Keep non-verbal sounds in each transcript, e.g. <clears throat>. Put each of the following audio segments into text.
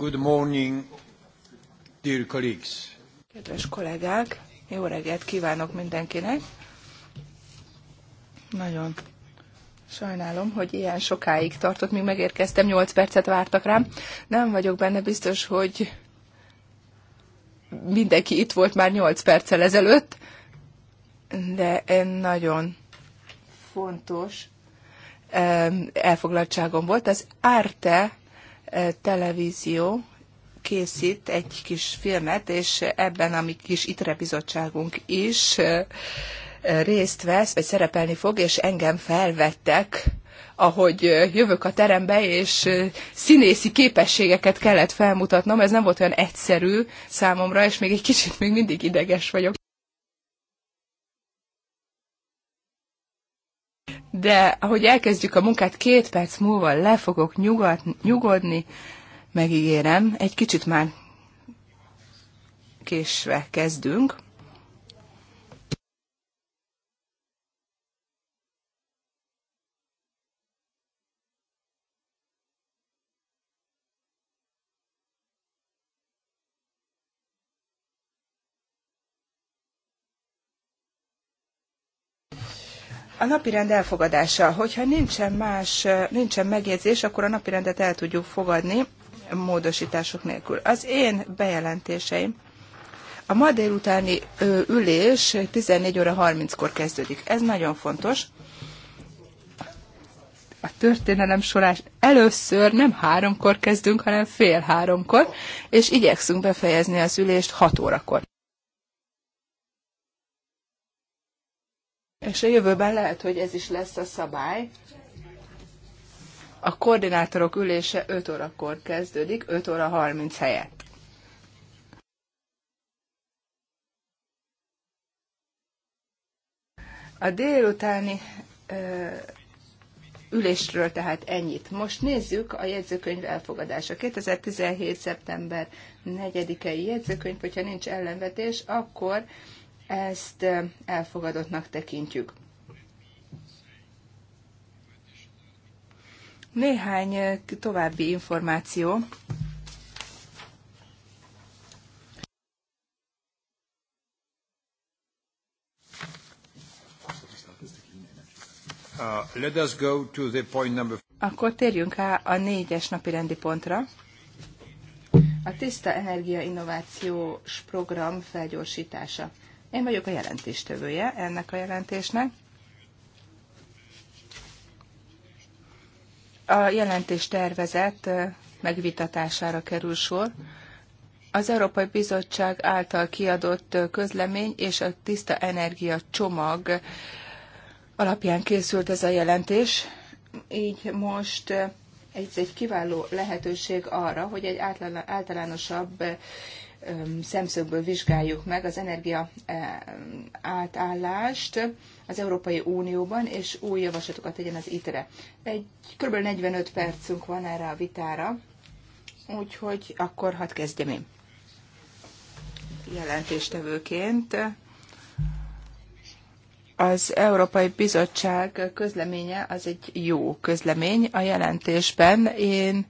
Good morning, dear colleagues. Kedves kollégák, jó reggelt kívánok mindenkinek. Nagyon sajnálom, hogy ilyen sokáig tartott, míg megérkeztem, 8 percet vártak rám. Nem vagyok benne biztos, hogy mindenki itt volt már 8 perccel ezelőtt, de nagyon fontos elfoglaltságom volt. Az Arte televízió készít egy kis filmet, és ebben a mi kis ITRE bizottságunk is részt vesz, vagy szerepelni fog, és engem felvettek, ahogy jövök a terembe, és színészi képességeket kellett felmutatnom. Ez nem volt olyan egyszerű számomra, és még egy kicsit még mindig ideges vagyok. de ahogy elkezdjük a munkát, két perc múlva le fogok nyugod, nyugodni, megígérem, egy kicsit már késve kezdünk. A napirend elfogadása, hogyha nincsen más, nincsen megjegyzés, akkor a napirendet el tudjuk fogadni módosítások nélkül. Az én bejelentéseim. A ma délutáni ülés 14 óra 30-kor kezdődik. Ez nagyon fontos. A történelem során először nem háromkor kezdünk, hanem fél háromkor, és igyekszünk befejezni az ülést 6 órakor. És a jövőben lehet, hogy ez is lesz a szabály. A koordinátorok ülése 5 órakor kezdődik, 5 óra 30 helyett. A délutáni ö, ülésről tehát ennyit. Most nézzük a jegyzőkönyv elfogadása. 2017. szeptember 4-i jegyzőkönyv, hogyha nincs ellenvetés, akkor ezt elfogadottnak tekintjük. Néhány további információ. Uh, let us go to the point number... Akkor térjünk rá a négyes napi rendi pontra. A tiszta energia innovációs program felgyorsítása. Én vagyok a jelentéstövője ennek a jelentésnek. A jelentés tervezett megvitatására kerül sor. Az Európai Bizottság által kiadott közlemény és a tiszta energia csomag alapján készült ez a jelentés. Így most ez egy kiváló lehetőség arra, hogy egy általánosabb szemszögből vizsgáljuk meg az energia átállást az Európai Unióban, és új javaslatokat tegyen az ITRE. Egy kb. 45 percünk van erre a vitára, úgyhogy akkor hadd kezdjem én. Jelentéstevőként az Európai Bizottság közleménye az egy jó közlemény. A jelentésben én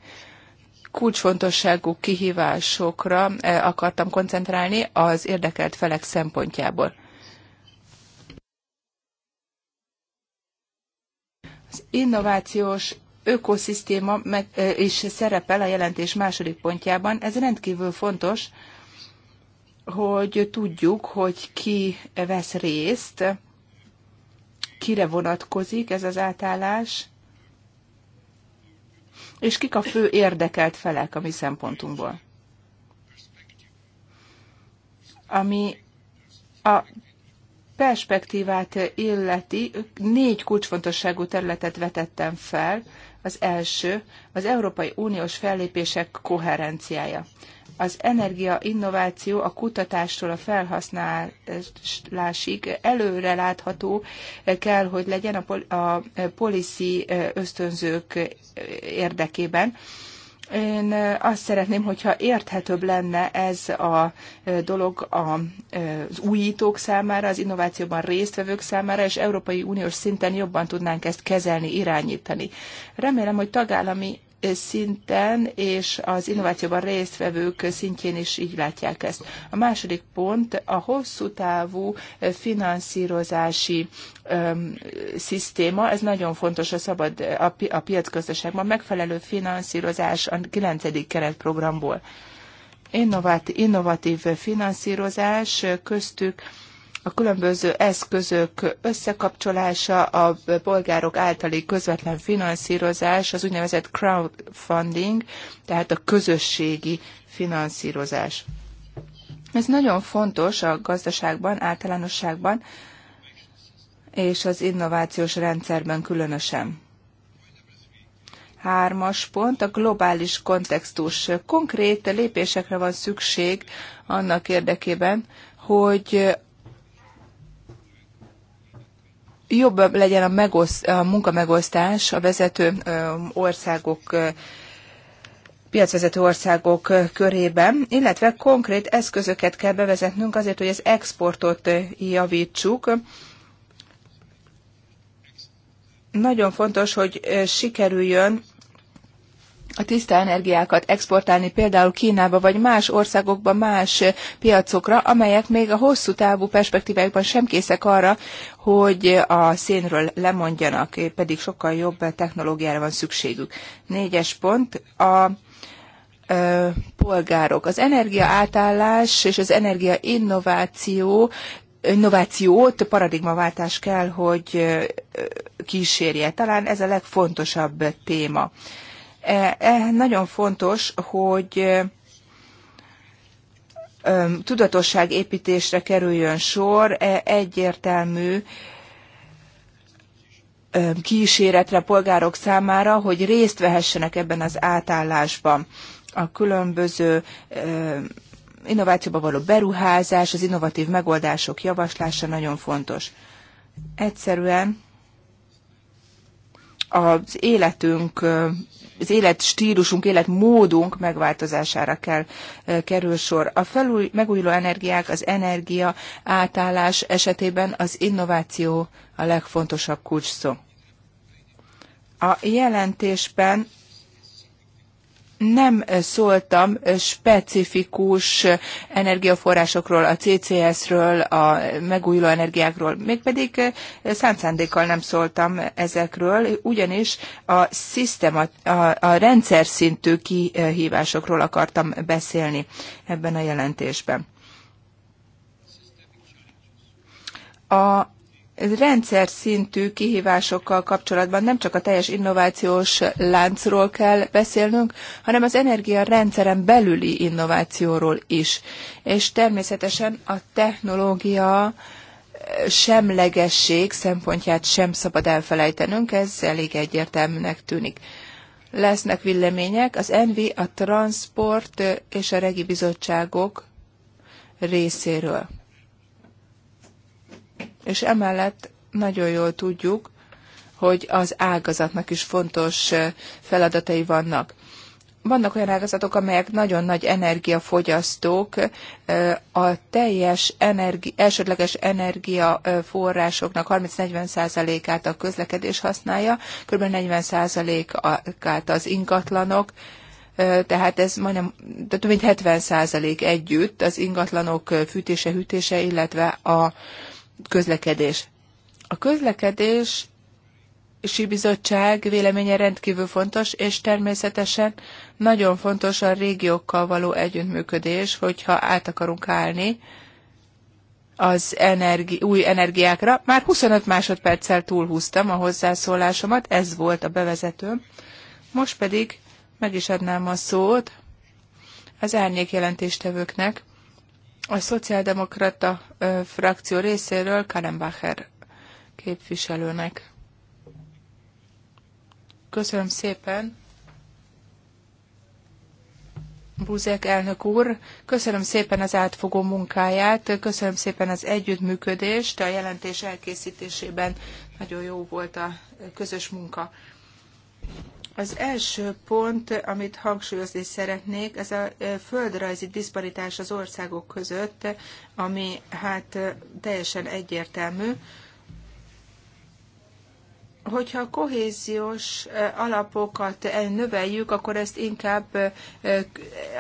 kulcsfontosságú kihívásokra eh, akartam koncentrálni az érdekelt felek szempontjából. Az innovációs ökoszisztéma eh, is szerepel a jelentés második pontjában. Ez rendkívül fontos, hogy tudjuk, hogy ki vesz részt, kire vonatkozik ez az átállás, és kik a fő érdekelt felek a mi szempontunkból. Ami a perspektívát illeti, négy kulcsfontosságú területet vetettem fel. Az első, az Európai Uniós fellépések koherenciája az energia innováció a kutatástól a felhasználásig előrelátható kell, hogy legyen a, pol- a policy ösztönzők érdekében. Én azt szeretném, hogyha érthetőbb lenne ez a dolog az újítók számára, az innovációban résztvevők számára, és Európai Uniós szinten jobban tudnánk ezt kezelni, irányítani. Remélem, hogy tagállami szinten és az innovációban résztvevők szintjén is így látják ezt. A második pont a hosszú távú finanszírozási öm, szisztéma, ez nagyon fontos a szabad a, pi, a piacgazdaságban, megfelelő finanszírozás a 9. keretprogramból. Innovat, innovatív finanszírozás köztük a különböző eszközök összekapcsolása, a polgárok általi közvetlen finanszírozás, az úgynevezett crowdfunding, tehát a közösségi finanszírozás. Ez nagyon fontos a gazdaságban, általánosságban, és az innovációs rendszerben különösen. Hármas pont, a globális kontextus. Konkrét lépésekre van szükség annak érdekében, hogy jobb legyen a, megoszt, a munkamegosztás a vezető országok piacvezető országok körében, illetve konkrét eszközöket kell bevezetnünk azért, hogy az exportot javítsuk. Nagyon fontos, hogy sikerüljön a tiszta energiákat exportálni például Kínába vagy más országokba, más piacokra, amelyek még a hosszú távú perspektívájukban sem készek arra, hogy a szénről lemondjanak, eh, pedig sokkal jobb technológiára van szükségük. Négyes pont, a polgárok. Az energia átállás és az energia innováció innovációt, paradigmaváltás kell, hogy kísérje. Talán ez a legfontosabb téma. E, e, nagyon fontos, hogy e, tudatosságépítésre kerüljön sor, egyértelmű kíséretre a polgárok számára, hogy részt vehessenek ebben az átállásban. A különböző innovációba való beruházás, az innovatív megoldások javaslása nagyon fontos. Egyszerűen az életünk, az életstílusunk, életmódunk megváltozására kell kerül sor. A felúj, megújuló energiák, az energia átállás esetében az innováció a legfontosabb kulcs szó. A jelentésben nem szóltam specifikus energiaforrásokról, a CCS-ről, a megújuló energiákról, mégpedig szánt szándékkal nem szóltam ezekről, ugyanis a, a, a rendszer szintű kihívásokról akartam beszélni ebben a jelentésben. A rendszer szintű kihívásokkal kapcsolatban nem csak a teljes innovációs láncról kell beszélnünk, hanem az energiarendszeren belüli innovációról is. És természetesen a technológia eh, semlegesség szempontját sem szabad elfelejtenünk, ez elég egyértelműnek tűnik. Lesznek villemények, az ENVI, a Transport eh, és a Regi Bizottságok részéről és emellett nagyon jól tudjuk, hogy az ágazatnak is fontos eh, feladatai vannak. Vannak olyan ágazatok, amelyek nagyon nagy energiafogyasztók, eh, a teljes energi, elsődleges energiaforrásoknak eh, 30-40%-át a közlekedés használja, kb. 40%-át az ingatlanok, tehát ez majdnem, de több mint 70% együtt az ingatlanok fűtése, hűtése, illetve a Közlekedés. A közlekedés Kutatási Bizottság véleménye rendkívül fontos, és természetesen nagyon fontos a régiókkal való együttműködés, hogyha át akarunk állni az energi, új energiákra. Már 25 másodperccel túlhúztam a hozzászólásomat, ez volt a bevezetőm. Most pedig meg is adnám a szót az árnyék jelentéstevőknek. A szociáldemokrata frakció részéről Karenbacher képviselőnek. Köszönöm szépen. Buzek elnök úr, köszönöm szépen az átfogó munkáját, köszönöm szépen az együttműködést, a jelentés elkészítésében nagyon jó volt a közös munka. Az első pont, amit hangsúlyozni szeretnék, ez a földrajzi diszparitás az országok között, ami hát teljesen egyértelmű. Hogyha a kohéziós alapokat növeljük, akkor ezt inkább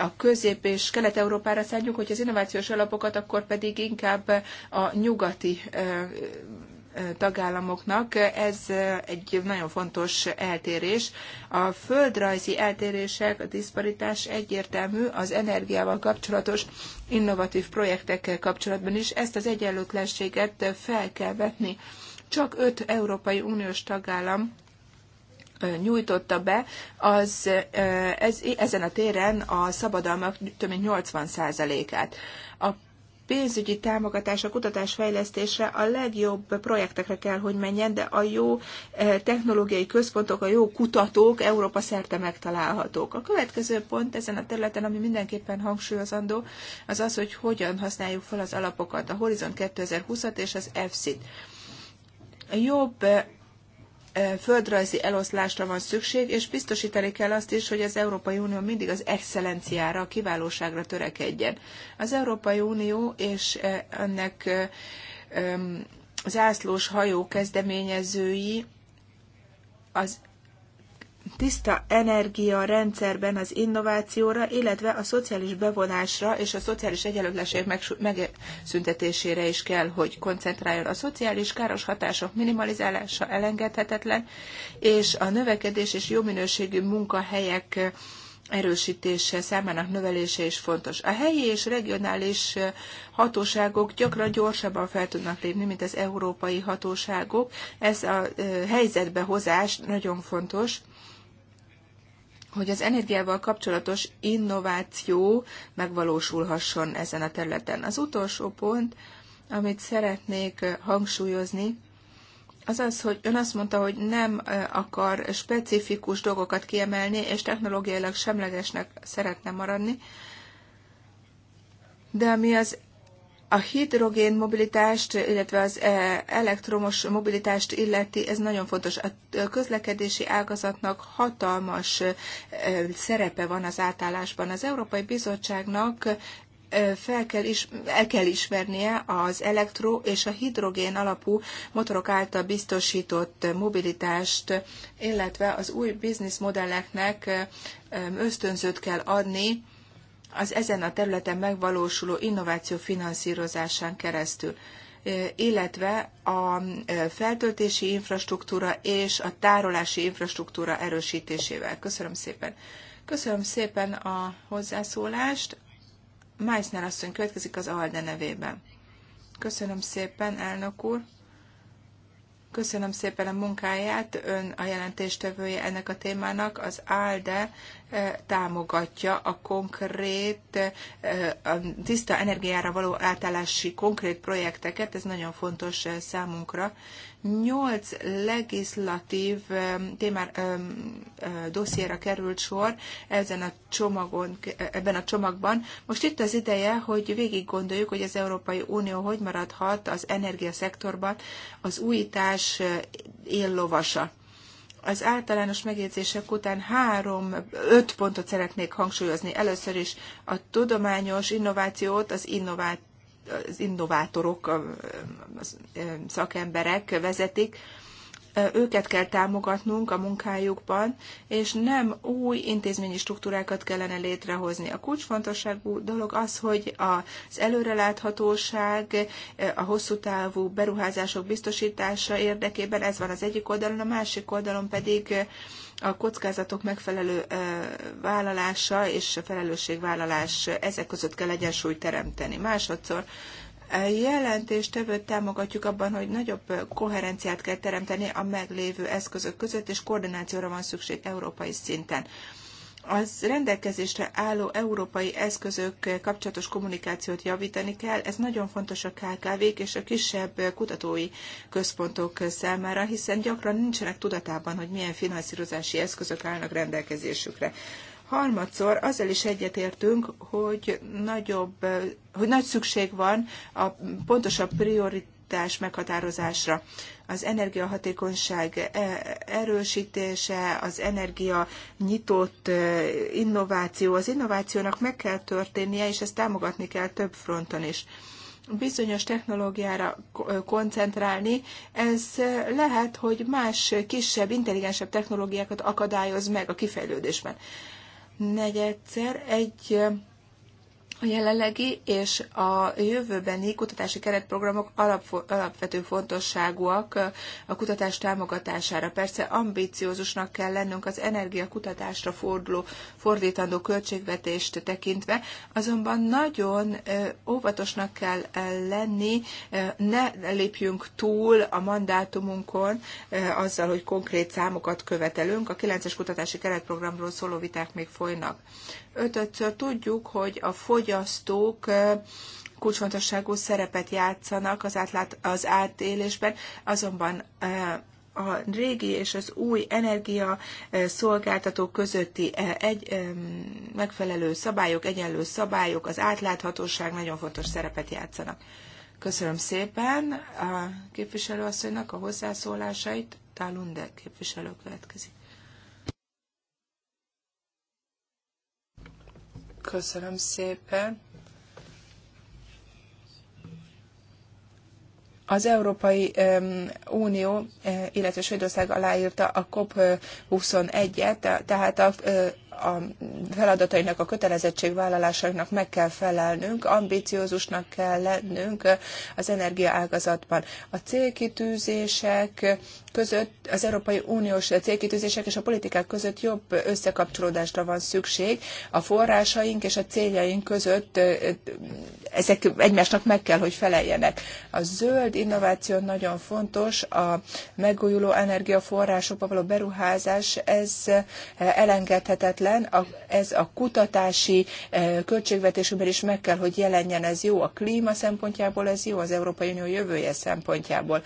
a közép- és kelet-európára szálljuk, hogy az innovációs alapokat, akkor pedig inkább a nyugati tagállamoknak. Ez egy nagyon fontos eltérés. A földrajzi eltérések, a diszparitás egyértelmű az energiával kapcsolatos innovatív projektekkel kapcsolatban is. Ezt az egyenlőtlenséget fel kell vetni. Csak öt Európai Uniós tagállam nyújtotta be, az ez, ezen a téren a szabadalmak több mint 80%-át pénzügyi támogatás a kutatásfejlesztésre a legjobb projektekre kell, hogy menjen, de a jó eh, technológiai központok, a jó kutatók Európa szerte megtalálhatók. A következő pont ezen a területen, ami mindenképpen hangsúlyozandó, az az, hogy hogyan használjuk fel az alapokat, a Horizon 2020-at és az efsi t Jobb eh, földrajzi eloszlásra van szükség, és biztosítani kell azt is, hogy az Európai Unió mindig az excellenciára, a kiválóságra törekedjen. Az Európai Unió és ennek zászlós hajó kezdeményezői az tiszta energia rendszerben az innovációra, illetve a szociális bevonásra és a szociális egyenlőtlenség megszüntetésére is kell, hogy koncentráljon. A szociális káros hatások minimalizálása elengedhetetlen, és a növekedés és jó minőségű munkahelyek erősítése, számának növelése is fontos. A helyi és regionális hatóságok gyakran gyorsabban fel tudnak lépni, mint az európai hatóságok. Ez a helyzetbe hozás nagyon fontos hogy az energiával kapcsolatos innováció megvalósulhasson ezen a területen. Az utolsó pont, amit szeretnék hangsúlyozni, az az, hogy ön azt mondta, hogy nem akar specifikus dolgokat kiemelni, és technológiailag semlegesnek szeretne maradni, de ami az a hidrogén mobilitást, illetve az e, elektromos mobilitást illeti, ez nagyon fontos. A közlekedési ágazatnak hatalmas e, szerepe van az átállásban. Az Európai Bizottságnak e, fel kell is, el kell ismernie az elektro és a hidrogén alapú motorok által biztosított mobilitást, illetve az új bizniszmodelleknek ösztönzőt kell adni, az ezen a területen megvalósuló innováció finanszírozásán keresztül illetve a feltöltési infrastruktúra és a tárolási infrastruktúra erősítésével. Köszönöm szépen. Köszönöm szépen a hozzászólást. Meissner asszony következik az ALDE nevében. Köszönöm szépen, elnök úr. Köszönöm szépen a munkáját, ön a jelentéstevője ennek a témának, az ALDE eh, támogatja a konkrét, eh, a tiszta energiára való átállási konkrét projekteket, ez nagyon fontos eh, számunkra, nyolc legislatív témár, dossziéra került sor ezen a csomagon, ebben a csomagban. Most itt az ideje, hogy végig gondoljuk, hogy az Európai Unió hogy maradhat az energiaszektorban az újítás eh, éllovasa. Az általános megjegyzések után három, öt pontot szeretnék hangsúlyozni. Először is a tudományos innovációt, az innovációt az innovátorok, a szakemberek vezetik, őket kell támogatnunk a munkájukban, és nem új intézményi struktúrákat kellene létrehozni. A kulcsfontosságú dolog az, hogy az előreláthatóság, a hosszú távú beruházások biztosítása érdekében ez van az egyik oldalon, a másik oldalon pedig a kockázatok megfelelő vállalása és felelősségvállalás ezek között kell egyensúlyt teremteni. Másodszor jelentéstevőt támogatjuk abban, hogy nagyobb koherenciát kell teremteni a meglévő eszközök között, és koordinációra van szükség európai szinten az rendelkezésre álló európai eszközök kapcsolatos kommunikációt javítani kell. Ez nagyon fontos a KKV-k és a kisebb kutatói központok számára, hiszen gyakran nincsenek tudatában, hogy milyen finanszírozási eszközök állnak rendelkezésükre. Harmadszor azzal is egyetértünk, hogy, nagyobb, hogy nagy szükség van a pontosabb prioritás meghatározásra az energiahatékonyság e, erősítése, az energia nyitott e, innováció. Az innovációnak meg kell történnie, és ezt támogatni kell több fronton is bizonyos technológiára e, koncentrálni, ez lehet, hogy más, kisebb, intelligensebb technológiákat akadályoz meg a kifejlődésben. Negyedszer egy a jelenlegi és a jövőbeni kutatási keretprogramok alapvető fontosságúak a kutatás támogatására. Persze ambíciózusnak kell lennünk az energiakutatásra forduló, fordítandó költségvetést tekintve, azonban nagyon óvatosnak kell lenni, ne lépjünk túl a mandátumunkon azzal, hogy konkrét számokat követelünk. A 9-es kutatási keretprogramról szóló viták még folynak ötödször tudjuk, hogy a fogyasztók kulcsfontosságú szerepet játszanak az, átlát, az átélésben, azonban a régi és az új energia szolgáltató közötti egy, megfelelő szabályok, egyenlő szabályok, az átláthatóság nagyon fontos szerepet játszanak. Köszönöm szépen a képviselőasszonynak a hozzászólásait. Talunde képviselő következik. Köszönöm szépen. Az Európai Unió, illetve Svédország aláírta a COP21-et, tehát a, a feladatainak, a kötelezettségvállalásainak meg kell felelnünk, ambiciózusnak kell lennünk az energiaágazatban. A célkitűzések, között, az Európai Uniós célkitűzések és a politikák között jobb összekapcsolódásra van szükség. A forrásaink és a céljaink között ezek egymásnak meg kell, hogy feleljenek. A zöld innováció nagyon fontos, a megújuló energiaforrásokba való beruházás, ez elengedhetetlen, ez a kutatási költségvetésünkben is meg kell, hogy jelenjen, ez jó a klíma szempontjából, ez jó az Európai Unió jövője szempontjából.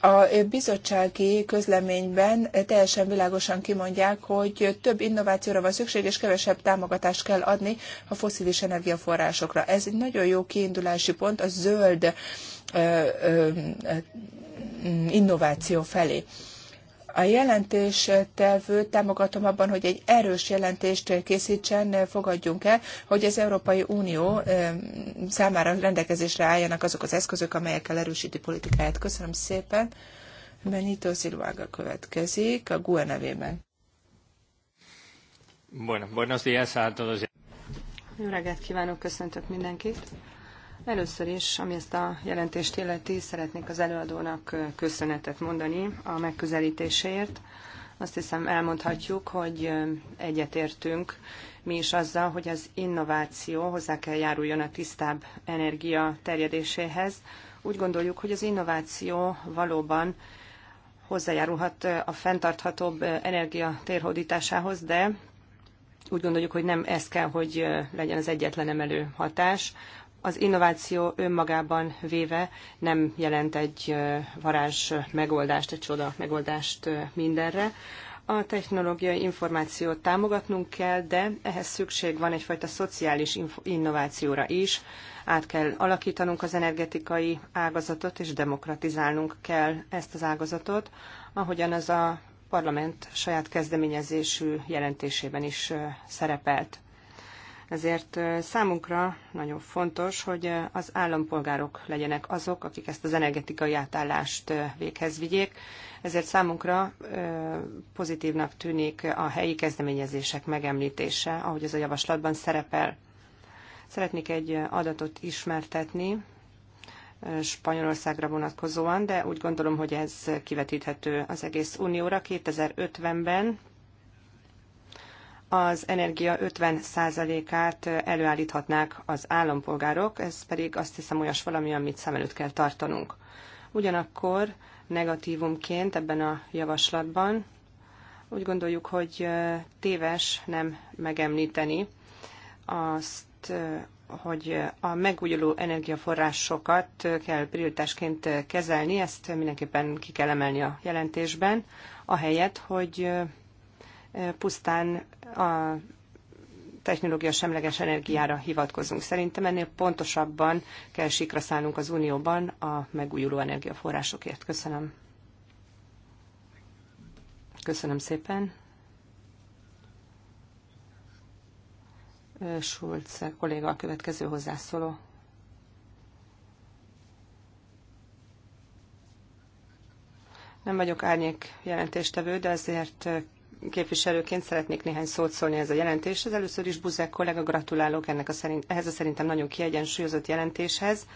A bizottsági közleményben teljesen világosan kimondják, hogy több innovációra van szükség, és kevesebb támogatást kell adni a foszilis energiaforrásokra. Ez egy nagyon jó kiindulási pont a zöld innováció felé. A jelentéstevő támogatom abban, hogy egy erős jelentést készítsen, fogadjunk el, hogy az Európai Unió számára rendelkezésre álljanak azok az eszközök, amelyekkel erősíti politikáját. Köszönöm szépen. Benito Silvaga következik a GUE nevében. Bueno, buenos días a todos. Jó reggelt kívánok, köszöntök mindenkit. Először is, ami ezt a jelentést illeti, szeretnék az előadónak köszönetet mondani a megközelítésért. Azt hiszem elmondhatjuk, hogy egyetértünk mi is azzal, hogy az innováció hozzá kell járuljon a tisztább energia terjedéséhez. Úgy gondoljuk, hogy az innováció valóban hozzájárulhat a fenntarthatóbb energia térhódításához, de úgy gondoljuk, hogy nem ez kell, hogy legyen az egyetlen emelő hatás, az innováció önmagában véve nem jelent egy varázs megoldást, egy csoda megoldást mindenre. A technológiai információt támogatnunk kell, de ehhez szükség van egyfajta szociális innovációra is. Át kell alakítanunk az energetikai ágazatot, és demokratizálnunk kell ezt az ágazatot, ahogyan az a parlament saját kezdeményezésű jelentésében is szerepelt. Ezért számunkra nagyon fontos, hogy az állampolgárok legyenek azok, akik ezt az energetikai átállást véghez vigyék. Ezért számunkra pozitívnak tűnik a helyi kezdeményezések megemlítése, ahogy ez a javaslatban szerepel. Szeretnék egy adatot ismertetni Spanyolországra vonatkozóan, de úgy gondolom, hogy ez kivetíthető az egész unióra. 2050-ben az energia 50%-át előállíthatnák az állampolgárok, ez pedig azt hiszem olyas valami, amit szem előtt kell tartanunk. Ugyanakkor negatívumként ebben a javaslatban úgy gondoljuk, hogy téves nem megemlíteni azt, hogy a megújuló energiaforrásokat kell prioritásként kezelni, ezt mindenképpen ki kell emelni a jelentésben, ahelyett, hogy pusztán a technológia semleges energiára hivatkozunk. Szerintem ennél pontosabban kell sikra szállnunk az Unióban a megújuló energiaforrásokért. Köszönöm. Köszönöm szépen. Schulz kolléga a következő hozzászóló. Nem vagyok árnyék jelentéstevő, de azért képviselőként szeretnék néhány szót szólni ez a jelentéshez. Először is Buzek kollega gratulálok ennek a szerint, ehhez a szerintem nagyon kiegyensúlyozott jelentéshez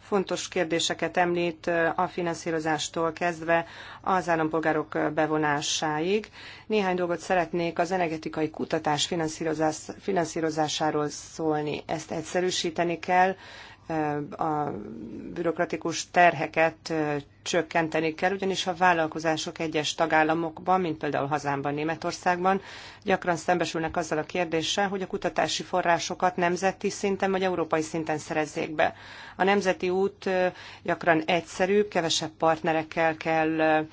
fontos kérdéseket említ a finanszírozástól kezdve az állampolgárok bevonásáig. Néhány dolgot szeretnék az energetikai kutatás finanszírozás, finanszírozásáról szólni. Ezt egyszerűsíteni kell, a bürokratikus terheket csökkenteni kell, ugyanis a vállalkozások egyes tagállamokban, mint például hazámban, Németországban gyakran szembesülnek azzal a kérdéssel, hogy a kutatási forrásokat nemzeti szinten vagy európai szinten szerezzék be. A nemzeti út gyakran egyszerűbb, kevesebb partnerekkel kell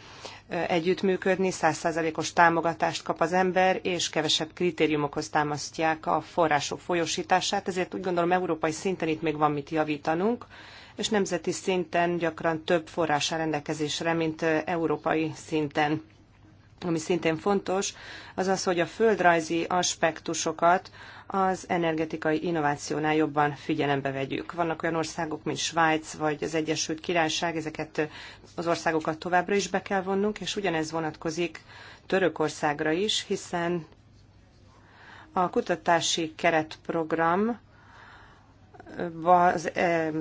együttműködni, százszázalékos támogatást kap az ember, és kevesebb kritériumokhoz támasztják a források folyosítását, ezért úgy gondolom európai szinten itt még van mit javítanunk, és nemzeti szinten gyakran több forrás a rendelkezésre, mint európai szinten. Ami szintén fontos, az az, hogy a földrajzi aspektusokat az energetikai innovációnál jobban figyelembe vegyük. Vannak olyan országok, mint Svájc vagy az Egyesült Királyság, ezeket az országokat továbbra is be kell vonnunk, és ugyanez vonatkozik Törökországra is, hiszen a kutatási keretprogram az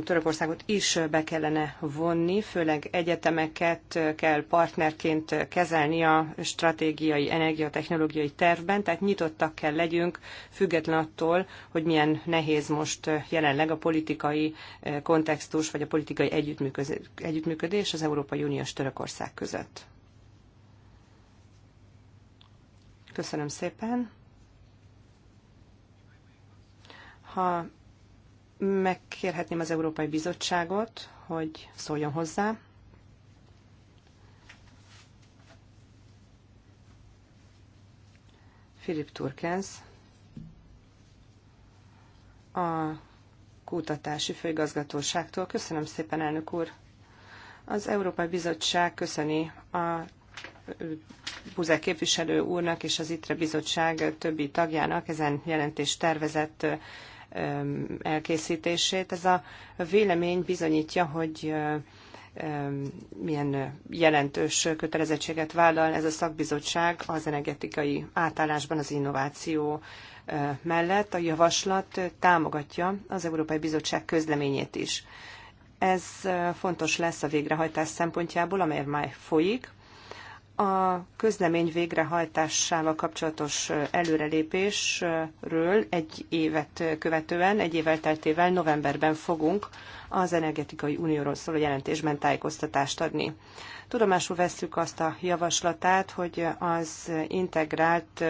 Törökországot is be kellene vonni, főleg egyetemeket kell partnerként kezelni a stratégiai energiatechnológiai tervben, tehát nyitottak kell legyünk, független attól, hogy milyen nehéz most jelenleg a politikai eh, kontextus, vagy a politikai együttműködés az Európai Uniós Törökország között. Köszönöm szépen. Ha megkérhetném az Európai Bizottságot, hogy szóljon hozzá. Filip Turkens, a Kutatási Főigazgatóságtól. Köszönöm szépen, elnök úr! Az Európai Bizottság köszöni a Buzek képviselő úrnak és az ITRE Bizottság többi tagjának ezen jelentés tervezett elkészítését. Ez a vélemény bizonyítja, hogy milyen jelentős kötelezettséget vállal ez a szakbizottság az energetikai átállásban az innováció mellett. A javaslat támogatja az Európai Bizottság közleményét is. Ez fontos lesz a végrehajtás szempontjából, amely már folyik, a közlemény végrehajtásával kapcsolatos előrelépésről egy évet követően, egy év elteltével novemberben fogunk az energetikai unióról szóló jelentésben tájékoztatást adni. Tudomásul vesszük azt a javaslatát, hogy az integrált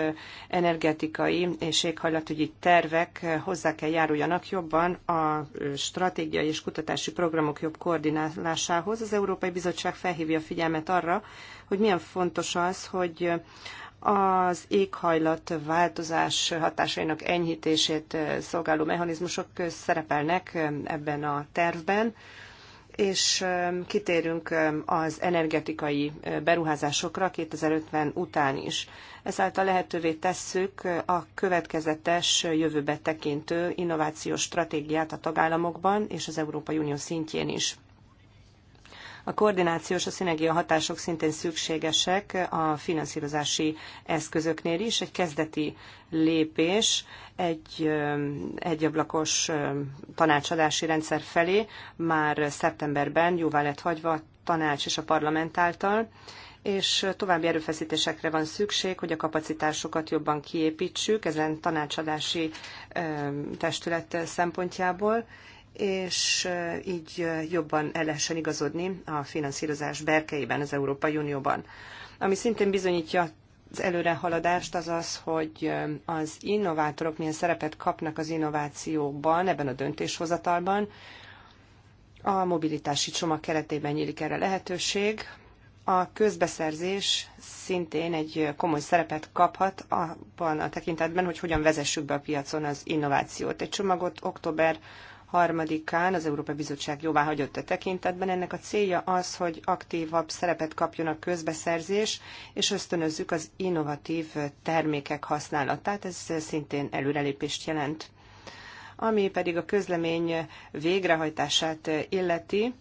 energetikai és éghajlatügyi tervek hozzá kell járuljanak jobban a stratégiai és kutatási programok jobb koordinálásához. Az Európai Bizottság felhívja a figyelmet arra, hogy milyen fontos az, hogy az éghajlat változás hatásainak enyhítését szolgáló mechanizmusok szerepelnek ebben a tervben és um, kitérünk um, az energetikai uh, beruházásokra 2050 után is. Ezáltal lehetővé tesszük uh, a következetes uh, jövőbe tekintő innovációs stratégiát a tagállamokban és az Európai Unió szintjén is. A koordináció és a szinergia hatások szintén szükségesek a finanszírozási eszközöknél is. Egy kezdeti lépés egy egyablakos tanácsadási rendszer felé már szeptemberben jóvá lett hagyva a tanács és a parlament által és további erőfeszítésekre van szükség, hogy a kapacitásokat jobban kiépítsük ezen tanácsadási testület szempontjából, és eh, így eh, jobban el lehessen igazodni a finanszírozás berkeiben az Európai Unióban. Ami szintén bizonyítja az előrehaladást az az, hogy eh, az innovátorok milyen szerepet kapnak az innovációban, ebben a döntéshozatalban. A mobilitási csomag keretében nyílik erre lehetőség. A közbeszerzés szintén egy komoly szerepet kaphat abban a tekintetben, hogy hogyan vezessük be a piacon az innovációt. Egy csomagot október harmadikán az Európai Bizottság jóvá hagyott a tekintetben. Ennek a célja az, hogy aktívabb szerepet kapjon a közbeszerzés, és ösztönözzük az innovatív termékek használatát. Ez szintén előrelépést jelent. Ami pedig a közlemény végrehajtását illeti,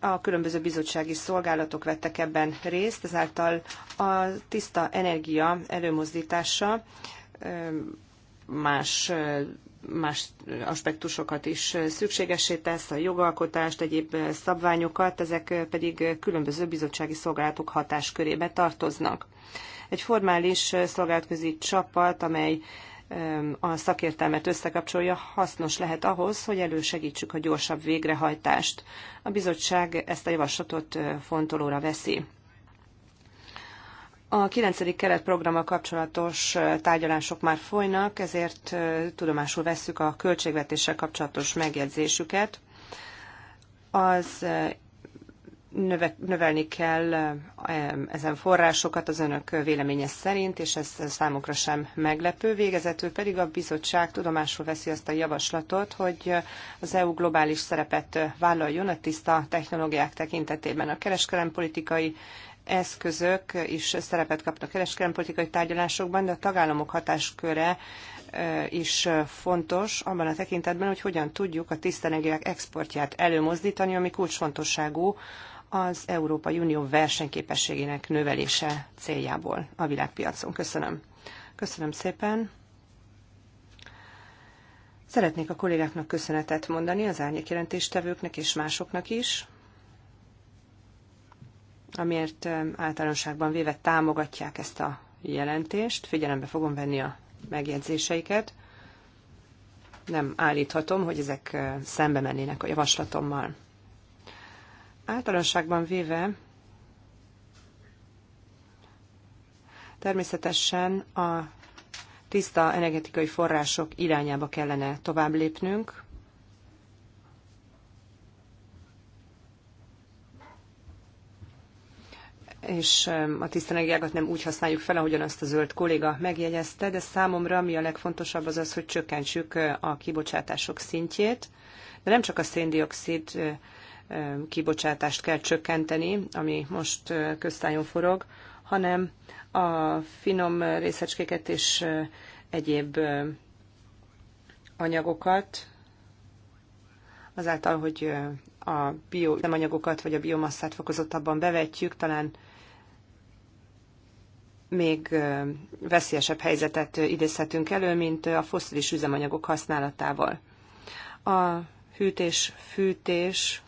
a különböző bizottsági szolgálatok vettek ebben részt, ezáltal a tiszta energia előmozdítása más más aspektusokat is szükségesé tesz, a jogalkotást, egyéb szabványokat, ezek pedig különböző bizottsági szolgálatok hatáskörébe tartoznak. Egy formális szolgálatközi csapat, amely a szakértelmet összekapcsolja, hasznos lehet ahhoz, hogy elősegítsük a gyorsabb végrehajtást. A bizottság ezt a javaslatot fontolóra veszi. A 9. keretprogrammal kapcsolatos tárgyalások már folynak, ezért tudomásul vesszük a költségvetéssel kapcsolatos megjegyzésüket. Az növe, növelni kell ezen forrásokat az önök véleménye szerint, és ez számukra sem meglepő. Végezetül pedig a bizottság tudomásul veszi azt a javaslatot, hogy az EU globális szerepet vállaljon a tiszta technológiák tekintetében. A kereskedelmpolitikai politikai eszközök is szerepet kapnak kereskedelmi tárgyalásokban, de a tagállamok hatásköre is fontos abban a tekintetben, hogy hogyan tudjuk a tisztenegélek exportját előmozdítani, ami kulcsfontosságú az Európai Unió versenyképességének növelése céljából a világpiacon. Köszönöm. Köszönöm szépen. Szeretnék a kollégáknak köszönetet mondani, az árnyék jelentéstevőknek és másoknak is amiért általánosságban véve támogatják ezt a jelentést. Figyelembe fogom venni a megjegyzéseiket. Nem állíthatom, hogy ezek szembe mennének a javaslatommal. Általánosságban véve természetesen a tiszta energetikai források irányába kellene tovább lépnünk, és a tiszta nem úgy használjuk fel, ahogyan azt a zöld kolléga megjegyezte, de számomra mi a legfontosabb az az, hogy csökkentsük a kibocsátások szintjét, de nem csak a széndiokszid kibocsátást kell csökkenteni, ami most köztájon forog, hanem a finom részecskéket és egyéb anyagokat, azáltal, hogy a anyagokat vagy a biomasszát fokozottabban bevetjük, talán még veszélyesebb helyzetet idézhetünk elő, mint a foszilis üzemanyagok használatával. A hűtés-fűtés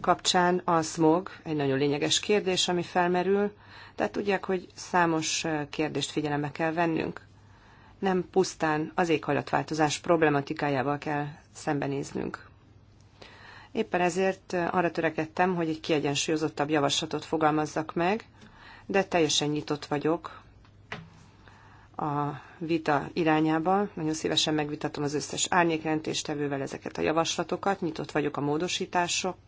kapcsán a smog egy nagyon lényeges kérdés, ami felmerül, de tudják, hogy számos kérdést figyelembe kell vennünk. Nem pusztán az éghajlatváltozás problematikájával kell szembenéznünk. Éppen ezért arra törekedtem, hogy egy kiegyensúlyozottabb javaslatot fogalmazzak meg, de teljesen nyitott vagyok a vita irányába. Nagyon szívesen megvitatom az összes árnyékjelentéstevővel ezeket a javaslatokat. Nyitott vagyok a módosítások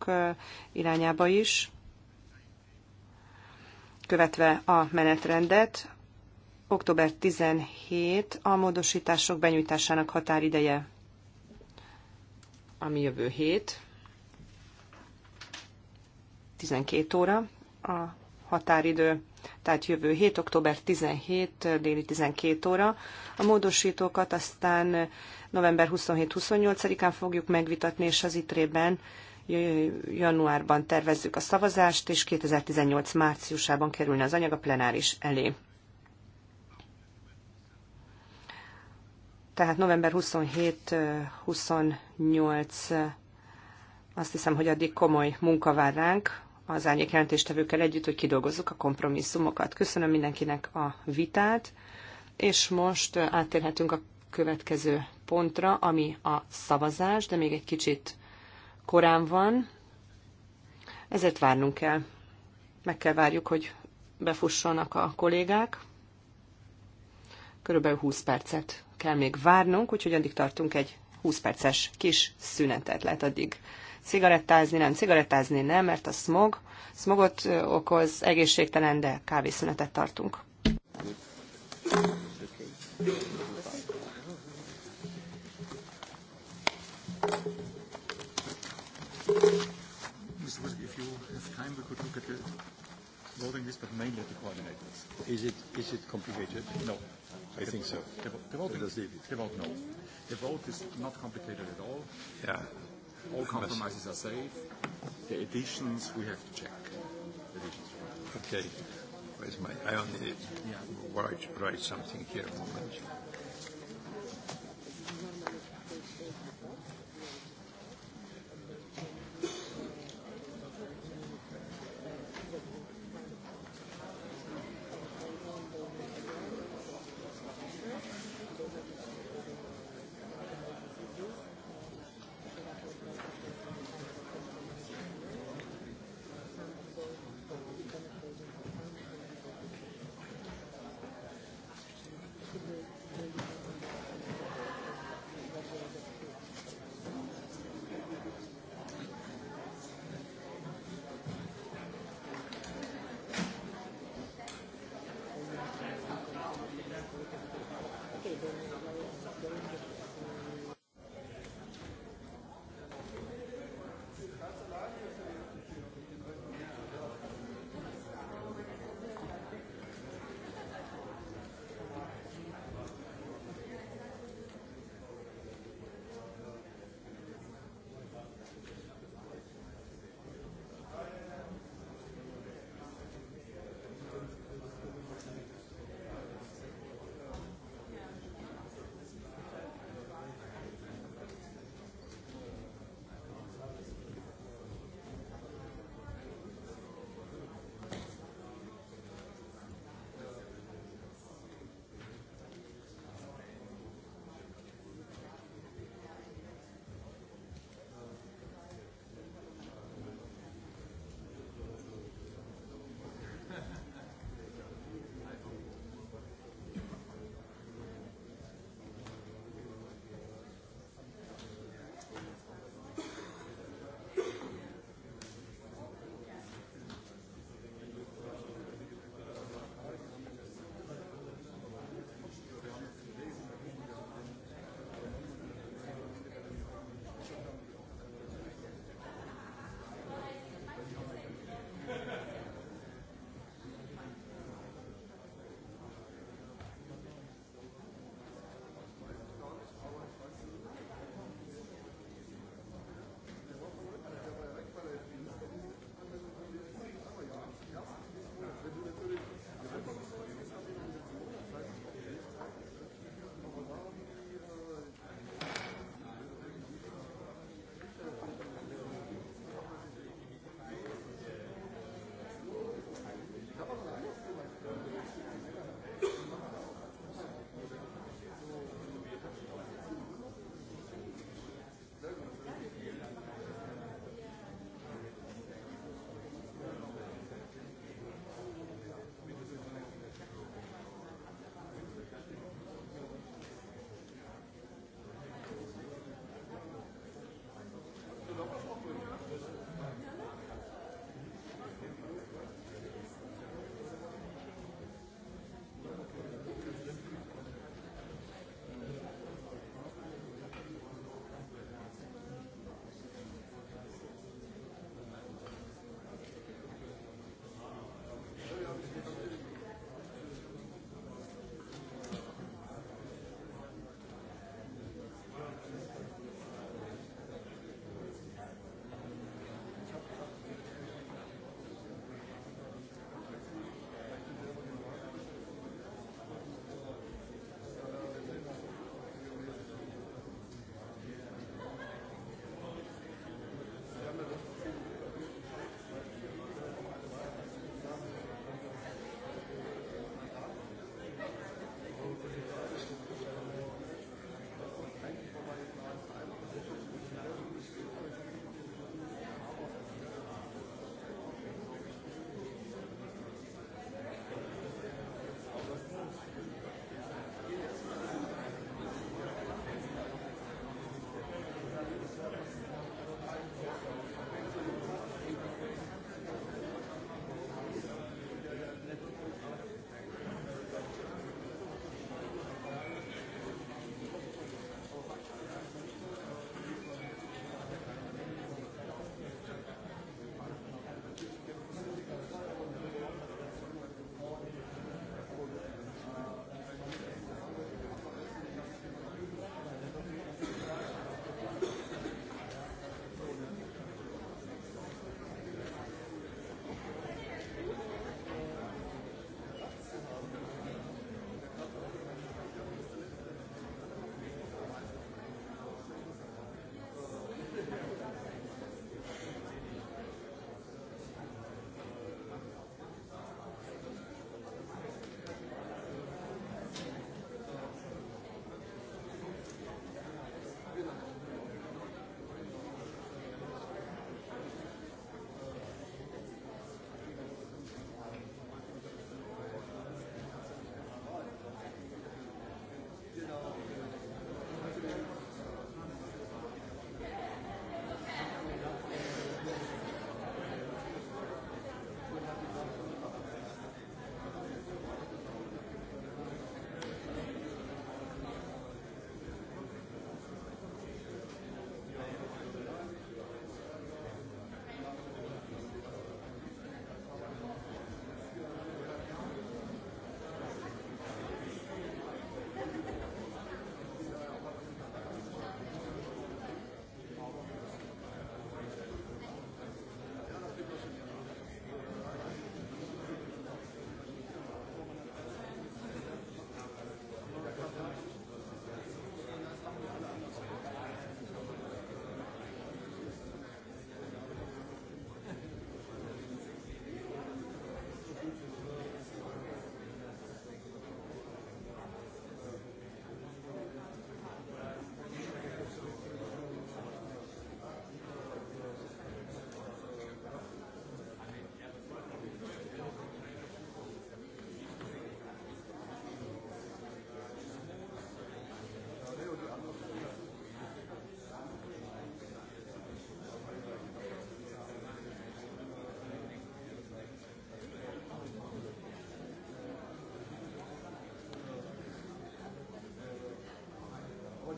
irányába is. Követve a menetrendet, október 17 a módosítások benyújtásának határideje, ami jövő hét, 12 óra a határidő tehát jövő hét, október 17, déli 12 óra. A módosítókat aztán november 27-28-án fogjuk megvitatni, és az itrében januárban tervezzük a szavazást, és 2018 márciusában kerülne az anyag a plenáris elé. Tehát november 27-28 azt hiszem, hogy addig komoly munka vár ránk, az árnyék jelentéstevőkkel együtt, hogy kidolgozzuk a kompromisszumokat. Köszönöm mindenkinek a vitát, és most áttérhetünk a következő pontra, ami a szavazás, de még egy kicsit korán van, ezért várnunk kell. Meg kell várjuk, hogy befussanak a kollégák. Körülbelül 20 percet kell még várnunk, úgyhogy addig tartunk egy 20 perces kis szünetet, lehet addig Cigarettázni nem, cigarettázni nem, mert a smog, smogot okoz, egészségtelen, de kávészünetet tartunk. but mainly the coordinators. Is it, is it complicated? No, I think so. The, the the vote, no. The vote is not complicated at all. Yeah. All compromises are safe. The additions we have to check. Okay. Okay. Where's my? I only yeah. write, write something here. Moment.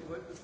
wollten das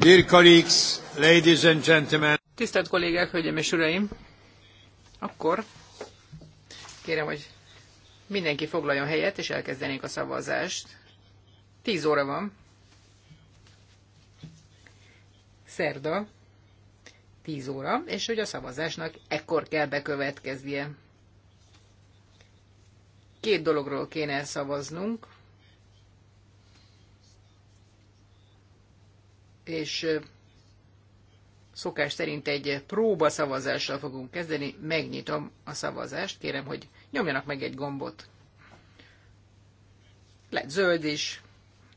Dear colleagues, Ladies and gentlemen. Tisztelt kollégák, hölgyeim és uraim! Akkor kérem, hogy mindenki foglaljon helyet, és elkezdenénk a szavazást. Tíz óra van. Szerda. Tíz óra, és hogy a szavazásnak ekkor kell bekövetkeznie. Két dologról kéne szavaznunk. és Szokás szerint egy próba szavazással fogunk kezdeni. Megnyitom a szavazást. Kérem, hogy nyomjanak meg egy gombot. Lehet zöld is,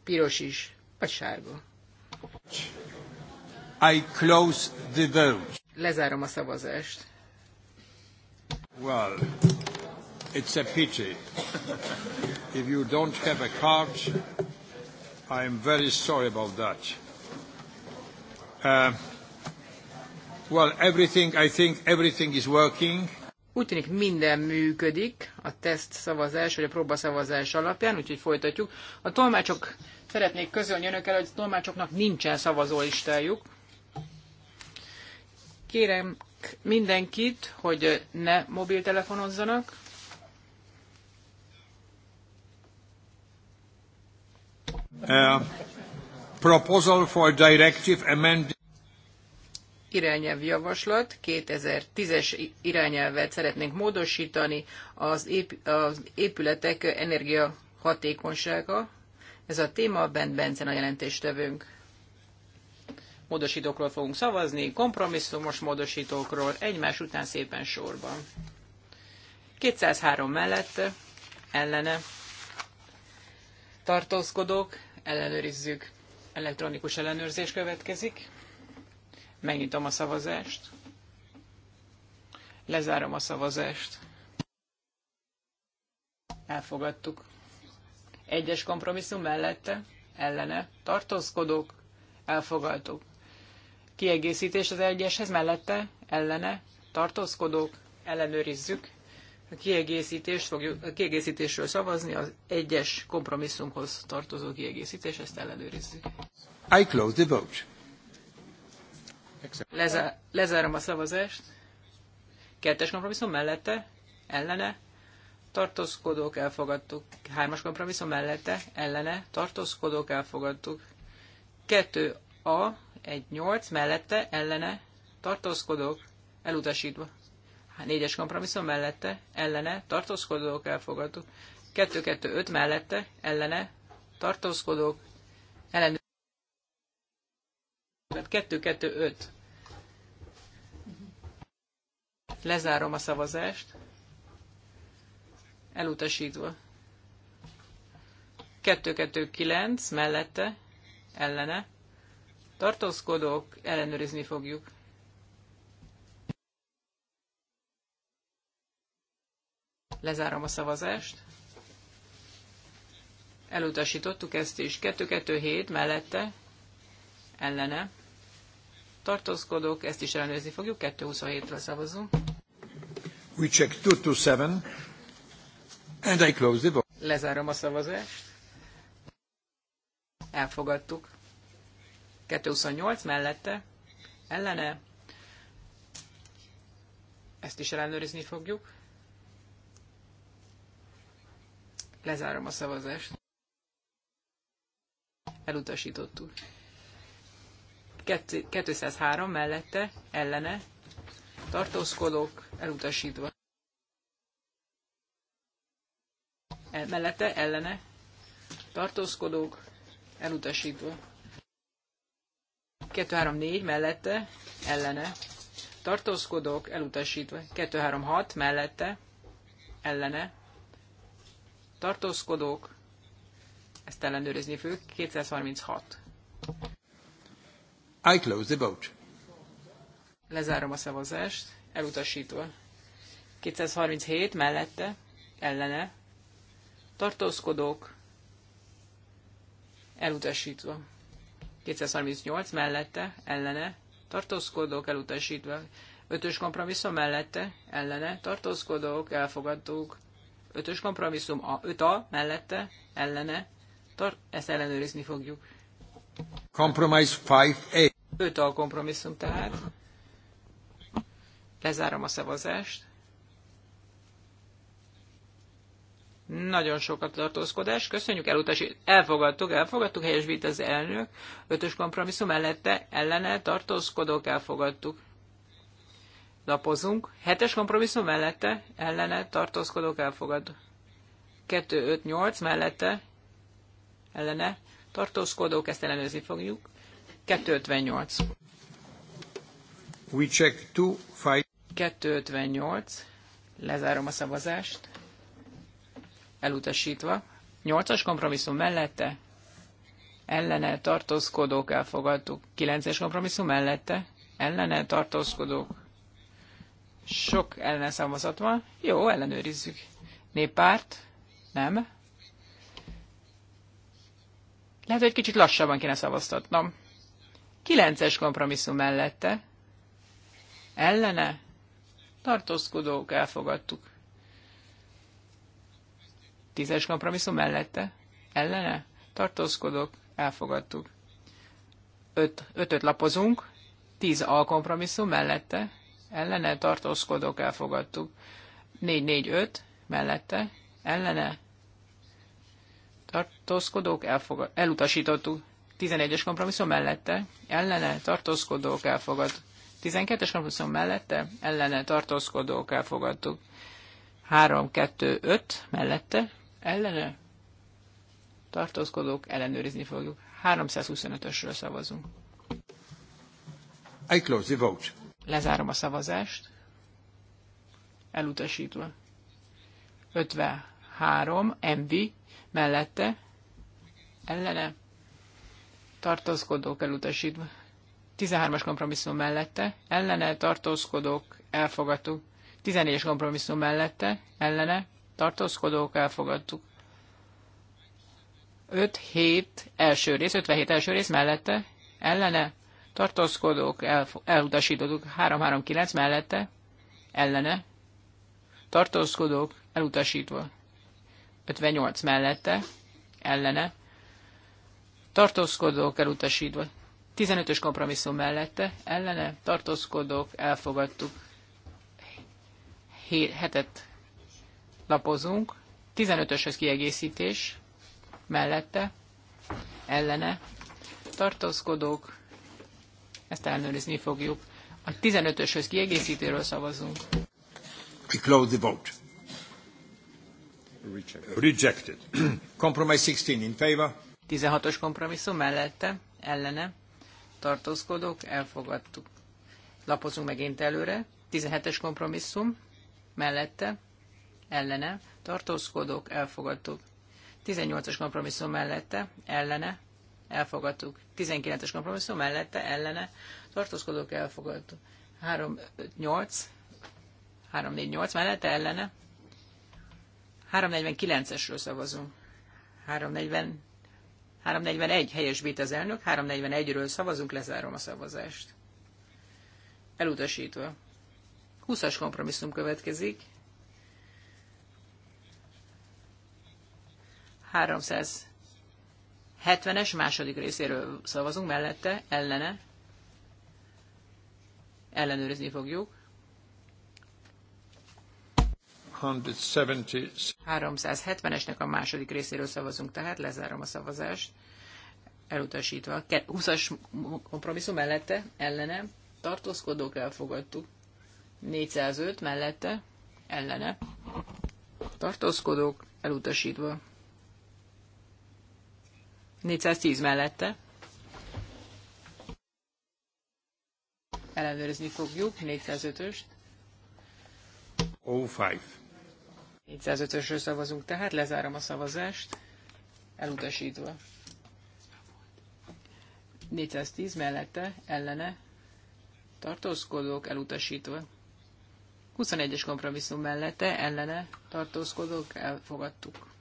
piros is, vagy sárga. I close the vote. Lezárom a szavazást. Well, it's a pity. If you don't have a card, I am very sorry about that. Uh, Well, everything, I think everything is working. Úgy tűnik minden működik a teszt szavazás, vagy a szavazás alapján, úgyhogy folytatjuk. A tolmácsok, szeretnék közölni önökkel, hogy a tolmácsoknak nincsen szavazólistájuk. Kérem mindenkit, hogy ne mobiltelefonozzanak. Uh, proposal for directive amendment irányelv javaslat, 2010-es irányelvet szeretnénk módosítani az, ép, az épületek energiahatékonysága. Ez a téma, Bent Bencen a jelentéstevőnk. Módosítókról fogunk szavazni, kompromisszumos módosítókról, egymás után szépen sorban. 203 mellett, ellene, tartózkodók, ellenőrizzük, elektronikus ellenőrzés következik. Megnyitom a szavazást. Lezárom a szavazást. Elfogadtuk. Egyes kompromisszum mellette, ellene, tartózkodók, elfogadtuk. Kiegészítés az egyeshez mellette, ellene, tartózkodók, ellenőrizzük. A, kiegészítést fogjuk, a kiegészítésről szavazni, az egyes kompromisszumhoz tartozó kiegészítés, ezt ellenőrizzük. I close the vote. Lezá- lezárom a szavazást. Kettes kompromisszum mellette, ellene, tartózkodók elfogadtuk. Hármas kompromisszum mellette, ellene, tartózkodók elfogadtuk. Kettő A, egy nyolc, mellette, ellene, tartózkodók elutasítva. Négyes kompromisszum mellette, ellene, tartózkodók elfogadtuk. Kettő kettő öt mellette, ellene, tartózkodók ellenőrzők. 2-2-5 Lezárom a szavazást. Elutasítva. 229 mellette, ellene. Tartózkodók, ellenőrizni fogjuk. Lezárom a szavazást. Elutasítottuk ezt is. 227 mellette, ellene. Tartózkodók, ezt is ellenőrizni fogjuk. 227-ről szavazunk. We check seven, and I close the vote. Lezárom a szavazást. Elfogadtuk. 228 mellette, ellene. Ezt is ellenőrizni fogjuk. Lezárom a szavazást. Elutasítottuk. 203 mellette, ellene, tartózkodók, elutasítva. E, mellette, ellene, tartózkodók, elutasítva. 2-3-4 mellette, ellene, tartózkodók, elutasítva. 2-3-6 mellette, ellene, tartózkodók, ezt ellenőrizni fők, 236. I close the vote. Lezárom a szavazást, elutasítva. 237 mellette, ellene, tartózkodók, elutasítva. 238 mellette, ellene, tartózkodók, elutasítva. 5-ös kompromisszum mellette, ellene, tartózkodók, elfogadtuk. 5-ös kompromisszum, a 5A mellette, ellene, tar- ezt ellenőrizni fogjuk. Compromise 5A. 5A kompromisszum tehát. Lezárom a szavazást. Nagyon sokat tartózkodás. Köszönjük, elutasít. Elfogadtuk, elfogadtuk, helyesbít az elnök. Ötös kompromisszum mellette, ellene tartózkodók, elfogadtuk. Lapozunk. Hetes kompromisszum mellette, ellene tartózkodók, elfogadtuk. 8 mellette, ellene tartózkodók, ezt ellenőrizni fogjuk. 258. We check two, five. 258. Lezárom a szavazást. Elutasítva. 8-as kompromisszum mellette. Ellene tartózkodók elfogadtuk. 9-es kompromisszum mellette. Ellene tartózkodók. Sok ellen szavazat van. Jó, ellenőrizzük. Néppárt? Nem. Lehet, hogy kicsit lassabban kéne szavaztatnom. 9-es kompromisszum mellette ellene tartózkodók elfogadtuk. Tízes kompromisszum mellette ellene tartózkodók elfogadtuk. Öt, ötöt lapozunk, tíz alkompromisszum mellette ellene tartózkodók elfogadtuk. Négy, négy öt mellette ellene tartózkodók elfogad, elutasítottuk. 11-es kompromisszum mellette ellene tartózkodók elfogadtuk. 12-es kompromisszum mellette ellene tartózkodók elfogadtuk. 3-2-5 mellette ellene tartózkodók ellenőrizni fogjuk. 325-ösről szavazunk. I close the vote. Lezárom a szavazást. Elutasítva. 53 MV mellette ellene tartózkodók elutasítva. 13-as kompromisszum mellette, ellene tartózkodók elfogadtuk. 14-es kompromisszum mellette, ellene tartózkodók elfogadtuk. 5-7 első rész, 57 első rész mellette, ellene tartózkodók Három-három kilenc mellette, ellene tartózkodók elutasítva. 58 mellette, ellene tartózkodók elutasítva. 15-ös kompromisszum mellette, ellene tartózkodok, elfogadtuk. Hetet lapozunk. 15-öshöz kiegészítés mellette, ellene tartózkodok, ezt ellenőrizni fogjuk. A 15-öshöz kiegészítéről szavazunk. We close the vote. Rejected. Rejected. <clears throat> Compromise 16 in favor. 16-os kompromisszum mellette, ellene tartózkodók, elfogadtuk. Lapozunk megint előre, 17-es kompromisszum, mellette, ellene, tartózkodók, elfogadtuk. 18-as kompromisszum mellette, ellene, elfogadtuk. 19-es kompromisszum mellette, ellene, tartózkodók, elfogadtuk. 3, 5, 8, 3, 4, 8 mellette, ellene. 349-esről szavazunk. 349 341 helyesbít az elnök, 341-ről szavazunk, lezárom a szavazást. Elutasítva. 20-as kompromisszum következik. 370-es második részéről szavazunk, mellette, ellene. Ellenőrizni fogjuk. 370-esnek a második részéről szavazunk, tehát lezárom a szavazást, elutasítva. 20-as kompromisszum mellette, ellene, tartózkodók elfogadtuk. 405 mellette, ellene, tartózkodók elutasítva. 410 mellette. Ellenőrizni fogjuk, 405-öst. 05. 405-ösről szavazunk, tehát lezárom a szavazást, elutasítva. 410 mellette, ellene, tartózkodók, elutasítva. 21-es kompromisszum mellette, ellene, tartózkodók, elfogadtuk.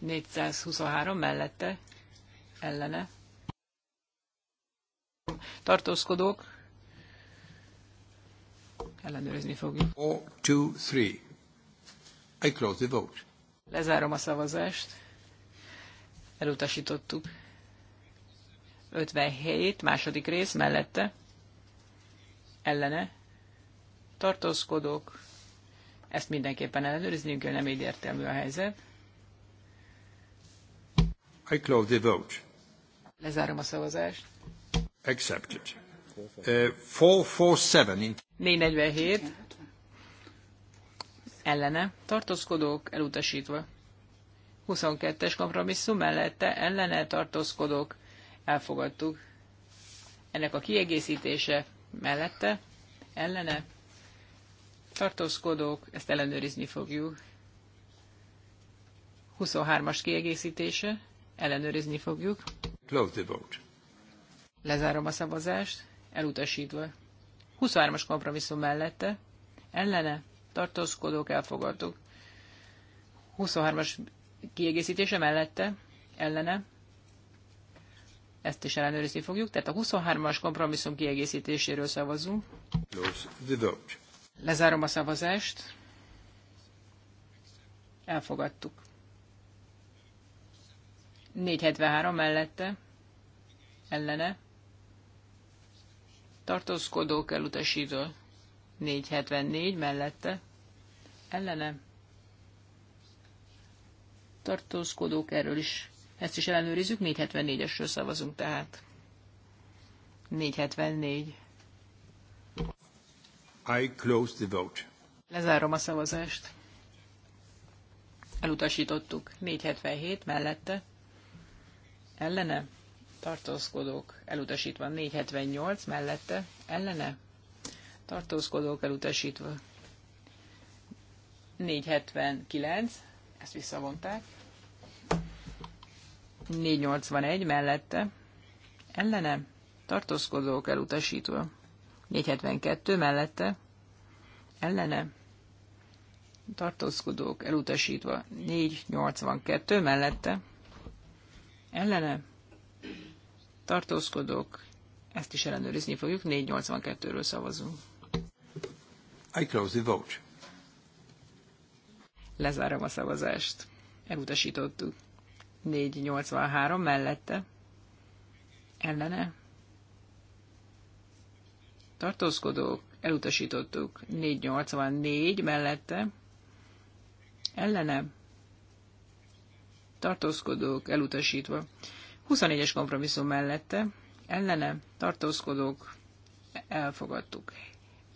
423 mellette, ellene, tartózkodók, ellenőrizni fogjuk. Four, two, three. I close the vote. Lezárom a szavazást. Elutasítottuk. 57, második rész mellette. Ellene. Tartózkodók. Ezt mindenképpen ellenőrizni kell, nem így értelmű a helyzet. I close the vote. Lezárom a szavazást. Accepted. 447. Ellene. Tartózkodók elutasítva. 22-es kompromisszum mellette ellene tartózkodók elfogadtuk. Ennek a kiegészítése mellette ellene tartózkodók, ezt ellenőrizni fogjuk. 23-as kiegészítése, ellenőrizni fogjuk. Close the vote. Lezárom a szavazást elutasítva. 23-as kompromisszum mellette, ellene, tartózkodók elfogadtuk. 23-as kiegészítése mellette, ellene, ezt is ellenőrizni fogjuk, tehát a 23-as kompromisszum kiegészítéséről szavazunk. Lezárom a szavazást. Elfogadtuk. 473 mellette, ellene, tartózkodók elutasítva 474 mellette ellene tartózkodók erről is. Ezt is ellenőrizzük, 474-esről szavazunk tehát. 474. I close the vote. Lezárom a szavazást. Elutasítottuk. 477 mellette. Ellene tartózkodók elutasítva 478 mellette ellene tartózkodók elutasítva 479 ezt visszavonták 481 mellette ellene tartózkodók elutasítva 472 mellette ellene tartózkodók elutasítva 482 mellette ellene tartózkodók, ezt is ellenőrizni fogjuk, 482-ről szavazunk. I close the vote. Lezárom a szavazást. Elutasítottuk. 483 mellette. Ellene. Tartózkodók. Elutasítottuk. 484 mellette. Ellene. Tartózkodók. Elutasítva. 24-es kompromisszum mellette ellene tartózkodók elfogadtuk.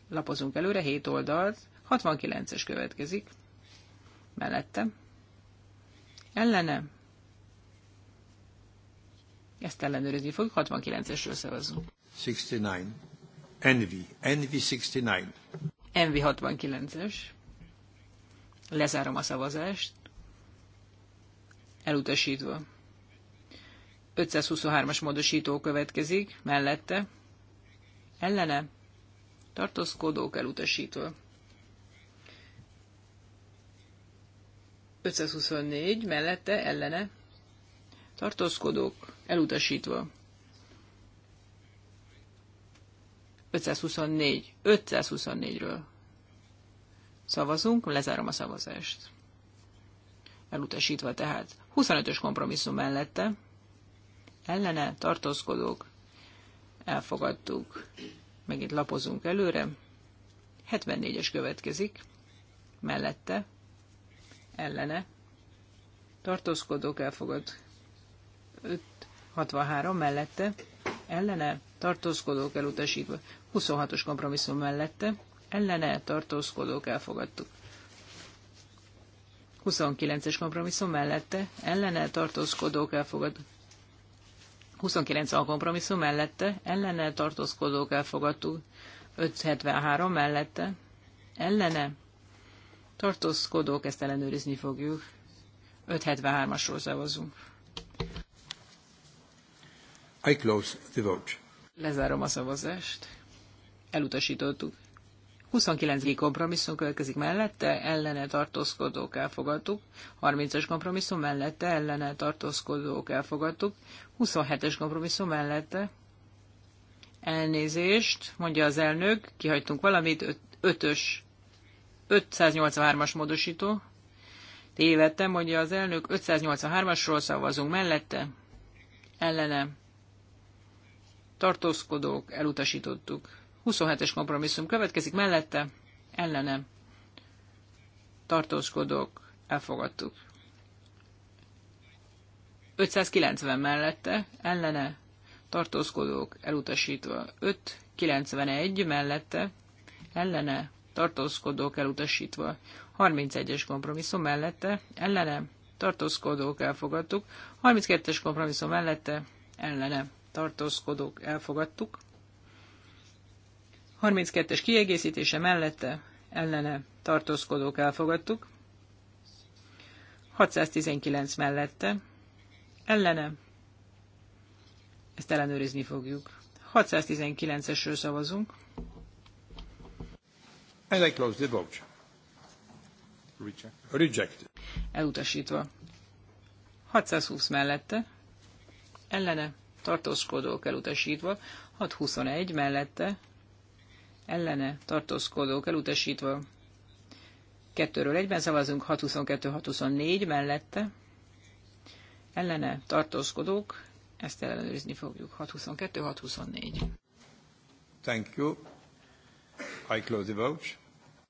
Lapozunk előre 7 oldalt, 69-es következik mellette. Ellene ezt ellenőrizni fogjuk, 69-esről szavazunk. 69. Envy. Envy 69. Envy 69-es. Lezárom a szavazást. Elutasítva. 523-as módosító következik, mellette, ellene, tartózkodók elutasítva. 524 mellette, ellene, tartózkodók elutasítva. 524, 524-ről szavazunk, lezárom a szavazást. Elutasítva tehát. 25-ös kompromisszum mellette, ellene tartózkodók, elfogadtuk. Megint lapozunk előre. 74-es következik, mellette, ellene, tartózkodók, elfogad. 63 mellette, ellene, tartózkodók elutasítva, 26-os kompromisszum mellette, ellene, tartózkodók elfogadtuk. 29-es kompromisszum mellette, ellene, tartózkodók elfogadtuk. 29 a kompromisszum mellette, ellene tartózkodók elfogadtuk, 573 mellette, ellene tartózkodók, ezt ellenőrizni fogjuk, 573-asról szavazunk. I close the vote. Lezárom a szavazást. Elutasítottuk. 29. kompromisszum következik mellette, ellene tartózkodók elfogadtuk. 30 es kompromisszum mellette, ellene tartózkodók elfogadtuk. 27-es kompromisszum mellette. Elnézést, mondja az elnök, kihagytunk valamit, 5-ös, 583-as módosító. Tévedtem, mondja az elnök, 583-asról szavazunk mellette, ellene tartózkodók elutasítottuk. 27-es kompromisszum következik, mellette ellene tartózkodók elfogadtuk. 590 mellette ellene tartózkodók elutasítva. 591 mellette ellene tartózkodók elutasítva. 31-es kompromisszum mellette ellene tartózkodók elfogadtuk. 32-es kompromisszum mellette ellene tartózkodók elfogadtuk. 32-es kiegészítése mellette ellene tartózkodók elfogadtuk. 619 mellette ellene. Ezt ellenőrizni fogjuk. 619-esről szavazunk. And I close the vote. Reject. Rejected. Elutasítva. 620 mellette. Ellene. Tartózkodók elutasítva. 621 mellette ellene tartózkodók elutasítva. Kettőről egyben szavazunk, 622-624 mellette, ellene tartózkodók, ezt ellenőrizni fogjuk, 622-624. Thank you. I close the vote.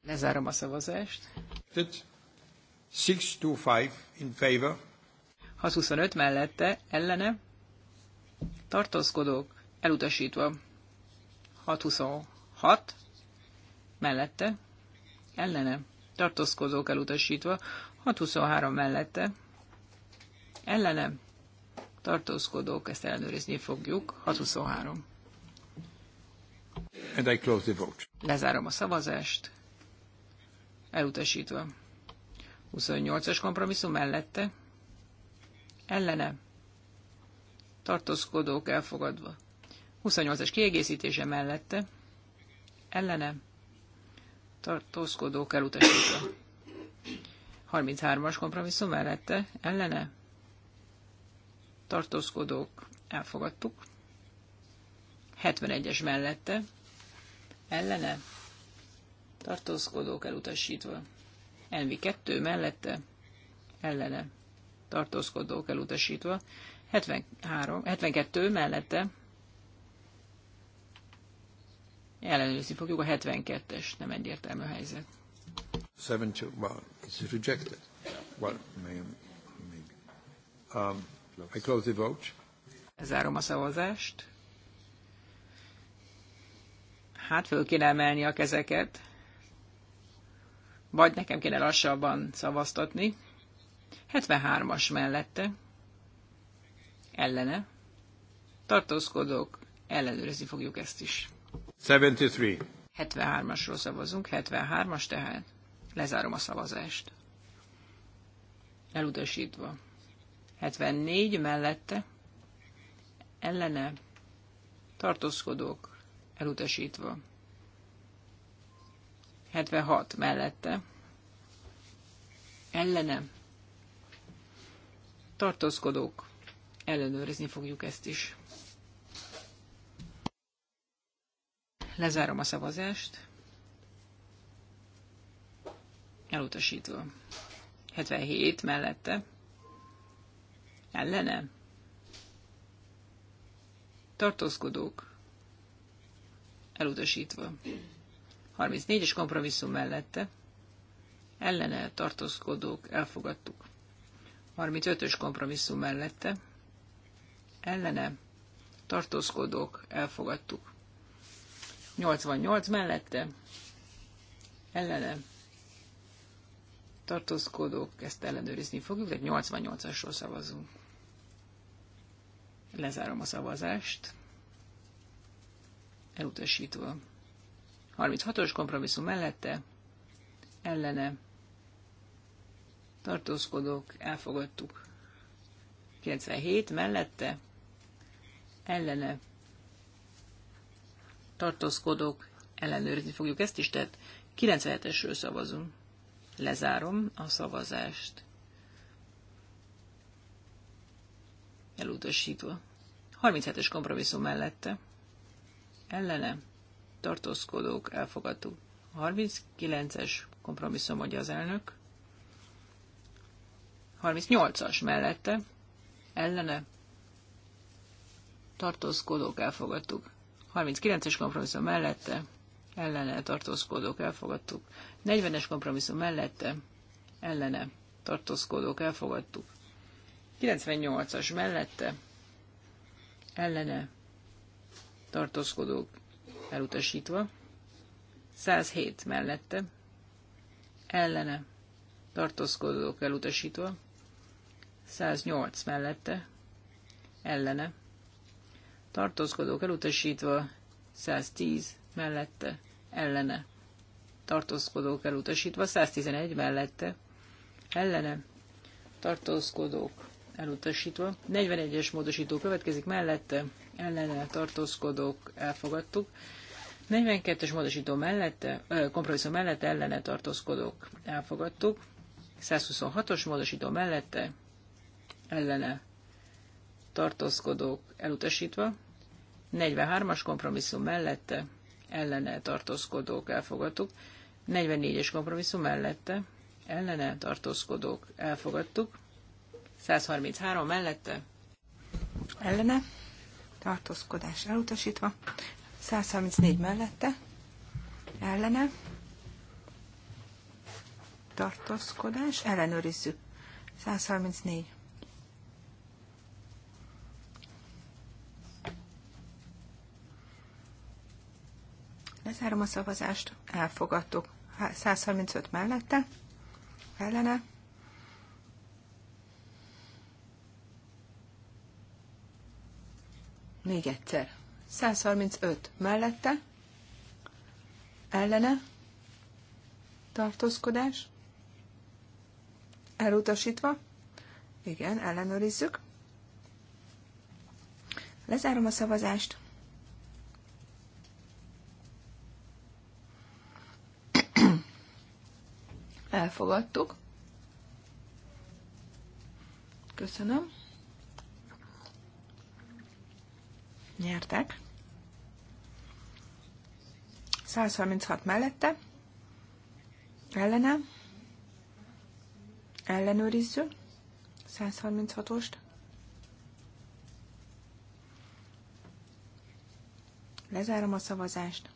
Lezárom a szavazást. 625 in favor. 625 mellette, ellene, tartózkodók, elutasítva. 626 6 mellette, ellene, tartózkodók elutasítva, 623 mellette, ellene, tartózkodók, ezt ellenőrizni fogjuk, 623. And I close the vote. Lezárom a szavazást, elutasítva. 28-as kompromisszum mellette, ellene, tartózkodók elfogadva. 28-as kiegészítése mellette, ellene tartózkodók elutasítva. 33-as kompromisszum mellette ellene tartózkodók elfogadtuk. 71-es mellette ellene tartózkodók elutasítva. Envi 2 mellette ellene tartózkodók elutasítva. 73, 72 mellette ellenőrizni fogjuk a 72-es, nem egyértelmű helyzet. 72, well, it's rejected. Well, maybe. Um, I close the vote. Zárom a szavazást. Hát föl kéne emelni a kezeket. Vagy nekem kéne lassabban szavaztatni. 73-as mellette. Ellene. Tartózkodok. Ellenőrizni fogjuk ezt is. 73. asról szavazunk, 73-as tehát. Lezárom a szavazást. Elutasítva. 74 mellette. Ellene. Tartózkodók. Elutasítva. 76 mellette. Ellene. Tartózkodók. Ellenőrizni fogjuk ezt is. Lezárom a szavazást. Elutasítva. 77 mellette. Ellene. Tartózkodók. Elutasítva. 34-es kompromisszum mellette. Ellene tartózkodók elfogadtuk. 35-ös kompromisszum mellette. Ellene tartózkodók elfogadtuk. 88 mellette ellene tartózkodók, ezt ellenőrizni fogjuk, de 88-asról szavazunk. Lezárom a szavazást. Elutasítva. 36-os kompromisszum mellette ellene tartózkodók, elfogadtuk. 97 mellette ellene tartózkodók, ellenőrizni fogjuk ezt is, tehát 97-esről szavazunk. Lezárom a szavazást. Elutasítva. 37-es kompromisszum mellette. Ellene. Tartózkodók, elfogadó. 39-es kompromisszum, mondja az elnök. 38-as mellette. Ellene. Tartózkodók, elfogadtuk. 39-es kompromisszum mellette ellene tartózkodók elfogadtuk. 40-es kompromisszum mellette ellene tartózkodók elfogadtuk. 98-as mellette ellene tartózkodók elutasítva. 107 mellette ellene tartózkodók elutasítva. 108 mellette ellene tartózkodók elutasítva, 110 mellette, ellene, tartózkodók elutasítva, 111 mellette, ellene, tartózkodók elutasítva, 41-es módosító következik mellette, ellene, tartózkodók elfogadtuk, 42-es módosító mellette, kompromisszum mellette, ellene, tartózkodók elfogadtuk, 126-os módosító mellette, ellene, tartózkodók elutasítva, 43-as kompromisszum mellette ellene tartózkodók elfogadtuk, 44-es kompromisszum mellette ellene tartózkodók elfogadtuk, 133 mellette ellene tartózkodás elutasítva, 134 mellette ellene tartózkodás, ellenőrizzük. 134. Lezárom a szavazást, elfogadtuk. 135 mellette, ellene. Még egyszer. 135 mellette, ellene, tartózkodás, elutasítva. Igen, ellenőrizzük. Lezárom a szavazást. Elfogadtuk. Köszönöm. Nyertek. 136 mellette. Ellenem. Ellenőrizzük. 136-ost. Lezárom a szavazást.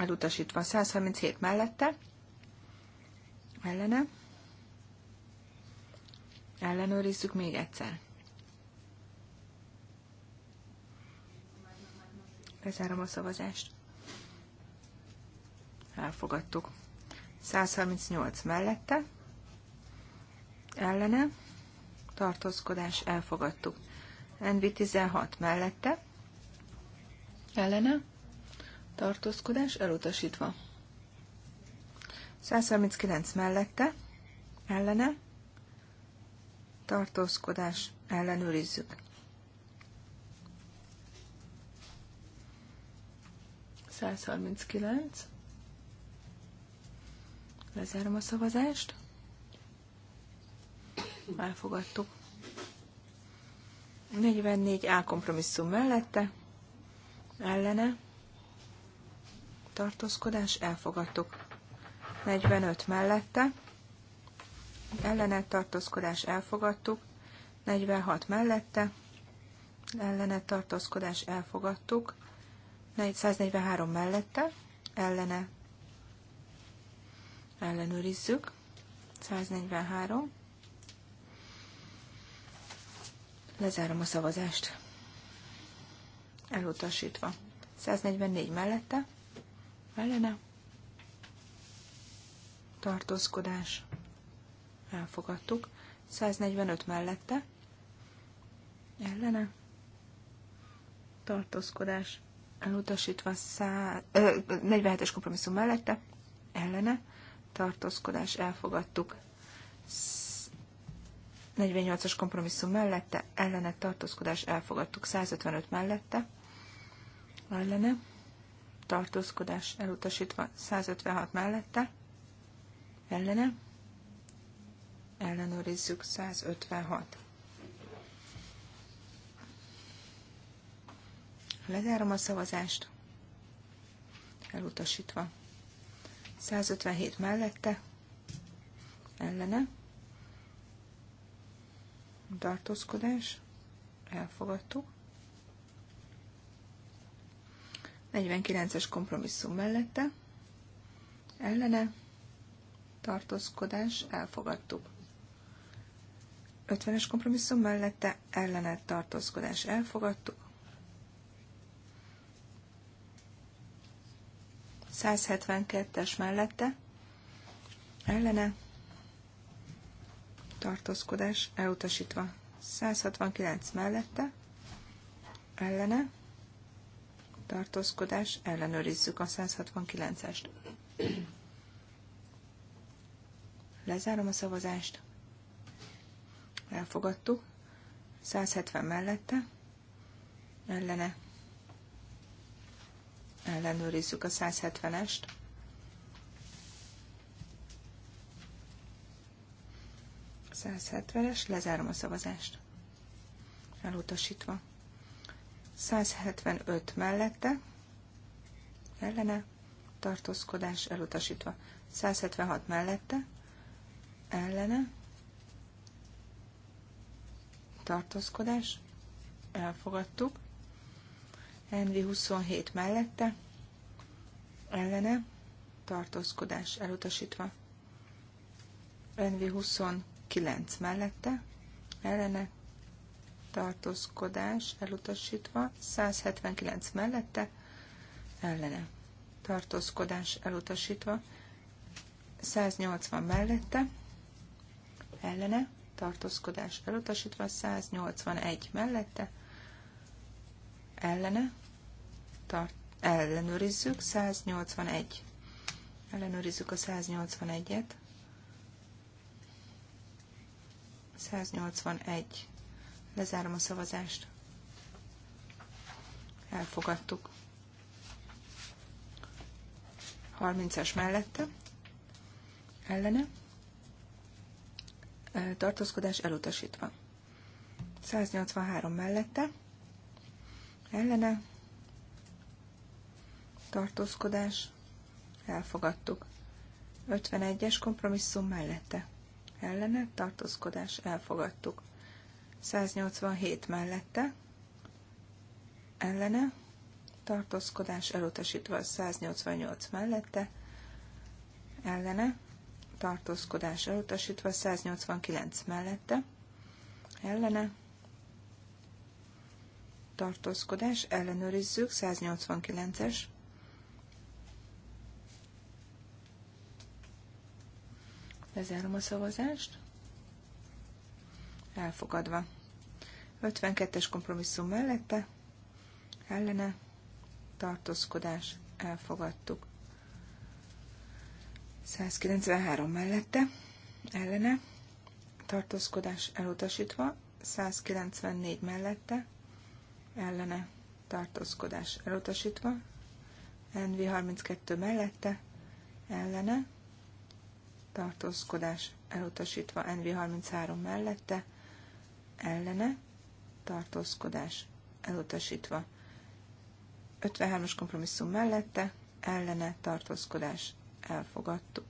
elutasítva 137 mellette, ellene, ellenőrizzük még egyszer. Bezárom a szavazást. Elfogadtuk. 138 mellette, ellene, tartózkodás elfogadtuk. Envi 16 mellette, ellene, tartózkodás elutasítva. 139 mellette, ellene, tartózkodás ellenőrizzük. 139. Lezárom a szavazást. Elfogadtuk. 44 A kompromisszum mellette, ellene, tartózkodás elfogadtuk. 45 mellette, Ellenet tartózkodás elfogadtuk. 46 mellette, Ellenet tartózkodás elfogadtuk. 143 mellette, ellene ellenőrizzük. 143. Lezárom a szavazást. Elutasítva. 144 mellette, ellene tartózkodás elfogadtuk, 145 mellette ellene tartózkodás elutasítva, szá. 47-es kompromisszum mellette ellene tartózkodás elfogadtuk, 48-as kompromisszum mellette, ellene tartózkodás elfogadtuk 155 mellette, ellene tartózkodás elutasítva 156 mellette, ellene, ellenőrizzük 156. Lezárom a szavazást, elutasítva. 157 mellette, ellene, tartózkodás, elfogadtuk. 49-es kompromisszum mellette, ellene, tartózkodás, elfogadtuk. 50-es kompromisszum mellette, ellene, tartózkodás, elfogadtuk. 172-es mellette, ellene, tartózkodás, elutasítva. 169 mellette, ellene, tartózkodás, ellenőrizzük a 169-est. Lezárom a szavazást. Elfogadtuk. 170 mellette, ellene. Ellenőrizzük a 170-est. A 170-es, lezárom a szavazást. Elutasítva. 175 mellette, ellene, tartózkodás elutasítva. 176 mellette, ellene, tartózkodás, elfogadtuk. Envi 27 mellette, ellene, tartózkodás elutasítva. Envi 29 mellette, ellene, tartózkodás elutasítva, 179 mellette, ellene tartózkodás elutasítva, 180 mellette, ellene tartózkodás elutasítva, 181 mellette, ellene, tart, ellenőrizzük, 181. Ellenőrizzük a 181-et. 181 Lezárom a szavazást. Elfogadtuk. 30-as mellette. Ellene. Tartózkodás elutasítva. 183 mellette. Ellene. Tartózkodás. Elfogadtuk. 51-es kompromisszum mellette. Ellene. Tartózkodás. Elfogadtuk. 187 mellette, ellene, tartózkodás elutasítva 188 mellette, ellene, tartózkodás elutasítva 189 mellette, ellene, tartózkodás, ellenőrizzük, 189-es, lezárom a szavazást, elfogadva. 52-es kompromisszum mellette, ellene, tartózkodás, elfogadtuk. 193 mellette, ellene, tartózkodás elutasítva, 194 mellette, ellene, tartózkodás elutasítva, NV32 mellette, ellene, tartózkodás elutasítva, NV33 mellette, ellene tartózkodás elutasítva. 53-as kompromisszum mellette ellene tartózkodás elfogadtuk.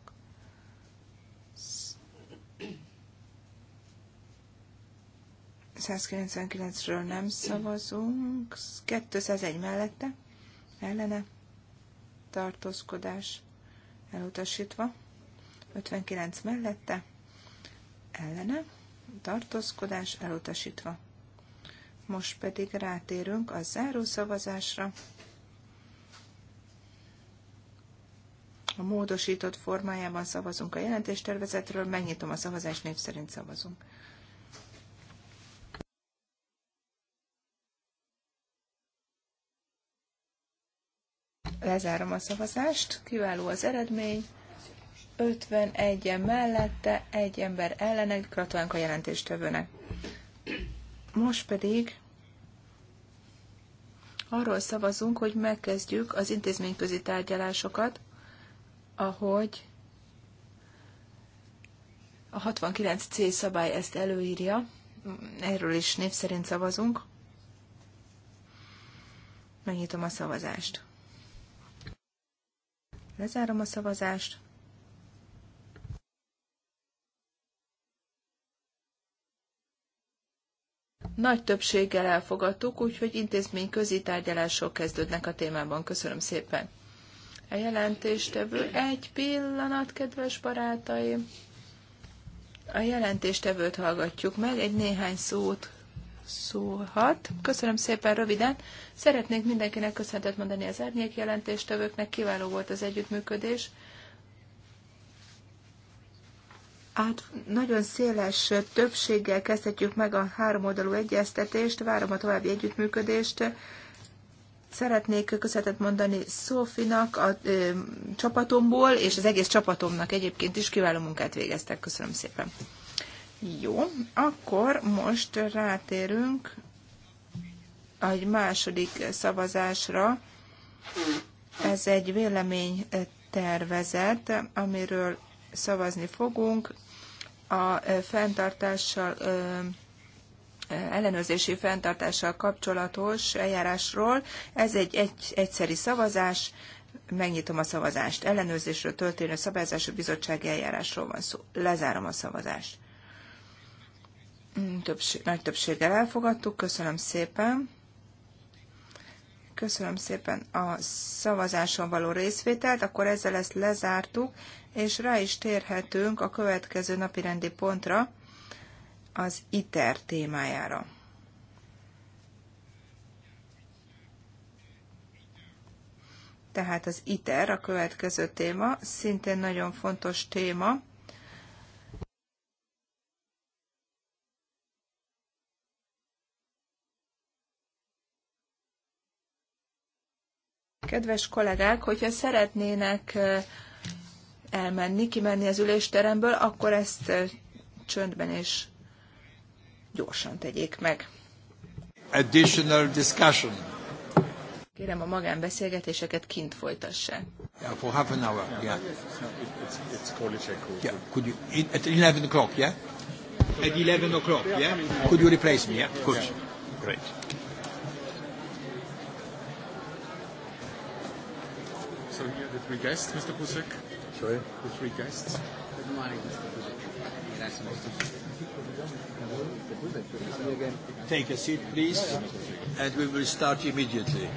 ...199-ről nem szavazunk, 201 mellette, ellene, tartózkodás elutasítva, 59 mellette, ellene, tartózkodás elutasítva. Most pedig rátérünk a záró szavazásra. A módosított formájában szavazunk a jelentéstervezetről, megnyitom a szavazást, név szerint szavazunk. Lezárom a szavazást, kiváló az eredmény. 51-en mellette, egy ember ellene, gratulánk a jelentéstevőnek. Most pedig arról szavazunk, hogy megkezdjük az intézményközi tárgyalásokat, ahogy a 69C szabály ezt előírja. Erről is név szerint szavazunk. Megnyitom a szavazást. Lezárom a szavazást. nagy többséggel elfogadtuk, úgyhogy intézmény tárgyalások kezdődnek a témában. Köszönöm szépen. A jelentéstevő egy pillanat, kedves barátaim. A jelentéstevőt hallgatjuk meg, egy néhány szót szólhat. Köszönöm szépen röviden. Szeretnék mindenkinek köszönetet mondani az árnyék jelentéstevőknek, kiváló volt az együttműködés. át, nagyon széles többséggel kezdhetjük meg a háromoldalú egyeztetést, várom a további együttműködést. Szeretnék köszönetet mondani Szófinak, a ö, csapatomból, és az egész csapatomnak egyébként is kiváló munkát végeztek. Köszönöm szépen. Jó, akkor most rátérünk egy második szavazásra. Ez egy vélemény tervezet, amiről szavazni fogunk a fenntartással ellenőrzési fenntartással kapcsolatos eljárásról. Ez egy, egy egyszeri szavazás, megnyitom a szavazást. Ellenőrzésről történő szabályozású bizottsági eljárásról van szó. Lezárom a szavazást. Többség, nagy többséggel elfogadtuk, köszönöm szépen. Köszönöm szépen a szavazáson való részvételt, akkor ezzel ezt lezártuk, és rá is térhetünk a következő napi rendi pontra, az ITER témájára. Tehát az ITER a következő téma, szintén nagyon fontos téma. Kedves kollégák, hogyha szeretnének eh, elmenni, kimenni az ülésteremből, akkor ezt csöndben és gyorsan tegyék meg. Additional discussion. Kérem a magánbeszélgetéseket kint folytassák. Yeah, for half an hour. Yeah. yeah. It's, it's Kolicek. Yeah. Could you at 11 o'clock? Yeah. At 11 o'clock. Yeah. Could you replace me? Yeah. Good. Yeah. Great. So here the three guests, Mr. Pusek. Sorry, the three guests. Good morning, Mr. Take a seat, please, and we will start immediately.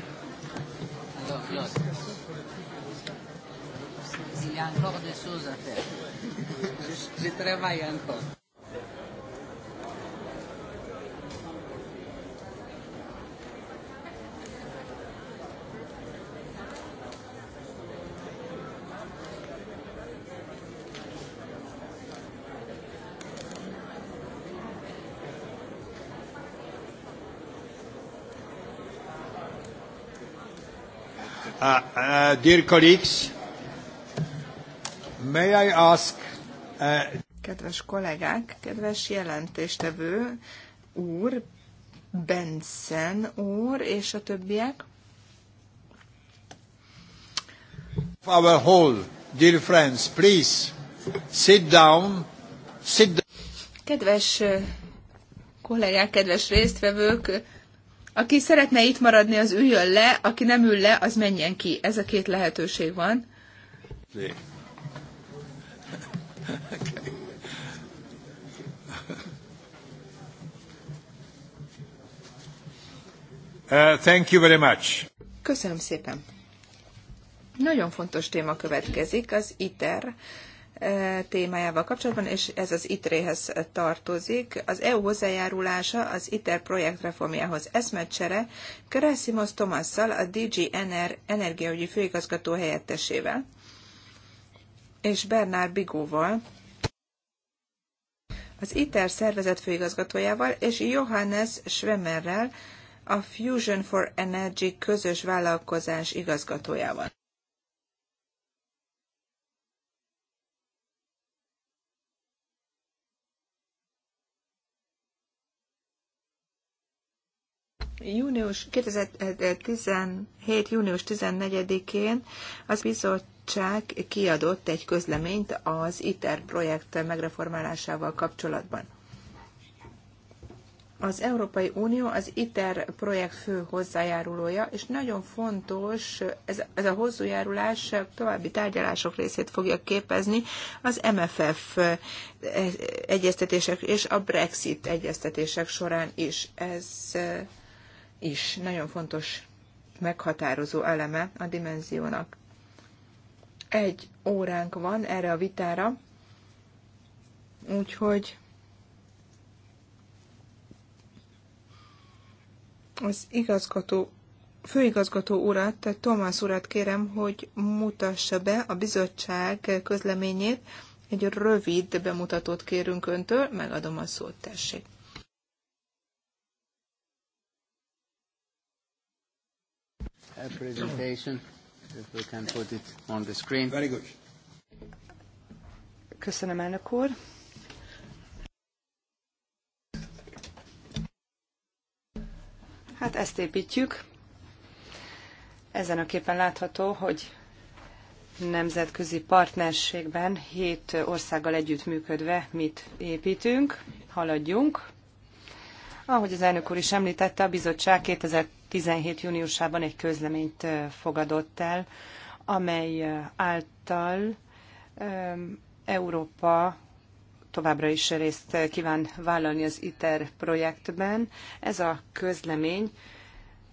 je travaille encore. Uh, uh, uh, kedves kollégák, kedves jelentéstevő úr, Benson úr és a többiek. Our hall, dear friends, please sit down, sit down. Kedves kollégák, kedves résztvevők, aki szeretne itt maradni, az üljön le, aki nem ül le, az menjen ki. Ez a két lehetőség van. Uh, thank you very much. Köszönöm szépen. Nagyon fontos téma következik, az ITER témájával kapcsolatban, és ez az ITRE-hez tartozik. Az EU hozzájárulása az ITER projekt reformjához eszmecsere Kerasimos Tomasszal, a DG NR energiaügyi főigazgató helyettesével, és Bernár Bigóval, az ITER szervezet főigazgatójával, és Johannes Schwemmerrel, a Fusion for Energy közös vállalkozás igazgatójával. Június 2017. június 14-én az bizottság kiadott egy közleményt az ITER projekt megreformálásával kapcsolatban. Az Európai Unió az ITER projekt fő hozzájárulója, és nagyon fontos, ez, ez a hozzájárulás további tárgyalások részét fogja képezni az MFF egyeztetések és a Brexit egyeztetések során is. Ez is nagyon fontos meghatározó eleme a dimenziónak. Egy óránk van erre a vitára, úgyhogy az igazgató, főigazgató urat, Tomás urat kérem, hogy mutassa be a bizottság közleményét. Egy rövid bemutatót kérünk öntől, megadom a szót, tessék. presentation, if we can put it on the screen. Very good. Köszönöm, elnök úr. Hát ezt építjük. Ezen a képen látható, hogy nemzetközi partnerségben hét országgal együttműködve mit építünk, haladjunk. Ahogy az elnök úr is említette, a bizottság 2000 2017. júniusában egy közleményt fogadott el, amely által Európa továbbra is részt kíván vállalni az ITER projektben. Ez a közlemény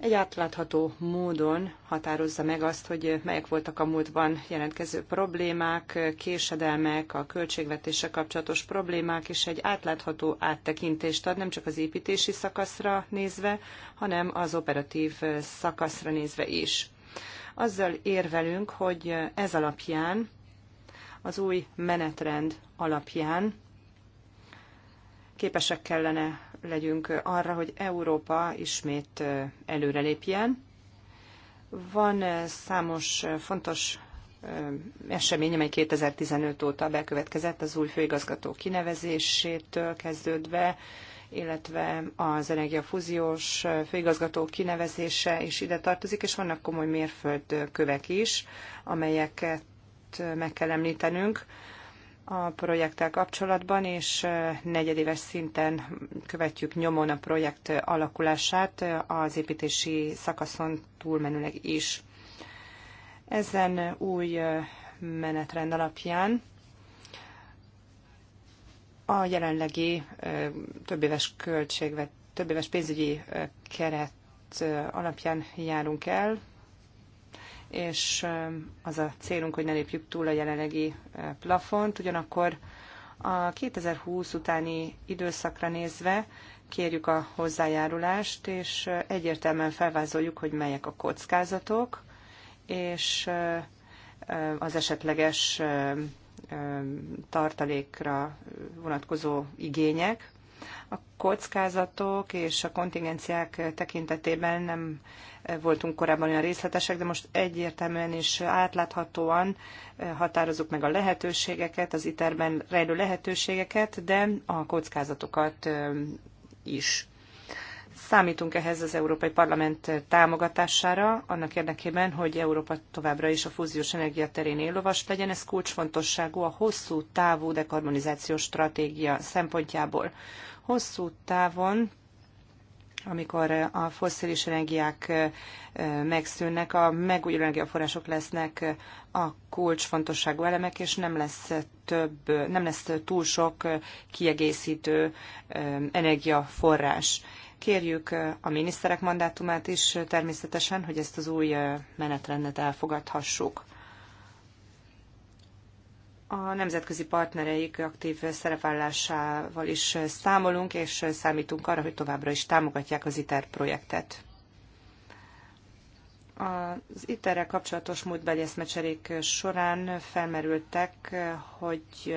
egy átlátható módon határozza meg azt, hogy melyek voltak a múltban jelentkező problémák, késedelmek, a költségvetéssel kapcsolatos problémák, és egy átlátható áttekintést ad nem csak az építési szakaszra nézve, hanem az operatív szakaszra nézve is. Azzal érvelünk, hogy ez alapján, az új menetrend alapján képesek kellene legyünk arra, hogy Európa ismét előrelépjen. Van számos fontos esemény, amely 2015 óta bekövetkezett az új főigazgató kinevezésétől kezdődve, illetve az energiafúziós főigazgató kinevezése is ide tartozik, és vannak komoly mérföldkövek is, amelyeket meg kell említenünk a projekttel kapcsolatban, és negyedéves szinten követjük nyomon a projekt alakulását az építési szakaszon túlmenőleg is. Ezen új menetrend alapján a jelenlegi többéves költségvet, többéves pénzügyi keret alapján járunk el, és az a célunk, hogy ne lépjük túl a jelenlegi plafont. Ugyanakkor a 2020 utáni időszakra nézve kérjük a hozzájárulást, és egyértelműen felvázoljuk, hogy melyek a kockázatok, és az esetleges tartalékra vonatkozó igények, a kockázatok és a kontingenciák tekintetében nem voltunk korábban olyan részletesek, de most egyértelműen és átláthatóan eh, határozzuk meg a lehetőségeket, az iterben rejlő lehetőségeket, de a kockázatokat eh, is. Számítunk ehhez az Európai Parlament támogatására, annak érdekében, hogy Európa továbbra is a fúziós energia terén éllovas legyen. Ez kulcsfontosságú a hosszú távú dekarbonizációs stratégia szempontjából. Hosszú távon amikor a fosszilis energiák megszűnnek, a megújuló energiaforrások lesznek a kulcsfontosságú elemek, és nem lesz több, nem lesz túl sok kiegészítő energiaforrás. Kérjük a miniszterek mandátumát is természetesen, hogy ezt az új menetrendet elfogadhassuk. A nemzetközi partnereik aktív szerepvállásával is számolunk, és számítunk arra, hogy továbbra is támogatják az ITER projektet. Az ITER-rel kapcsolatos múltbeli eszmecserék során felmerültek, hogy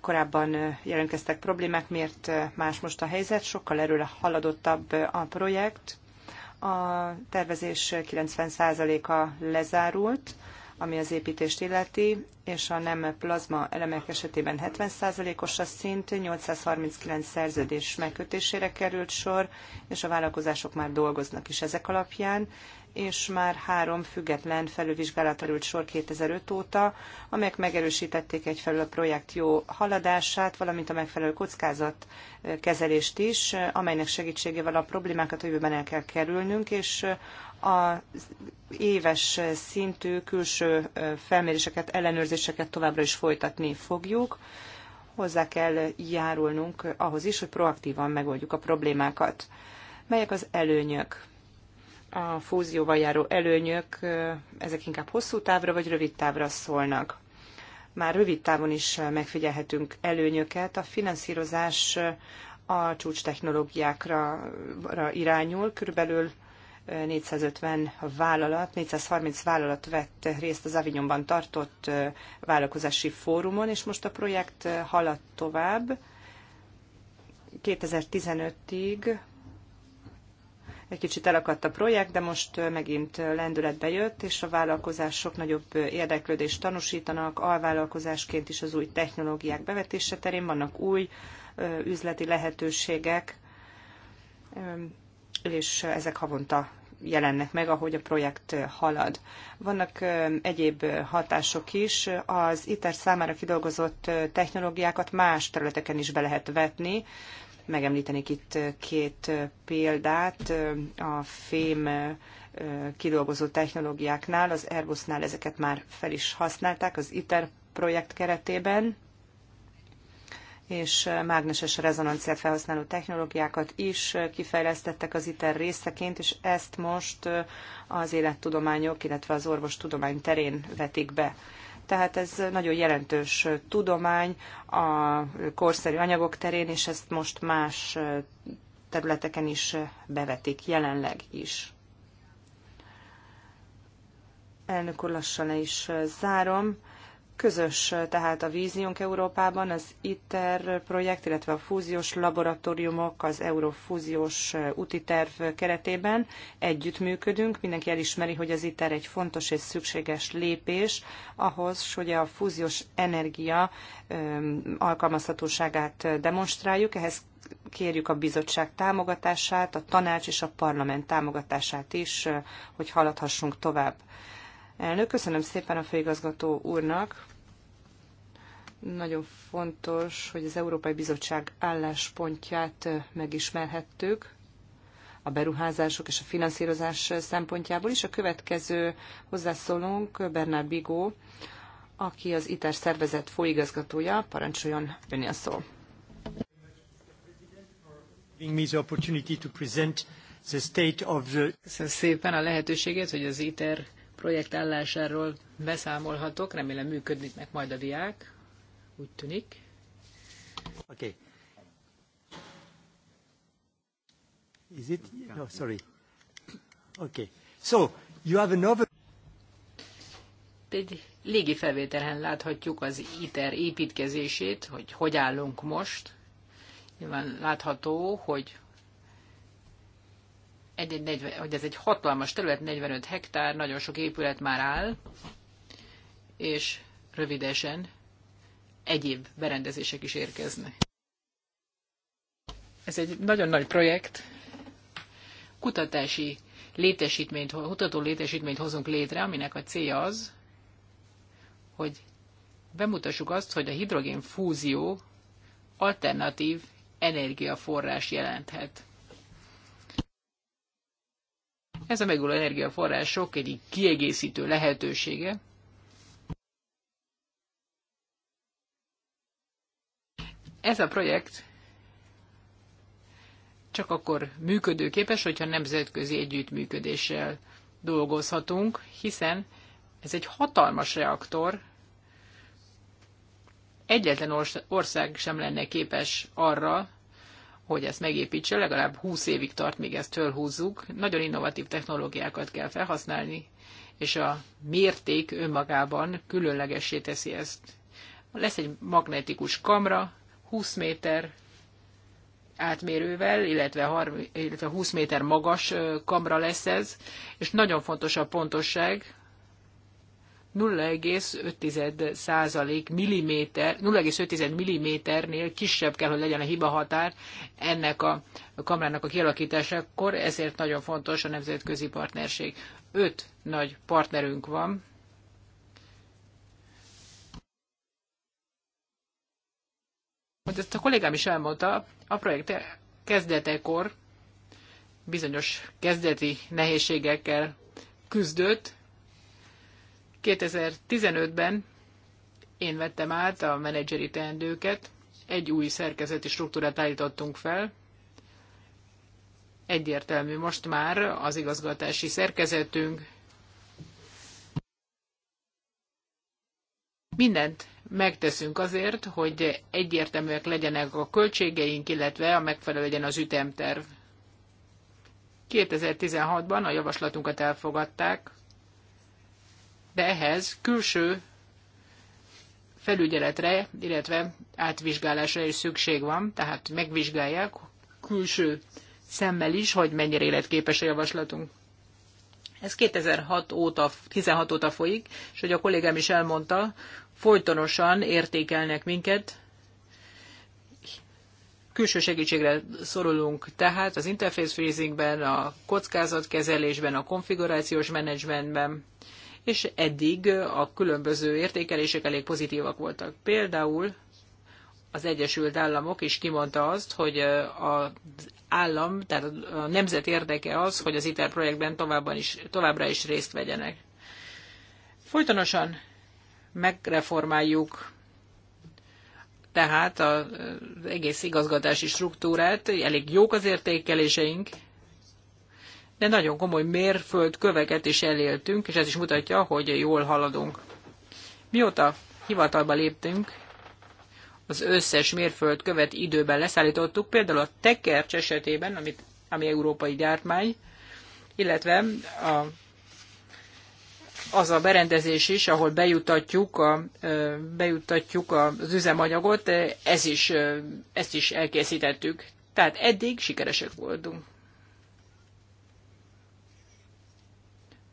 korábban jelentkeztek problémák, miért más most a helyzet, sokkal erőre haladottabb a projekt. A tervezés 90%-a lezárult, ami az építést illeti, és a nem plazma elemek esetében 70%-os a szint, 839 szerződés megkötésére került sor, és a vállalkozások már dolgoznak is ezek alapján, és már három független felülvizsgálat került sor 2005 óta, amelyek megerősítették egyfelől a projekt jó haladását, valamint a megfelelő kockázat eh, kezelést is, eh, amelynek segítségével a problémákat a jövőben el kell kerülnünk, és eh, az éves szintű külső felméréseket, ellenőrzéseket továbbra is folytatni fogjuk. Hozzá kell járulnunk ahhoz is, hogy proaktívan megoldjuk a problémákat. Melyek az előnyök? A fúzióval járó előnyök, ezek inkább hosszú távra vagy rövid távra szólnak. Már rövid távon is megfigyelhetünk előnyöket. A finanszírozás a csúcs technológiákra irányul, körülbelül 450 vállalat, 430 vállalat vett részt az Avignonban tartott vállalkozási fórumon, és most a projekt halad tovább. 2015-ig egy kicsit elakadt a projekt, de most megint lendületbe jött, és a vállalkozások nagyobb érdeklődést tanúsítanak, alvállalkozásként is az új technológiák bevetése terén vannak új üzleti lehetőségek, és ezek havonta jelennek meg, ahogy a projekt halad. Vannak egyéb hatások is. Az ITER számára kidolgozott technológiákat más területeken is be lehet vetni. Megemlítenék itt két példát. A fém kidolgozó technológiáknál, az Airbusnál ezeket már fel is használták az ITER projekt keretében és mágneses rezonanciát felhasználó technológiákat is kifejlesztettek az ITER részeként, és ezt most az élettudományok, illetve az orvostudomány terén vetik be. Tehát ez nagyon jelentős tudomány a korszerű anyagok terén, és ezt most más területeken is bevetik, jelenleg is. Elnök úr, lassan le is zárom. Közös tehát a víziónk Európában, az ITER projekt, illetve a fúziós laboratóriumok, az Eurofúziós úti terv keretében együttműködünk. Mindenki elismeri, hogy az ITER egy fontos és szükséges lépés ahhoz, hogy a fúziós energia alkalmazhatóságát demonstráljuk. Ehhez kérjük a bizottság támogatását, a tanács és a parlament támogatását is, hogy haladhassunk tovább. Elnök, köszönöm szépen a főigazgató úrnak. Nagyon fontos, hogy az Európai Bizottság álláspontját megismerhettük a beruházások és a finanszírozás szempontjából is. A következő hozzászólónk Bernard Bigó, aki az ITER szervezet főigazgatója. Parancsoljon önni a szó. Köszönöm szépen a lehetőséget, hogy az ITER projekt állásáról beszámolhatok, remélem működnek majd a diák, úgy tűnik. Oké. Okay. Is it? No, sorry. Okay. So, you have another... Egy légi felvételen láthatjuk az ITER építkezését, hogy hogy állunk most. Nyilván látható, hogy egy, egy 40, hogy ez egy hatalmas terület, 45 hektár, nagyon sok épület már áll, és rövidesen egyéb berendezések is érkeznek. Ez egy nagyon nagy projekt. Kutatási létesítményt, kutató létesítményt hozunk létre, aminek a célja az, hogy bemutassuk azt, hogy a hidrogén fúzió alternatív energiaforrás jelenthet. Ez a megújuló energiaforrások egyik kiegészítő lehetősége. Ez a projekt csak akkor működőképes, hogyha nemzetközi együttműködéssel dolgozhatunk, hiszen ez egy hatalmas reaktor, egyetlen ország sem lenne képes arra, hogy ezt megépítse, legalább 20 évig tart, míg ezt fölhúzzuk. Nagyon innovatív technológiákat kell felhasználni, és a mérték önmagában különlegessé teszi ezt. Lesz egy magnetikus kamra, 20 méter átmérővel, illetve, 30, illetve 20 méter magas kamra lesz ez, és nagyon fontos a pontosság, 0,5 milliméter, 0,5 milliméternél kisebb kell, hogy legyen a hiba határ ennek a kamrának a kialakításakor, ezért nagyon fontos a nemzetközi partnerség. Öt nagy partnerünk van, ezt a kollégám is elmondta, a projekt kezdetekor bizonyos kezdeti nehézségekkel küzdött, 2015-ben én vettem át a menedzseri teendőket, egy új szerkezeti struktúrát állítottunk fel, egyértelmű most már az igazgatási szerkezetünk. Mindent megteszünk azért, hogy egyértelműek legyenek a költségeink, illetve a megfelelő legyen az ütemterv. 2016-ban a javaslatunkat elfogadták, de ehhez külső felügyeletre, illetve átvizsgálásra is szükség van, tehát megvizsgálják külső szemmel is, hogy mennyire életképes a javaslatunk. Ez 2006 óta, 16 óta folyik, és hogy a kollégám is elmondta, folytonosan értékelnek minket, külső segítségre szorulunk tehát az interface freezingben, a kockázatkezelésben, a konfigurációs menedzsmentben, és eddig a különböző értékelések elég pozitívak voltak. Például az Egyesült Államok is kimondta azt, hogy az állam, tehát a nemzet érdeke az, hogy az ITER projektben továbbra is, továbbra is részt vegyenek. Folytonosan megreformáljuk tehát az egész igazgatási struktúrát, elég jók az értékeléseink, de nagyon komoly mérföldköveket is eléltünk, és ez is mutatja, hogy jól haladunk. Mióta hivatalba léptünk, az összes mérföldkövet időben leszállítottuk, például a tekercs esetében, amit, ami európai gyártmány, illetve a, az a berendezés is, ahol bejutatjuk, a, bejutatjuk az üzemanyagot, ez is, ezt is elkészítettük. Tehát eddig sikeresek voltunk.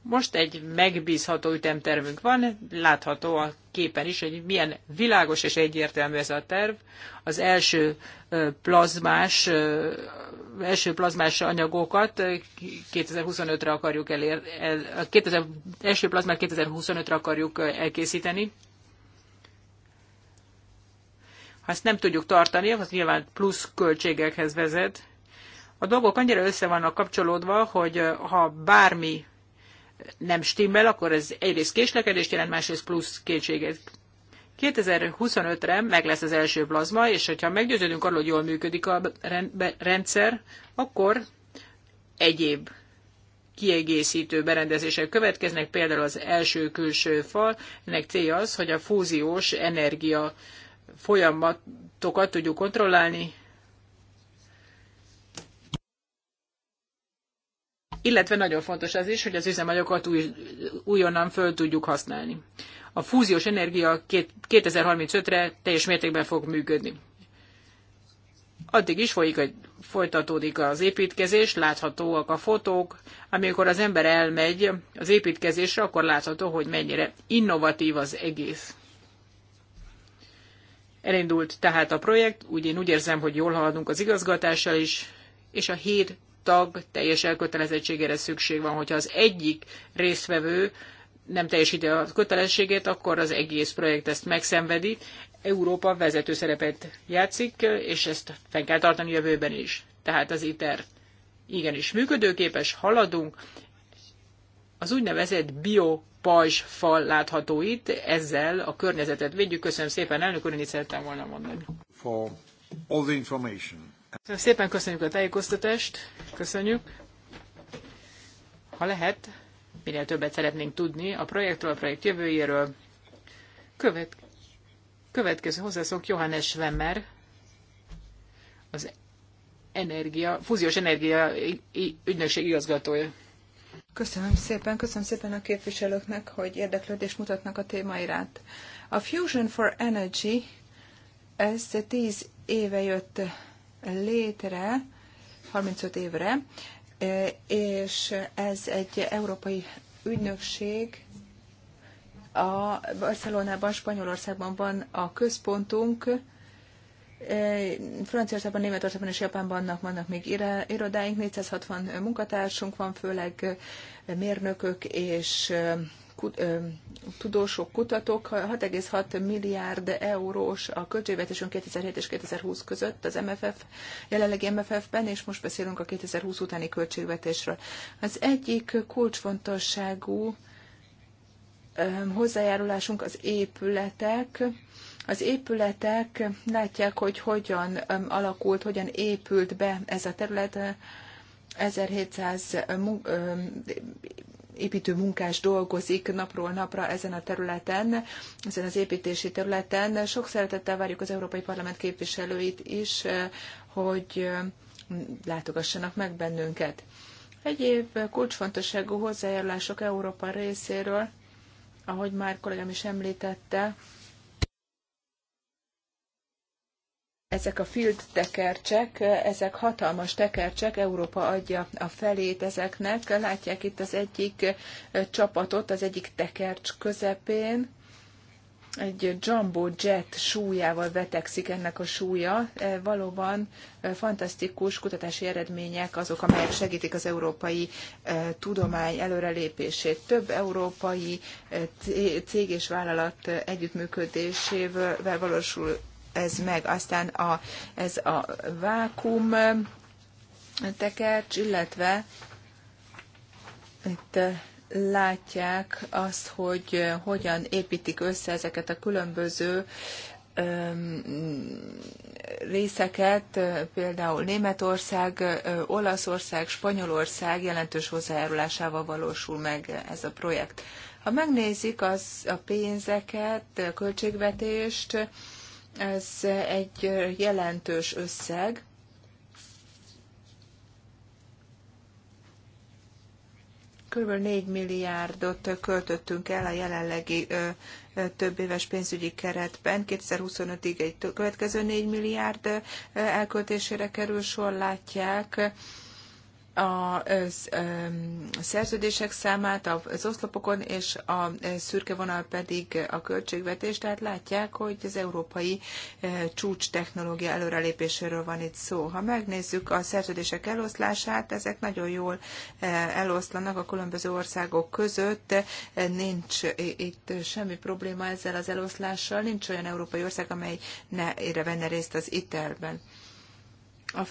Most egy megbízható ütemtervünk van, látható a képen is, hogy milyen világos és egyértelmű ez a terv. Az első plazmás, első plazmás anyagokat 2025-re akarjuk elér, el, a 2000, első plazmát 2025-re akarjuk elkészíteni. Ha ezt nem tudjuk tartani, az nyilván plusz költségekhez vezet. A dolgok annyira össze vannak kapcsolódva, hogy ha bármi nem stimmel, akkor ez egyrészt késlekedést jelent, másrészt plusz kétséget. 2025-re meg lesz az első plazma, és hogyha meggyőződünk arról, hogy jól működik a rendszer, akkor egyéb kiegészítő berendezések következnek, például az első külső fal, ennek célja az, hogy a fúziós energia folyamatokat tudjuk kontrollálni, illetve nagyon fontos az is, hogy az üzemanyagokat új, újonnan föl tudjuk használni. A fúziós energia 2035-re teljes mértékben fog működni. Addig is folyik, hogy folytatódik az építkezés, láthatóak a fotók. Amikor az ember elmegy az építkezésre, akkor látható, hogy mennyire innovatív az egész. Elindult tehát a projekt, úgy én úgy érzem, hogy jól haladunk az igazgatással is, és a hét tag teljes elkötelezettségére szükség van, hogyha az egyik résztvevő nem teljesíti a kötelességét, akkor az egész projekt ezt megszenvedi. Európa vezető szerepet játszik, és ezt fenn kell tartani jövőben is. Tehát az ITER igenis működőképes, haladunk. Az úgynevezett bio pajzs fal látható itt, ezzel a környezetet védjük. Köszönöm szépen, elnök úr, én szerettem volna mondani. For all the information. Szépen köszönjük a tájékoztatást, köszönjük. Ha lehet, minél többet szeretnénk tudni a projektről, a projekt jövőjéről. Követ, következő hozzászok Johannes Wemmer, az energia, fúziós energia ügynökség igazgatója. Köszönöm szépen, köszönöm szépen a képviselőknek, hogy érdeklődést mutatnak a téma iránt. A Fusion for Energy, ez tíz éve jött létre 35 évre, e, és ez egy európai ügynökség, a Barcelonában, Spanyolországban van a központunk, e, Franciaországban, Németországban és Japánban vannak, vannak még irodáink, 460 munkatársunk van, főleg mérnökök és tudósok, kutatók, 6,6 milliárd eurós a költségvetésünk 2007 és 2020 között az MFF, jelenlegi MFF-ben, és most beszélünk a 2020 utáni költségvetésről. Az egyik kulcsfontosságú hozzájárulásunk az épületek, az épületek látják, hogy hogyan alakult, hogyan épült be ez a terület. 1700 építő munkás dolgozik napról napra ezen a területen, ezen az építési területen. Sok szeretettel várjuk az Európai Parlament képviselőit is, hogy látogassanak meg bennünket. Egyéb kulcsfontosságú hozzájárulások Európa részéről, ahogy már kollégám is említette, ezek a field tekercsek, ezek hatalmas tekercsek, Európa adja a felét ezeknek. Látják itt az egyik csapatot, az egyik tekercs közepén. Egy jumbo jet súlyával vetekszik ennek a súlya. Valóban fantasztikus kutatási eredmények azok, amelyek segítik az európai tudomány előrelépését. Több európai cég és vállalat együttműködésével valósul ez meg. Aztán a, ez a vákum eh, tekercs, illetve itt eh, látják azt, hogy eh, hogyan építik össze ezeket a különböző ehm, részeket, például Németország, Olaszország, Spanyolország jelentős hozzájárulásával valósul meg ez a projekt. Ha megnézik az, a pénzeket, a költségvetést, ez egy jelentős összeg. Kb. 4 milliárdot költöttünk el a jelenlegi több éves pénzügyi keretben. 2025-ig egy következő 4 milliárd elköltésére kerül sor, látják a szerződések számát az oszlopokon, és a szürke vonal pedig a költségvetés, tehát látják, hogy az európai csúcs technológia előrelépéséről van itt szó. Ha megnézzük a szerződések eloszlását, ezek nagyon jól eloszlanak a különböző országok között, nincs itt semmi probléma ezzel az eloszlással, nincs olyan európai ország, amely ne venne részt az ITER-ben. A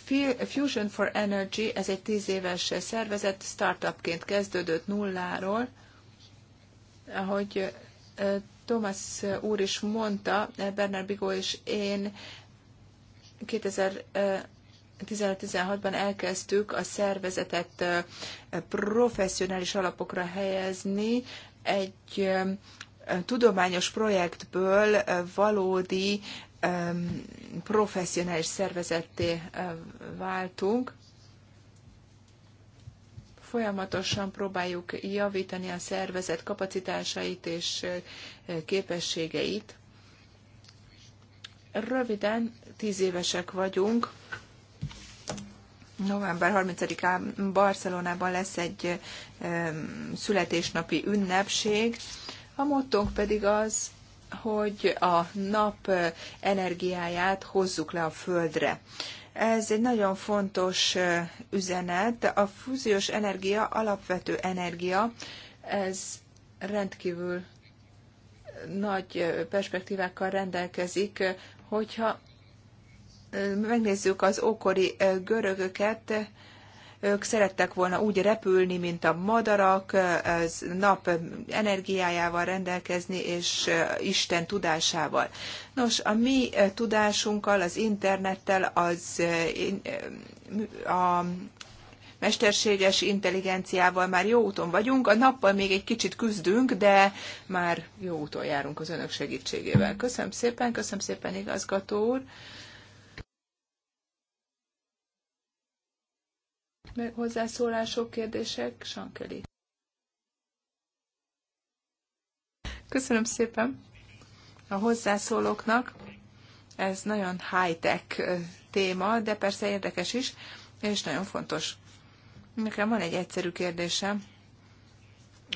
Fusion for Energy, ez egy tíz éves szervezet, startupként kezdődött nulláról, ahogy Thomas úr is mondta, eh, Bernard Bigó és én 2016-ban elkezdtük a szervezetet professzionális alapokra helyezni, egy tudományos projektből valódi professzionális szervezetté váltunk. Folyamatosan próbáljuk javítani a szervezet kapacitásait és képességeit. Röviden, tíz évesek vagyunk. November 30-án Barcelonában lesz egy születésnapi ünnepség. A mottónk pedig az, hogy a nap energiáját hozzuk le a földre. Ez egy nagyon fontos üzenet. A fúziós energia alapvető energia, ez rendkívül nagy perspektívákkal rendelkezik, hogyha megnézzük az ókori görögöket, ők szerettek volna úgy repülni, mint a madarak, az nap energiájával rendelkezni, és Isten tudásával. Nos, a mi tudásunkkal, az internettel, az a mesterséges intelligenciával már jó úton vagyunk, a nappal még egy kicsit küzdünk, de már jó úton járunk az önök segítségével. Köszönöm szépen, köszönöm szépen igazgató úr. meg hozzászólások, kérdések. Sankeli. Köszönöm szépen a hozzászólóknak. Ez nagyon high-tech téma, de persze érdekes is, és nagyon fontos. Nekem van egy egyszerű kérdésem.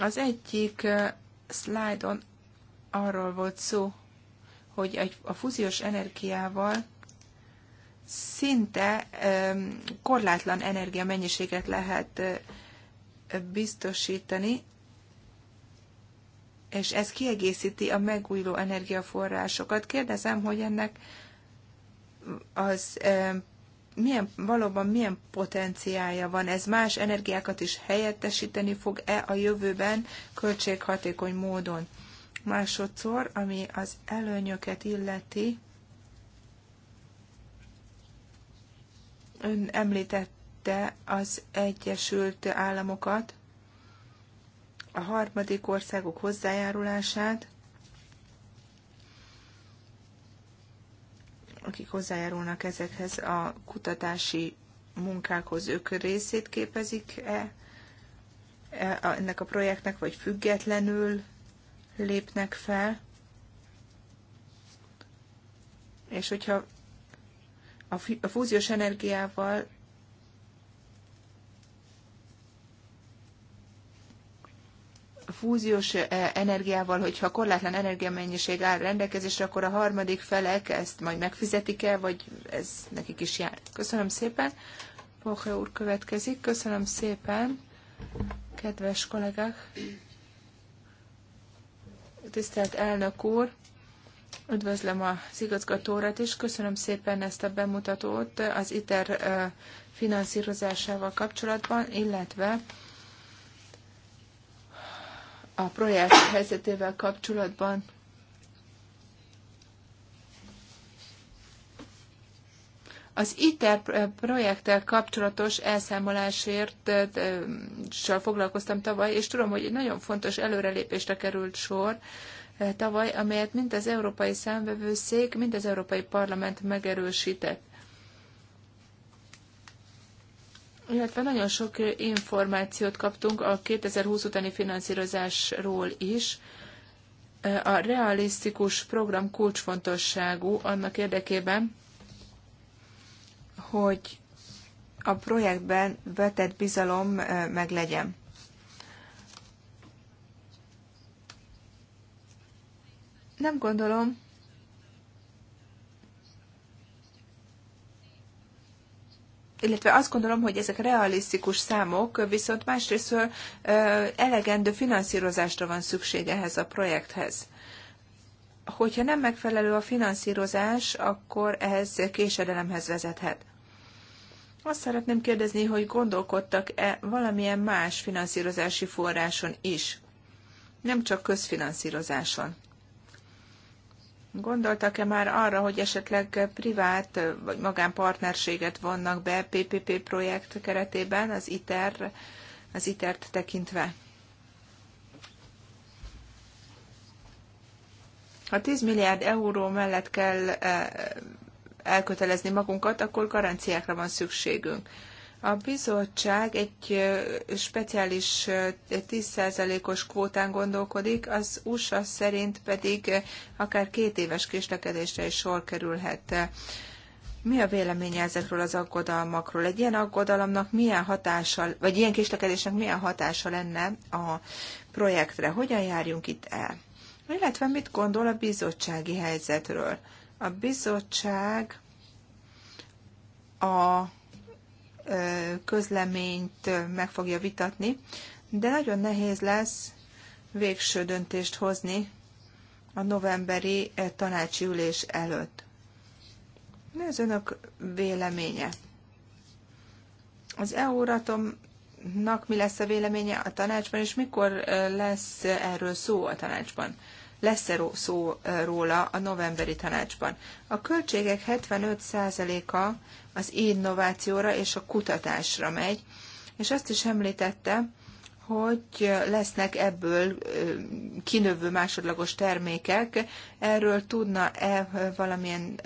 Az egyik szlájdon arról volt szó, hogy a fúziós energiával szinte korlátlan energiamennyiséget lehet biztosítani, és ez kiegészíti a megújuló energiaforrásokat. Kérdezem, hogy ennek az milyen, valóban milyen potenciája van? Ez más energiákat is helyettesíteni fog-e a jövőben költséghatékony módon? Másodszor, ami az előnyöket illeti, Ön említette az Egyesült Államokat, a harmadik országok hozzájárulását, akik hozzájárulnak ezekhez a kutatási munkákhoz, ők részét képezik-e e, ennek a projektnek, vagy függetlenül lépnek fel? És hogyha a fúziós energiával fúziós e, energiával, hogyha korlátlan energiamennyiség áll rendelkezésre, akkor a harmadik felek ezt majd megfizetik el, vagy ez nekik is jár. Köszönöm szépen. Poche úr következik. Köszönöm szépen, kedves kollégák. Tisztelt elnök úr, Üdvözlöm az igazgatórat, és köszönöm szépen ezt a bemutatót az ITER finanszírozásával kapcsolatban, illetve a projekt helyzetével kapcsolatban. Az ITER projekttel kapcsolatos elszámolásért foglalkoztam tavaly, és tudom, hogy egy nagyon fontos előrelépésre került sor tavaly, amelyet mind az Európai Számvevőszék, mind az Európai Parlament megerősített. Illetve nagyon sok információt kaptunk a 2020 utáni finanszírozásról is. A realisztikus program kulcsfontosságú annak érdekében, hogy a projektben vetett bizalom meglegyen. nem gondolom, illetve azt gondolom, hogy ezek realisztikus számok, viszont másrésztről elegendő finanszírozásra van szükség ehhez a projekthez. Hogyha nem megfelelő a finanszírozás, akkor ehhez késedelemhez vezethet. Azt szeretném kérdezni, hogy gondolkodtak-e valamilyen más finanszírozási forráson is, nem csak közfinanszírozáson. Gondoltak-e már arra, hogy esetleg privát vagy magánpartnerséget vonnak be PPP projekt keretében az ITER, az ITER-t tekintve? Ha 10 milliárd euró mellett kell eh, elkötelezni magunkat, akkor garanciákra van szükségünk. A bizottság egy speciális 10%-os kvótán gondolkodik, az USA szerint pedig akár két éves késlekedésre is sor kerülhet. Mi a véleménye ezekről az aggodalmakról? Egy ilyen aggodalomnak milyen hatása, vagy ilyen késlekedésnek milyen hatása lenne a projektre? Hogyan járjunk itt el? Illetve mit gondol a bizottsági helyzetről? A bizottság a közleményt meg fogja vitatni, de nagyon nehéz lesz végső döntést hozni a novemberi tanácsi ülés előtt. Mi az önök véleménye? Az EU-ratomnak mi lesz a véleménye a tanácsban, és mikor lesz erről szó a tanácsban? Lesz-e szó róla a novemberi tanácsban? A költségek 75%-a az innovációra és a kutatásra megy, és azt is említette, hogy lesznek ebből kinövő másodlagos termékek, erről tudna-e valamilyen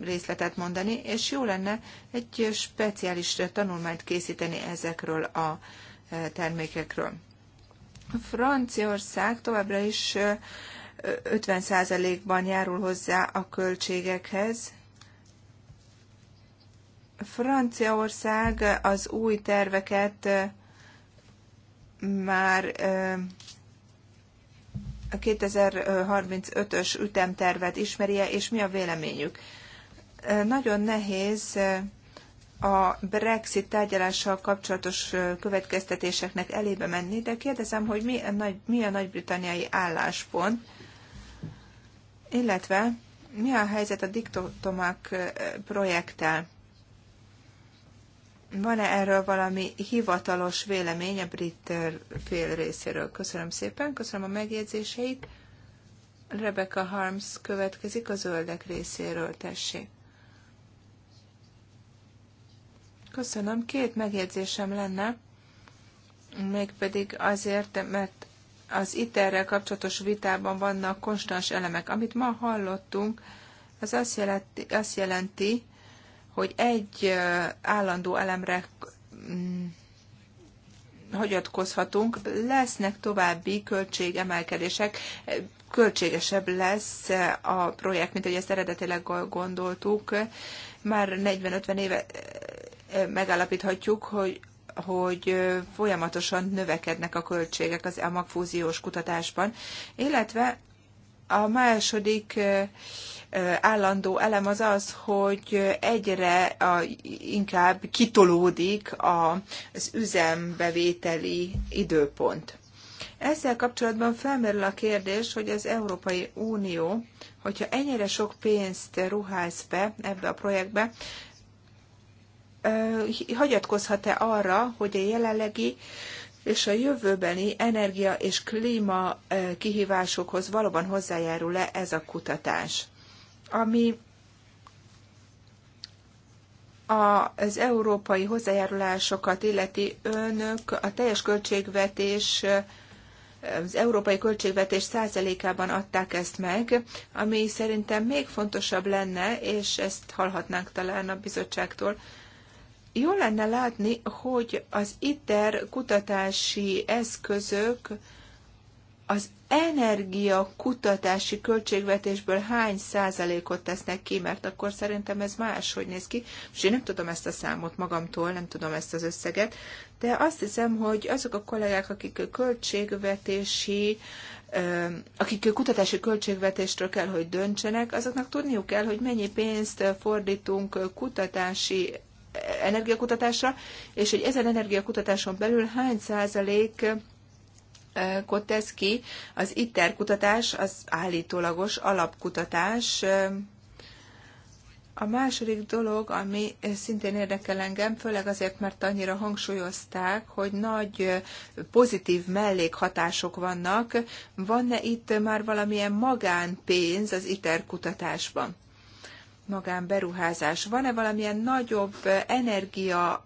részletet mondani, és jó lenne egy speciális tanulmányt készíteni ezekről a termékekről. Franciaország továbbra is 50%-ban járul hozzá a költségekhez, Franciaország az új terveket már a 2035-ös ütemtervet ismerje, és mi a véleményük? Nagyon nehéz a Brexit tárgyalással kapcsolatos következtetéseknek elébe menni, de kérdezem, hogy mi a, nagy, mi a nagy-britanniai álláspont, illetve mi a helyzet a diktotomák projekttel? Van-e erről valami hivatalos vélemény a brit fél részéről? Köszönöm szépen, köszönöm a megjegyzéseit. Rebecca Harms következik a zöldek részéről, tessék. Köszönöm, két megjegyzésem lenne, mégpedig azért, mert az iterrel kapcsolatos vitában vannak konstans elemek. Amit ma hallottunk, az azt jelenti, azt jelenti hogy egy állandó elemre mm, hagyatkozhatunk, lesznek további költségemelkedések, költségesebb lesz a projekt, mint hogy ezt eredetileg gondoltuk. Már 40-50 éve megállapíthatjuk, hogy hogy folyamatosan növekednek a költségek az a magfúziós kutatásban, illetve a második állandó elem az az, hogy egyre a, inkább kitolódik a, az üzembevételi időpont. Ezzel kapcsolatban felmerül a kérdés, hogy az Európai Unió, hogyha ennyire sok pénzt ruház be ebbe a projektbe, hagyatkozhat-e arra, hogy a jelenlegi és a jövőbeni energia és klíma kihívásokhoz valóban hozzájárul-e ez a kutatás? ami az európai hozzájárulásokat illeti önök a teljes költségvetés az európai költségvetés százalékában adták ezt meg, ami szerintem még fontosabb lenne, és ezt hallhatnánk talán a bizottságtól. Jó lenne látni, hogy az ITER kutatási eszközök az energia kutatási költségvetésből hány százalékot tesznek ki, mert akkor szerintem ez máshogy néz ki, és én nem tudom ezt a számot magamtól, nem tudom ezt az összeget, de azt hiszem, hogy azok a kollégák, akik költségvetési, akik kutatási költségvetésről kell, hogy döntsenek, azoknak tudniuk kell, hogy mennyi pénzt fordítunk kutatási energiakutatásra, és hogy ezen energiakutatáson belül hány százalék kot ki. Az ITER kutatás az állítólagos alapkutatás. A második dolog, ami szintén érdekel engem, főleg azért, mert annyira hangsúlyozták, hogy nagy pozitív mellékhatások vannak. Van-e itt már valamilyen magánpénz az ITER kutatásban? magánberuházás. Van-e valamilyen nagyobb energia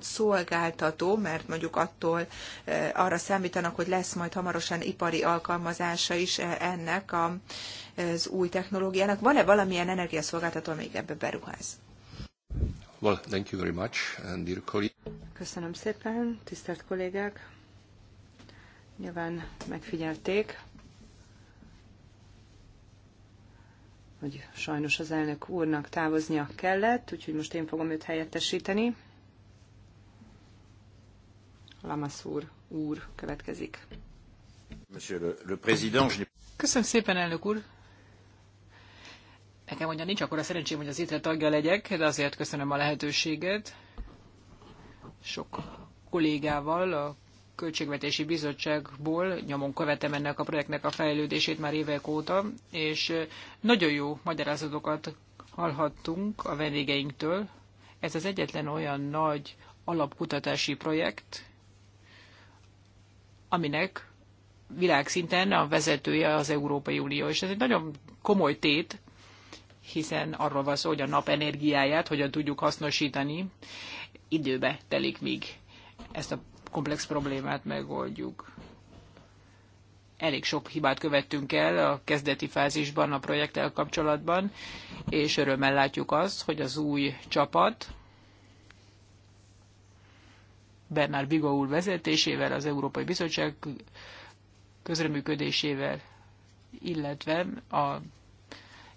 szolgáltató, mert mondjuk attól arra számítanak, hogy lesz majd hamarosan ipari alkalmazása is ennek az új technológiának. Van-e valamilyen energiaszolgáltató, amelyik ebbe beruház? Well, thank you very much, and dear Köszönöm szépen, tisztelt kollégák! Nyilván megfigyelték, hogy sajnos az elnök úrnak távoznia kellett, úgyhogy most én fogom őt helyettesíteni. Lamassur úr következik. Köszönöm szépen, elnök úr! Nekem ugyan nincs akkor a szerencsém, hogy az étre tagja legyek, de azért köszönöm a lehetőséget. Sok kollégával a Költségvetési Bizottságból nyomon követem ennek a projektnek a fejlődését már évek óta, és nagyon jó magyarázatokat hallhattunk a vendégeinktől. Ez az egyetlen olyan nagy alapkutatási projekt, aminek világszinten a vezetője az Európai Unió, és ez egy nagyon komoly tét, hiszen arról van szó, hogy a nap energiáját hogyan tudjuk hasznosítani. Időbe telik, míg ezt a komplex problémát megoldjuk. Elég sok hibát követtünk el a kezdeti fázisban a projekttel kapcsolatban, és örömmel látjuk azt, hogy az új csapat Bernard Bigo vezetésével, az Európai Bizottság közreműködésével, illetve a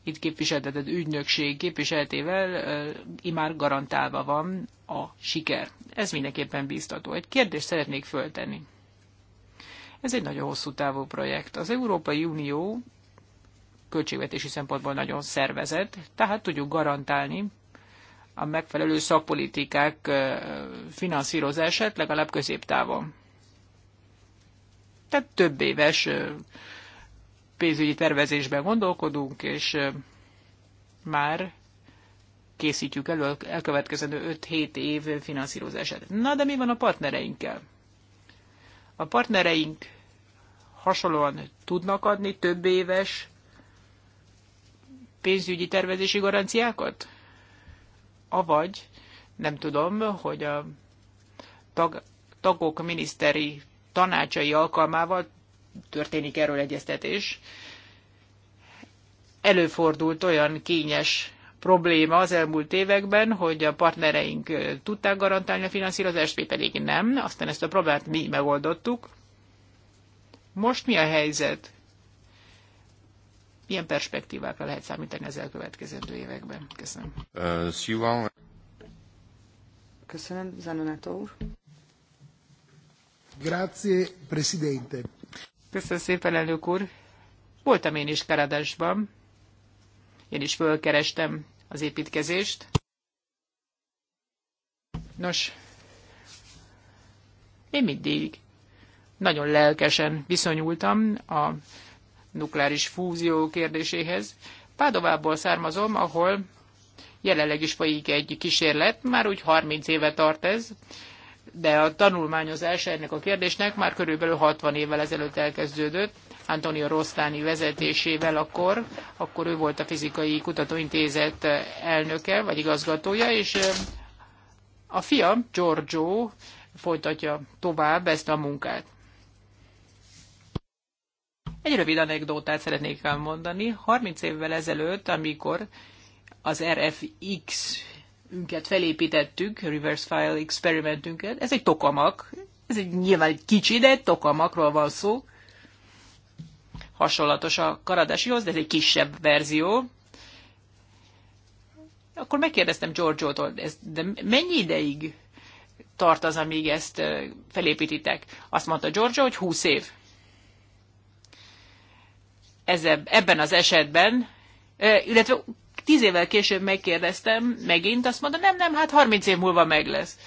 itt képviseltetett ügynökség képviseletével imár garantálva van a siker. Ez mindenképpen biztató. Egy kérdést szeretnék föltenni. Ez egy nagyon hosszú távú projekt. Az Európai Unió költségvetési szempontból nagyon szervezett, tehát tudjuk garantálni a megfelelő szakpolitikák finanszírozását legalább középtávon. Tehát több éves pénzügyi tervezésben gondolkodunk, és már készítjük elő elkövetkezendő 5-7 év finanszírozását. Na, de mi van a partnereinkkel? A partnereink hasonlóan tudnak adni több éves pénzügyi tervezési garanciákat? Avagy nem tudom, hogy a tag, tagok miniszteri tanácsai alkalmával történik erről egyeztetés. Előfordult olyan kényes probléma az elmúlt években, hogy a partnereink tudták garantálni a finanszírozást, mi pedig nem. Aztán ezt a problémát mi megoldottuk. Most mi a helyzet? Milyen perspektívákra lehet számítani az elkövetkezendő években? Köszönöm. Uh, Köszönöm, Zanonato úr. Grazie, Presidente. Köszönöm szépen, elnök úr. Voltam én is Karadásban. Én is fölkerestem az építkezést. Nos, én mindig nagyon lelkesen viszonyultam a nukleáris fúzió kérdéséhez. Pádovából származom, ahol jelenleg is folyik egy kísérlet, már úgy 30 éve tart ez, de a tanulmányozása ennek a kérdésnek már körülbelül 60 évvel ezelőtt elkezdődött, Antonio Rostani vezetésével akkor, akkor ő volt a fizikai kutatóintézet elnöke, vagy igazgatója, és a fia, Giorgio, folytatja tovább ezt a munkát. Egy rövid anekdótát szeretnék elmondani. 30 évvel ezelőtt, amikor az RFX ünket felépítettük, reverse file experimentünket. Ez egy tokamak, ez egy nyilván egy kicsi, de egy tokamakról van szó. Hasonlatos a karadásihoz, de ez egy kisebb verzió. Akkor megkérdeztem george tól de mennyi ideig tart az, amíg ezt felépítitek? Azt mondta Giorgio, hogy 20 év. Ezzel, ebben az esetben, illetve tíz évvel később megkérdeztem, megint azt mondta, nem, nem, hát 30 év múlva meg lesz.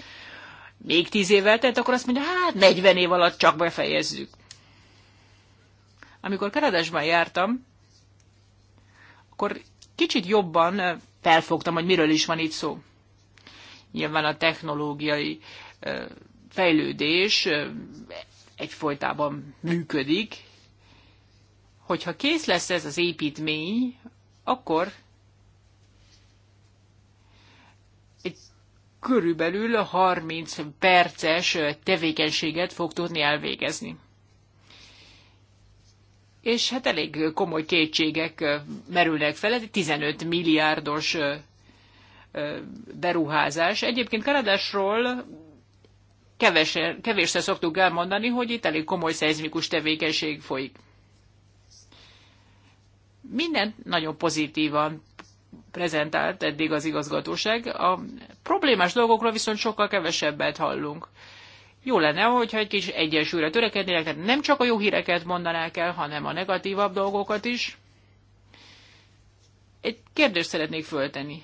Még tíz évvel tett, akkor azt mondja, hát 40 év alatt csak befejezzük. Amikor Kanadásban jártam, akkor kicsit jobban felfogtam, hogy miről is van itt szó. Nyilván a technológiai fejlődés egyfolytában működik. Hogyha kész lesz ez az építmény, akkor körülbelül 30 perces tevékenységet fog tudni elvégezni. És hát elég komoly kétségek merülnek fel, ez 15 milliárdos beruházás. Egyébként Kanadásról kevésre szoktuk elmondani, hogy itt elég komoly szeizmikus tevékenység folyik. Minden nagyon pozitívan prezentált eddig az igazgatóság. A problémás dolgokról viszont sokkal kevesebbet hallunk. Jó lenne, hogyha egy kis egyensúlyra törekednének, tehát nem csak a jó híreket mondanák el, hanem a negatívabb dolgokat is. Egy kérdést szeretnék föltenni.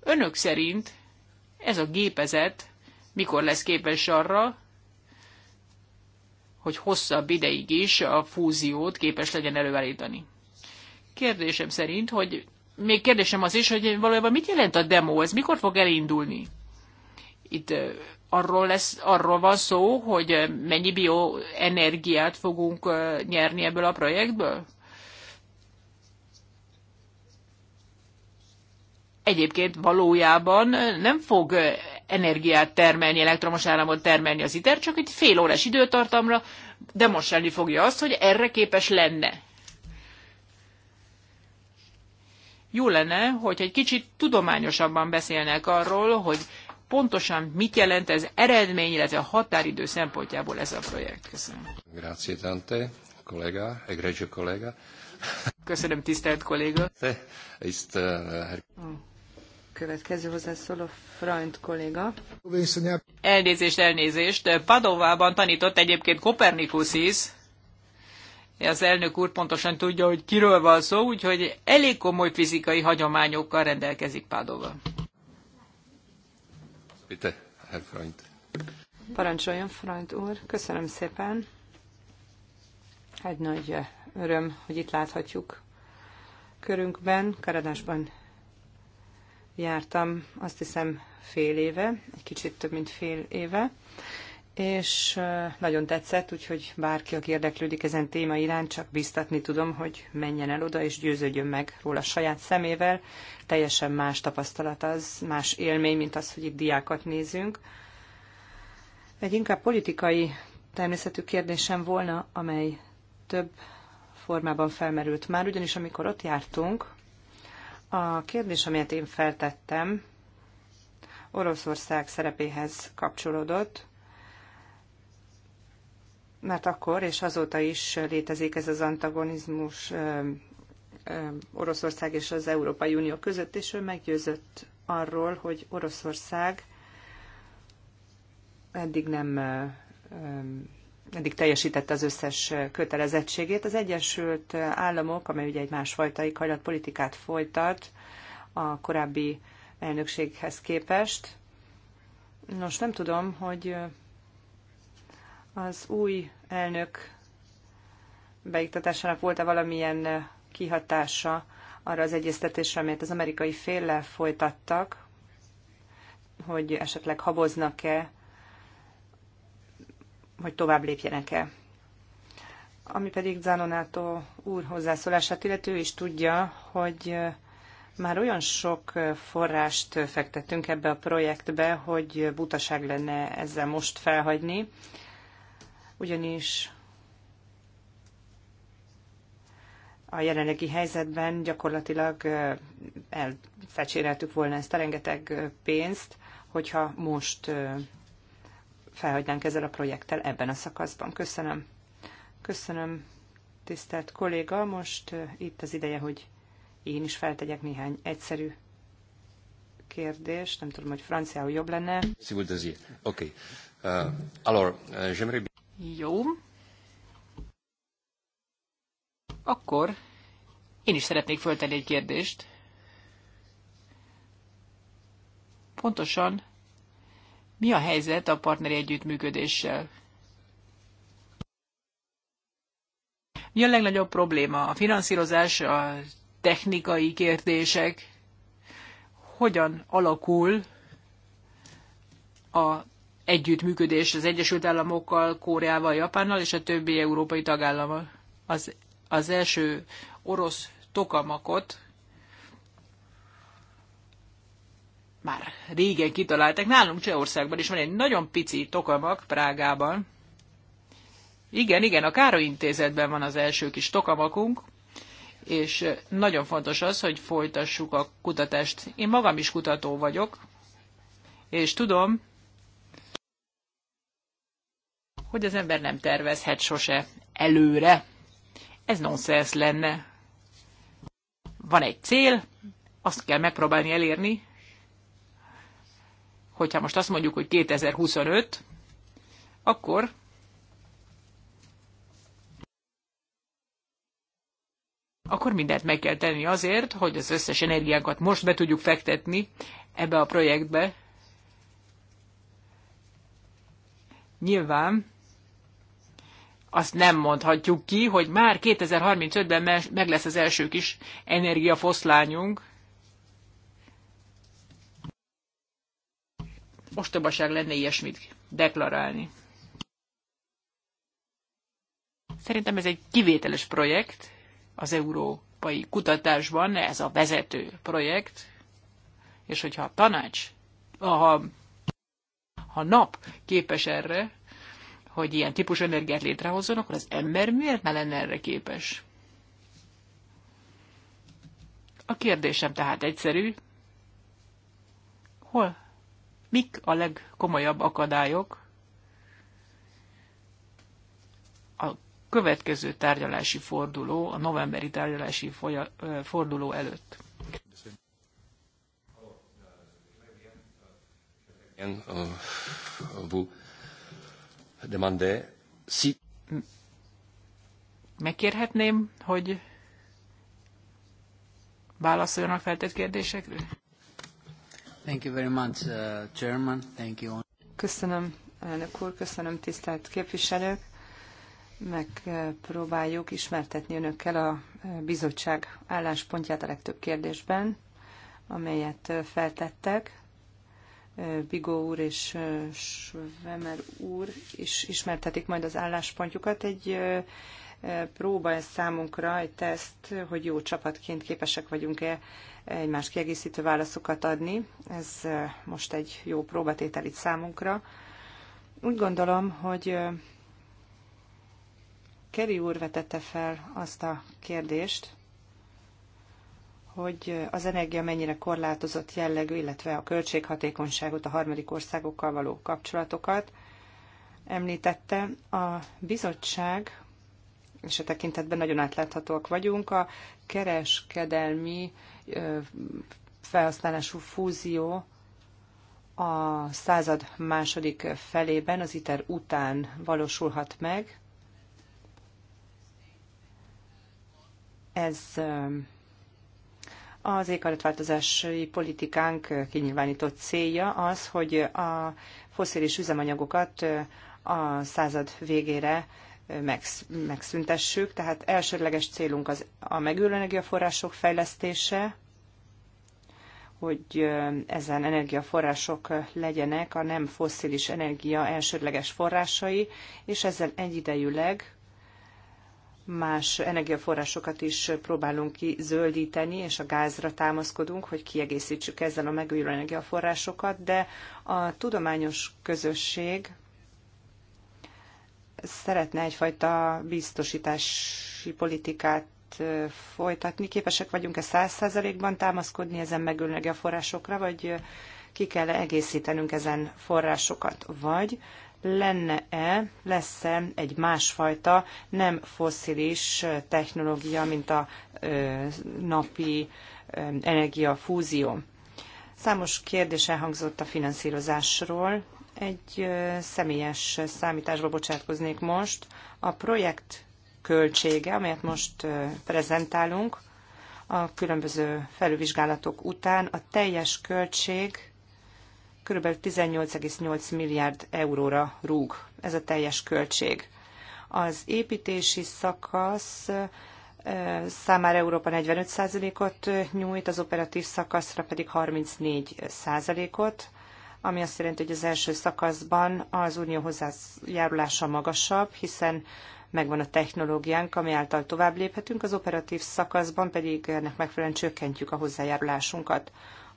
Önök szerint ez a gépezet mikor lesz képes arra, hogy hosszabb ideig is a fúziót képes legyen előállítani? Kérdésem szerint, hogy még kérdésem az is, hogy valójában mit jelent a demo, ez mikor fog elindulni? Itt arról, lesz, arról van szó, hogy mennyi bioenergiát fogunk nyerni ebből a projektből? Egyébként valójában nem fog energiát termelni, elektromos áramot termelni az ITER, csak egy fél órás időtartamra demonstrálni fogja azt, hogy erre képes lenne. jó lenne, hogy egy kicsit tudományosabban beszélnek arról, hogy pontosan mit jelent ez eredmény, illetve a határidő szempontjából ez a projekt. Köszönöm. Grazie tante, kollega, egregio kollega. Köszönöm, tisztelt kolléga. Eh, következő hozzászóló Freund kolléga. Elnézést, elnézést. Padovában tanított egyébként Kopernikus is, az elnök úr pontosan tudja, hogy kiről van szó, úgyhogy elég komoly fizikai hagyományokkal rendelkezik Pádova. Bitte, Herr Freund. Parancsoljon, Freund úr. Köszönöm szépen. Egy nagy öröm, hogy itt láthatjuk körünkben, Karadásban jártam, azt hiszem fél éve, egy kicsit több mint fél éve, és nagyon tetszett, úgyhogy bárki, aki érdeklődik ezen téma iránt, csak biztatni tudom, hogy menjen el oda és győződjön meg róla saját szemével. Teljesen más tapasztalat az, más élmény, mint az, hogy itt diákat nézünk. Egy inkább politikai természetű kérdésem volna, amely több formában felmerült már, ugyanis amikor ott jártunk, a kérdés, amelyet én feltettem, Oroszország szerepéhez kapcsolódott, mert akkor és azóta is létezik ez az antagonizmus Oroszország és az Európai Unió között, és ő meggyőzött arról, hogy Oroszország eddig nem eddig teljesítette az összes kötelezettségét. Az Egyesült Államok, amely ugye egy másfajta politikát folytat a korábbi elnökséghez képest. Nos, nem tudom, hogy az új elnök beiktatásának volt-e valamilyen kihatása arra az egyeztetésre, amelyet az amerikai féllel folytattak, hogy esetleg haboznak-e, hogy tovább lépjenek-e. Ami pedig Zanonato úr hozzászólását illető is tudja, hogy már olyan sok forrást fektettünk ebbe a projektbe, hogy butaság lenne ezzel most felhagyni, ugyanis a jelenlegi helyzetben gyakorlatilag elfecséreltük volna ezt a rengeteg pénzt, hogyha most felhagynánk ezzel a projekttel ebben a szakaszban. Köszönöm. Köszönöm, tisztelt kolléga. Most itt az ideje, hogy én is feltegyek néhány egyszerű kérdést. Nem tudom, hogy franciául jobb lenne. Oké. Okay. Uh, alors, euh, j'aimerais jó. Akkor én is szeretnék föltenni egy kérdést. Pontosan mi a helyzet a partneri együttműködéssel? Mi a legnagyobb probléma? A finanszírozás, a technikai kérdések? Hogyan alakul a együttműködés az Egyesült Államokkal, Kóreával, Japánnal és a többi európai tagállammal. Az, az első orosz tokamakot már régen kitalálták. Nálunk Csehországban is van egy nagyon pici tokamak Prágában. Igen, igen, a Káro intézetben van az első kis tokamakunk, és nagyon fontos az, hogy folytassuk a kutatást. Én magam is kutató vagyok, és tudom, hogy az ember nem tervezhet sose előre. Ez nonsens lenne. Van egy cél, azt kell megpróbálni elérni, hogyha most azt mondjuk, hogy 2025, akkor akkor mindent meg kell tenni azért, hogy az összes energiánkat most be tudjuk fektetni ebbe a projektbe. Nyilván azt nem mondhatjuk ki, hogy már 2035-ben meg lesz az első kis energiafoszlányunk. Ostobaság lenne ilyesmit deklarálni. Szerintem ez egy kivételes projekt az európai kutatásban, ez a vezető projekt, és hogyha a tanács, ha, ha nap képes erre, hogy ilyen típusú energiát létrehozzon, akkor az ember miért ne lenne erre képes? A kérdésem tehát egyszerű. Hol? Mik a legkomolyabb akadályok a következő tárgyalási forduló, a novemberi tárgyalási folya, forduló előtt? Köszönöm demandé si... Megkérhetném, hogy válaszoljanak feltett kérdésekre? Thank you very much, uh, Chairman. Thank you. Köszönöm, elnök úr, köszönöm, tisztelt képviselők. Megpróbáljuk ismertetni önökkel a e, bizottság álláspontját a legtöbb kérdésben, amelyet e, feltettek. Bigó úr és Svemer úr is ismertetik majd az álláspontjukat. Egy próba ez számunkra, egy teszt, hogy jó csapatként képesek vagyunk-e egymás kiegészítő válaszokat adni. Ez most egy jó próbatétel itt számunkra. Úgy gondolom, hogy Keri úr vetette fel azt a kérdést, hogy az energia mennyire korlátozott jellegű, illetve a költséghatékonyságot, a harmadik országokkal való kapcsolatokat említette. A bizottság, és a tekintetben nagyon átláthatóak vagyunk, a kereskedelmi felhasználású fúzió a század második felében, az ITER után valósulhat meg. Ez az éghajlatváltozási politikánk kinyilvánított célja az, hogy a foszilis üzemanyagokat a század végére megszüntessük. Tehát elsődleges célunk az a megújuló energiaforrások fejlesztése, hogy ezen energiaforrások legyenek a nem fosszilis energia elsődleges forrásai, és ezzel egyidejűleg más energiaforrásokat is próbálunk kizöldíteni, és a gázra támaszkodunk, hogy kiegészítsük ezzel a megújuló energiaforrásokat, de a tudományos közösség szeretne egyfajta biztosítási politikát folytatni. Képesek vagyunk-e száz százalékban támaszkodni ezen megújuló energiaforrásokra, vagy ki kell egészítenünk ezen forrásokat, vagy lenne-e, lesz-e egy másfajta nem foszilis technológia, mint a napi energiafúzió. Számos kérdés elhangzott a finanszírozásról. Egy személyes számításba bocsátkoznék most. A projekt költsége, amelyet most prezentálunk, a különböző felülvizsgálatok után a teljes költség kb. 18,8 milliárd euróra rúg ez a teljes költség. Az építési szakasz számára Európa 45%-ot nyújt, az operatív szakaszra pedig 34%-ot, ami azt jelenti, hogy az első szakaszban az unió hozzájárulása magasabb, hiszen megvan a technológiánk, ami által tovább léphetünk, az operatív szakaszban pedig ennek megfelelően csökkentjük a hozzájárulásunkat.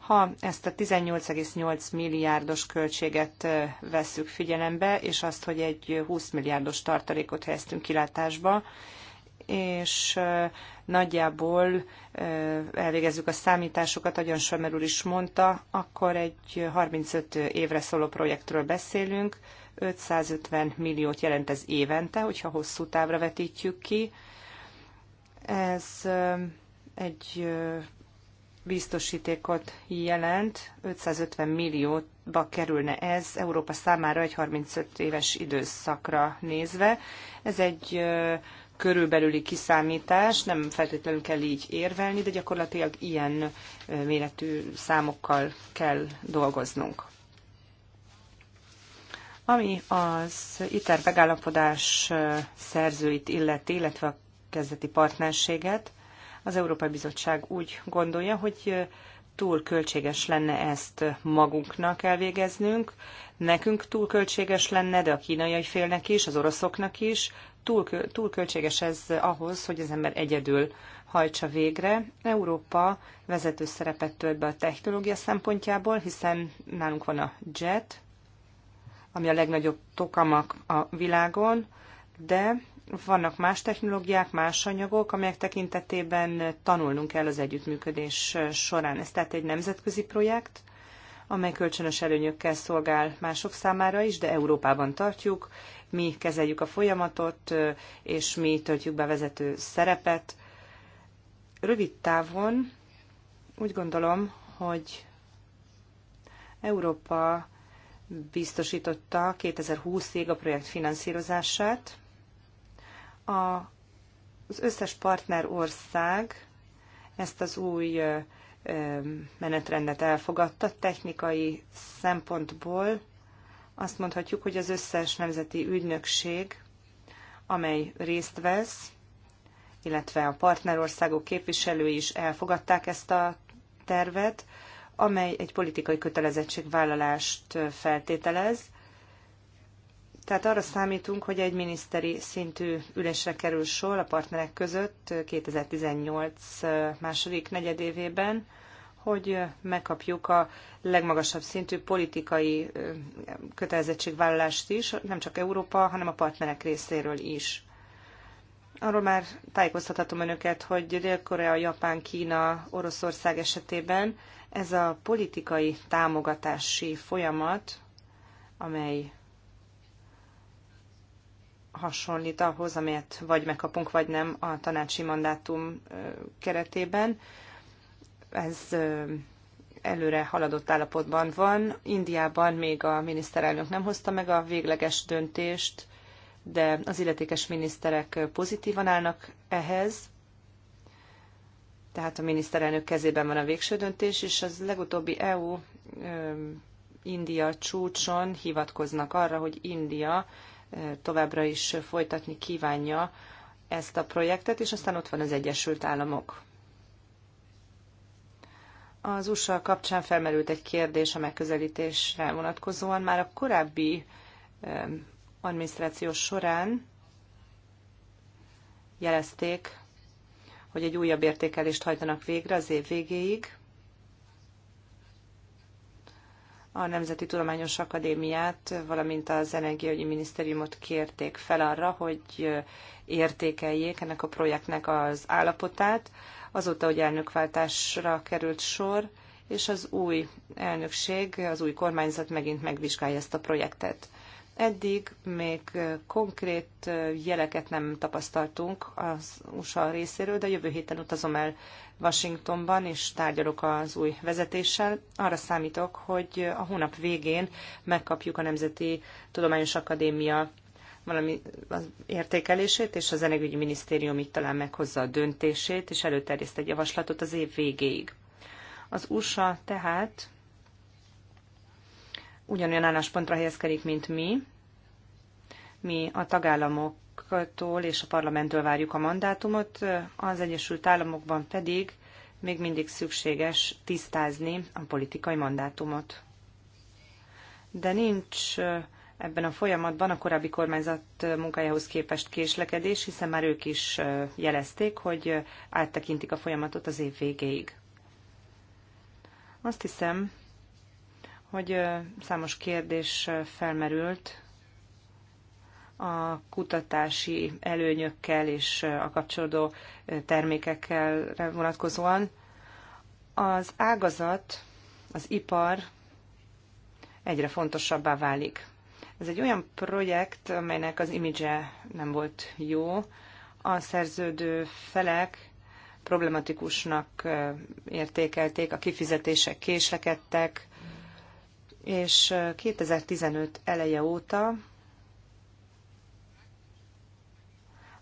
Ha ezt a 18,8 milliárdos költséget vesszük figyelembe, és azt, hogy egy 20 milliárdos tartalékot helyeztünk kilátásba, és nagyjából elvégezzük a számításokat, ahogyan Sömer úr is mondta, akkor egy 35 évre szóló projektről beszélünk, 550 milliót jelent ez évente, hogyha hosszú távra vetítjük ki. Ez egy biztosítékot jelent, 550 millióba kerülne ez Európa számára egy 35 éves időszakra nézve. Ez egy körülbelüli kiszámítás, nem feltétlenül kell így érvelni, de gyakorlatilag ilyen méretű számokkal kell dolgoznunk. Ami az ITER megállapodás szerzőit illeti, illetve a kezdeti partnerséget, az Európai Bizottság úgy gondolja, hogy túl költséges lenne ezt magunknak elvégeznünk, nekünk túl költséges lenne, de a kínaiai félnek is, az oroszoknak is, túl, túl költséges ez ahhoz, hogy az ember egyedül hajtsa végre. Európa vezető szerepet tölt be a technológia szempontjából, hiszen nálunk van a JET, ami a legnagyobb tokamak a világon, de vannak más technológiák, más anyagok, amelyek tekintetében tanulnunk kell az együttműködés során. Ez tehát egy nemzetközi projekt, amely kölcsönös előnyökkel szolgál mások számára is, de Európában tartjuk, mi kezeljük a folyamatot, és mi töltjük be vezető szerepet. Rövid távon úgy gondolom, hogy Európa biztosította 2020-ig a projekt finanszírozását, a, az összes partner ország ezt az új menetrendet elfogadta technikai szempontból. Azt mondhatjuk, hogy az összes nemzeti ügynökség, amely részt vesz, illetve a partnerországok képviselői is elfogadták ezt a tervet, amely egy politikai kötelezettségvállalást feltételez, tehát arra számítunk, hogy egy miniszteri szintű ülésre kerül sor a partnerek között 2018 második negyedévében, hogy megkapjuk a legmagasabb szintű politikai kötelezettségvállalást is, nem csak Európa, hanem a partnerek részéről is. Arról már tájékoztathatom önöket, hogy Dél-Korea, Japán, Kína, Oroszország esetében ez a politikai támogatási folyamat, amely hasonlít ahhoz, amelyet vagy megkapunk, vagy nem a tanácsi mandátum keretében. Ez előre haladott állapotban van. Indiában még a miniszterelnök nem hozta meg a végleges döntést, de az illetékes miniszterek pozitívan állnak ehhez. Tehát a miniszterelnök kezében van a végső döntés, és az legutóbbi EU India csúcson hivatkoznak arra, hogy India továbbra is folytatni kívánja ezt a projektet, és aztán ott van az Egyesült Államok. Az USA kapcsán felmerült egy kérdés a megközelítésre vonatkozóan. Már a korábbi adminisztráció során jelezték, hogy egy újabb értékelést hajtanak végre az év végéig, a Nemzeti Tudományos Akadémiát, valamint az Energiaügyi Minisztériumot kérték fel arra, hogy értékeljék ennek a projektnek az állapotát. Azóta, hogy elnökváltásra került sor, és az új elnökség, az új kormányzat megint megvizsgálja ezt a projektet. Eddig még konkrét jeleket nem tapasztaltunk az USA részéről, de jövő héten utazom el Washingtonban, és tárgyalok az új vezetéssel. Arra számítok, hogy a hónap végén megkapjuk a Nemzeti Tudományos Akadémia valami az értékelését, és az zenegügyi minisztérium itt talán meghozza a döntését, és előterjeszt egy javaslatot az év végéig. Az USA tehát ugyanolyan álláspontra helyezkedik, mint mi. Mi a tagállamoktól és a parlamenttől várjuk a mandátumot, az Egyesült Államokban pedig még mindig szükséges tisztázni a politikai mandátumot. De nincs ebben a folyamatban a korábbi kormányzat munkájához képest késlekedés, hiszen már ők is jelezték, hogy áttekintik a folyamatot az év végéig. Azt hiszem, hogy számos kérdés felmerült a kutatási előnyökkel és a kapcsolódó termékekkel vonatkozóan. Az ágazat, az ipar egyre fontosabbá válik. Ez egy olyan projekt, amelynek az imidzse nem volt jó. A szerződő felek problematikusnak értékelték, a kifizetések késlekedtek, és 2015 eleje óta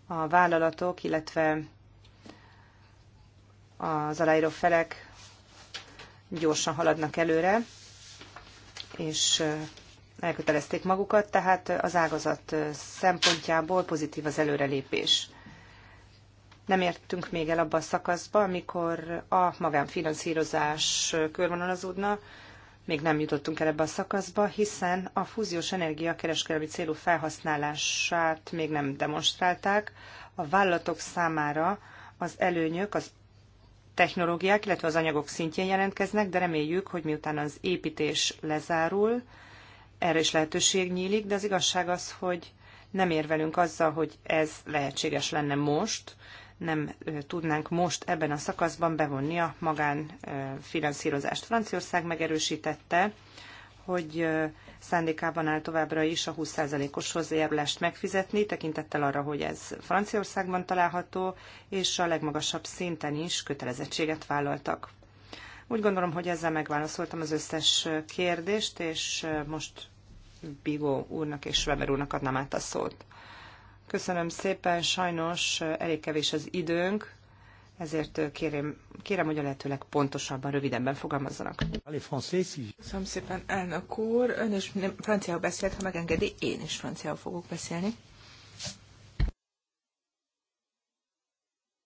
a vállalatok, illetve az aláíró felek gyorsan haladnak előre, és elkötelezték magukat, tehát az ágazat szempontjából pozitív az előrelépés. Nem értünk még el abba a szakaszba, amikor a magánfinanszírozás körvonalazódna, még nem jutottunk el ebbe a szakaszba, hiszen a fúziós energia kereskedelmi célú felhasználását még nem demonstrálták. A vállalatok számára az előnyök az technológiák, illetve az anyagok szintjén jelentkeznek, de reméljük, hogy miután az építés lezárul, erre is lehetőség nyílik, de az igazság az, hogy nem érvelünk azzal, hogy ez lehetséges lenne most, nem tudnánk most ebben a szakaszban bevonni a magánfinanszírozást. Franciaország megerősítette, hogy szándékában áll továbbra is a 20%-os hozzájárulást megfizetni, tekintettel arra, hogy ez Franciaországban található, és a legmagasabb szinten is kötelezettséget vállaltak. Úgy gondolom, hogy ezzel megválaszoltam az összes kérdést, és most Bigó úrnak és Weber úrnak adnám át a szót. Köszönöm szépen, sajnos elég kevés az időnk, ezért kérem, kérem hogy a lehetőleg pontosabban, rövidebben fogalmazzanak. Köszönöm szépen, elnök úr. Ön is franciául beszélt, ha megengedi, én is franciául fogok beszélni.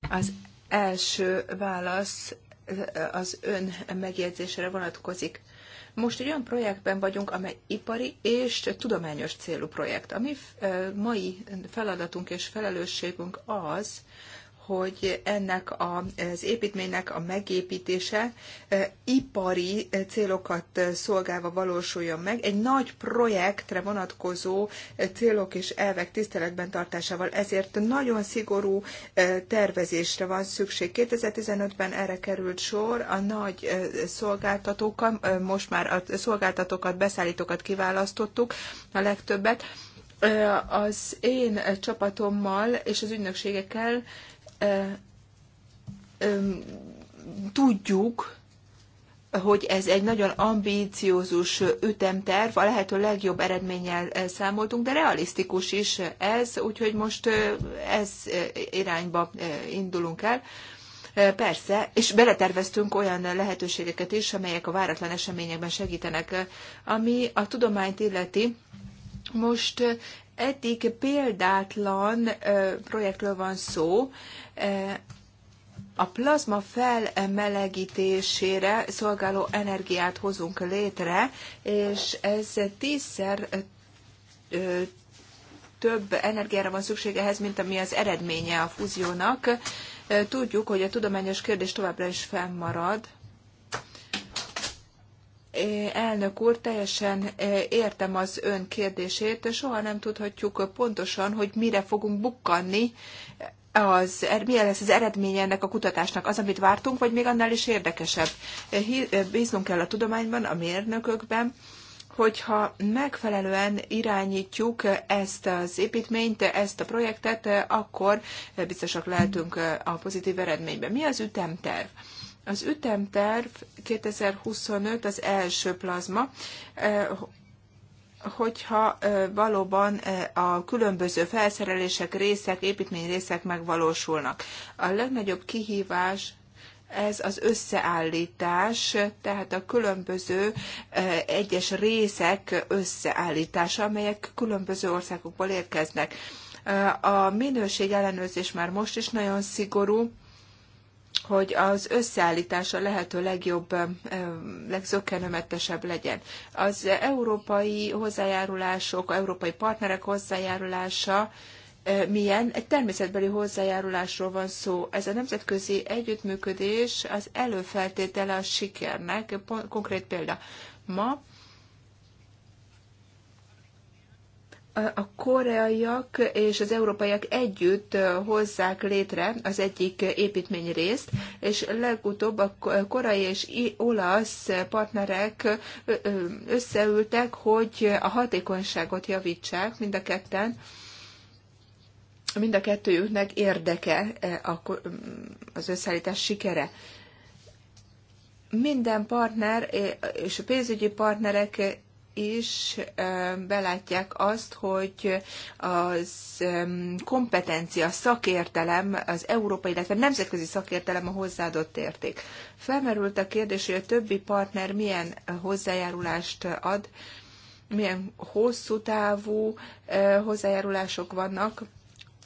Az első válasz az ön megjegyzésére vonatkozik. Most egy olyan projektben vagyunk, amely ipari és tudományos célú projekt. A mi mai feladatunk és felelősségünk az, hogy ennek az építménynek a megépítése e, ipari célokat szolgálva valósuljon meg, egy nagy projektre vonatkozó e, célok és elvek tiszteletben tartásával. Ezért nagyon szigorú e, tervezésre van szükség. 2015-ben erre került sor, a nagy szolgáltatókat, most már a szolgáltatókat, beszállítókat kiválasztottuk, a legtöbbet, az én csapatommal és az ügynökségekkel tudjuk, hogy ez egy nagyon ambíciózus ütemterv, a lehető legjobb eredménnyel számoltunk, de realisztikus is ez, úgyhogy most ez irányba indulunk el. Persze, és beleterveztünk olyan lehetőségeket is, amelyek a váratlan eseményekben segítenek. Ami a tudományt illeti, most Eddig példátlan projektről van szó, a plazma felmelegítésére szolgáló energiát hozunk létre, és ez tízszer több energiára van szükség ehhez, mint ami az eredménye a fúziónak. Tudjuk, hogy a tudományos kérdés továbbra is fennmarad. Elnök úr, teljesen értem az ön kérdését, de soha nem tudhatjuk pontosan, hogy mire fogunk bukkanni, az, er, milyen lesz az eredménye ennek a kutatásnak, az, amit vártunk, vagy még annál is érdekesebb. Bíznunk kell a tudományban, a mérnökökben, hogyha megfelelően irányítjuk ezt az építményt, ezt a projektet, akkor biztosak lehetünk a pozitív eredményben. Mi az ütemterv? Az ütemterv 2025 az első plazma, eh, hogyha eh, valóban eh, a különböző felszerelések, részek, építményrészek megvalósulnak. A legnagyobb kihívás ez az összeállítás, tehát a különböző egyes részek összeállítása, amelyek különböző országokból érkeznek. A minőség ellenőrzés már most is nagyon szigorú, hogy az összeállítása lehető legjobb, legzökkenőmentesebb legyen. Az európai hozzájárulások, európai partnerek hozzájárulása milyen? Egy természetbeli hozzájárulásról van szó. Ez a nemzetközi együttműködés az előfeltétele a sikernek. Konkrét példa. Ma a koreaiak és az európaiak együtt hozzák létre az egyik építmény részt és legutóbb a korai és olasz partnerek összeültek, hogy a hatékonyságot javítsák mind a ketten, mind a kettőjüknek érdeke e, az összeállítás sikere minden partner és a pénzügyi partnerek is belátják azt, hogy az kompetencia, szakértelem, az európai, illetve nemzetközi szakértelem a hozzáadott érték. Felmerült a kérdés, hogy a többi partner milyen hozzájárulást ad, milyen hosszú távú hozzájárulások vannak,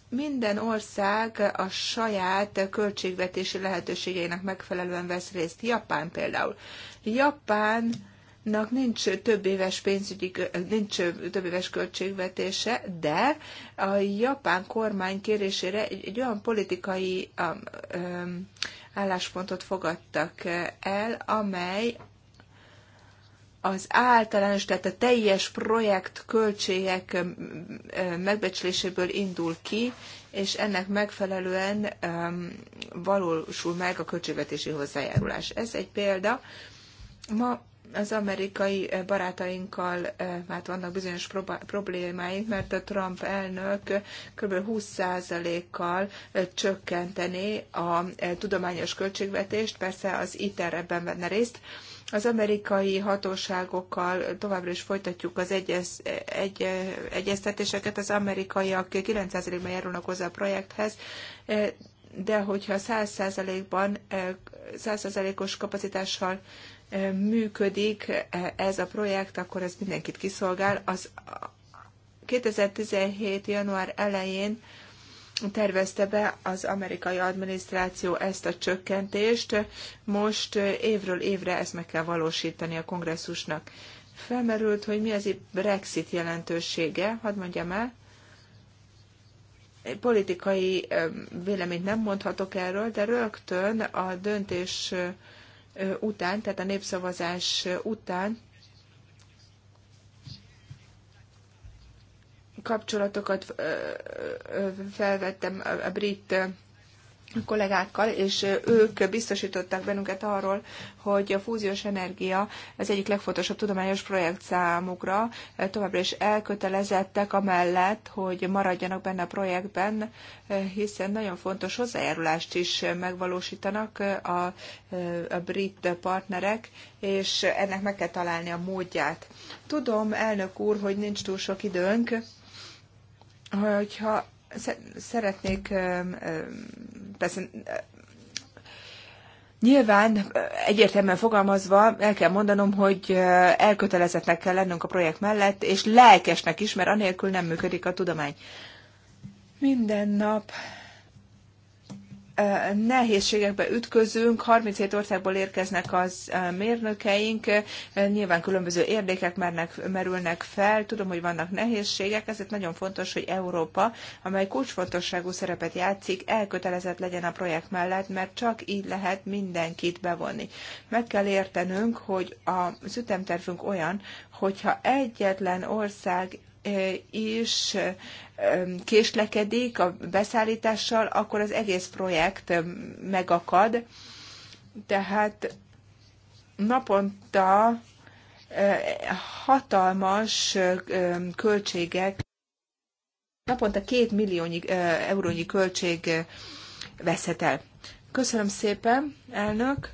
minden ország a saját költségvetési lehetőségeinek megfelelően vesz részt. Japán például. Japán Nak nincs több éves pénzügyi, nincs több éves költségvetése, de a japán kormány kérésére egy, egy olyan politikai um, um álláspontot fogadtak el, amely az általános, tehát a teljes projekt költségek um, um, megbecsléséből indul ki, és ennek megfelelően um, valósul meg a költségvetési hozzájárulás. Ez egy példa. Ma az amerikai eh, barátainkkal eh, hát vannak bizonyos problémáink, mert a Trump elnök eh, kb. 20%-kal csökkenteni a tudományos költségvetést, persze az ITER ebben venne részt. Az amerikai hatóságokkal továbbra is folytatjuk az egyez, egy, egyeztetéseket. Az amerikaiak 9%-ban járulnak hozzá a projekthez, de hogyha 100%-ban, 100%-os kapacitással működik ez a projekt, akkor ez mindenkit kiszolgál. Az 2017. január elején tervezte be az amerikai adminisztráció ezt a csökkentést, most évről évre ezt meg kell valósítani a kongresszusnak. Felmerült, hogy mi az Brexit jelentősége, hadd mondjam el, politikai véleményt nem mondhatok erről, de rögtön a döntés után, tehát a népszavazás után kapcsolatokat felvettem a brit kollégákkal, és ők biztosították bennünket arról, hogy a fúziós energia az egyik legfontosabb tudományos projekt számukra. Továbbra is elkötelezettek amellett, hogy maradjanak benne a projektben, hiszen nagyon fontos hozzájárulást is megvalósítanak a, a brit partnerek, és ennek meg kell találni a módját. Tudom, elnök úr, hogy nincs túl sok időnk, hogyha szeretnék persze Nyilván egyértelműen fogalmazva el kell mondanom, hogy elkötelezettnek kell lennünk a projekt mellett, és lelkesnek is, mert anélkül nem működik a tudomány. Minden nap nehézségekbe ütközünk, 37 országból érkeznek az mérnökeink, nyilván különböző érdekek mernek, merülnek fel, tudom, hogy vannak nehézségek, ezért nagyon fontos, hogy Európa, amely kulcsfontosságú szerepet játszik, elkötelezett legyen a projekt mellett, mert csak így lehet mindenkit bevonni. Meg kell értenünk, hogy az ütemtervünk olyan, hogyha egyetlen ország is késlekedik a beszállítással, akkor az egész projekt megakad. Tehát naponta hatalmas költségek, naponta két milliónyi eurónyi költség veszhet el. Köszönöm szépen, elnök!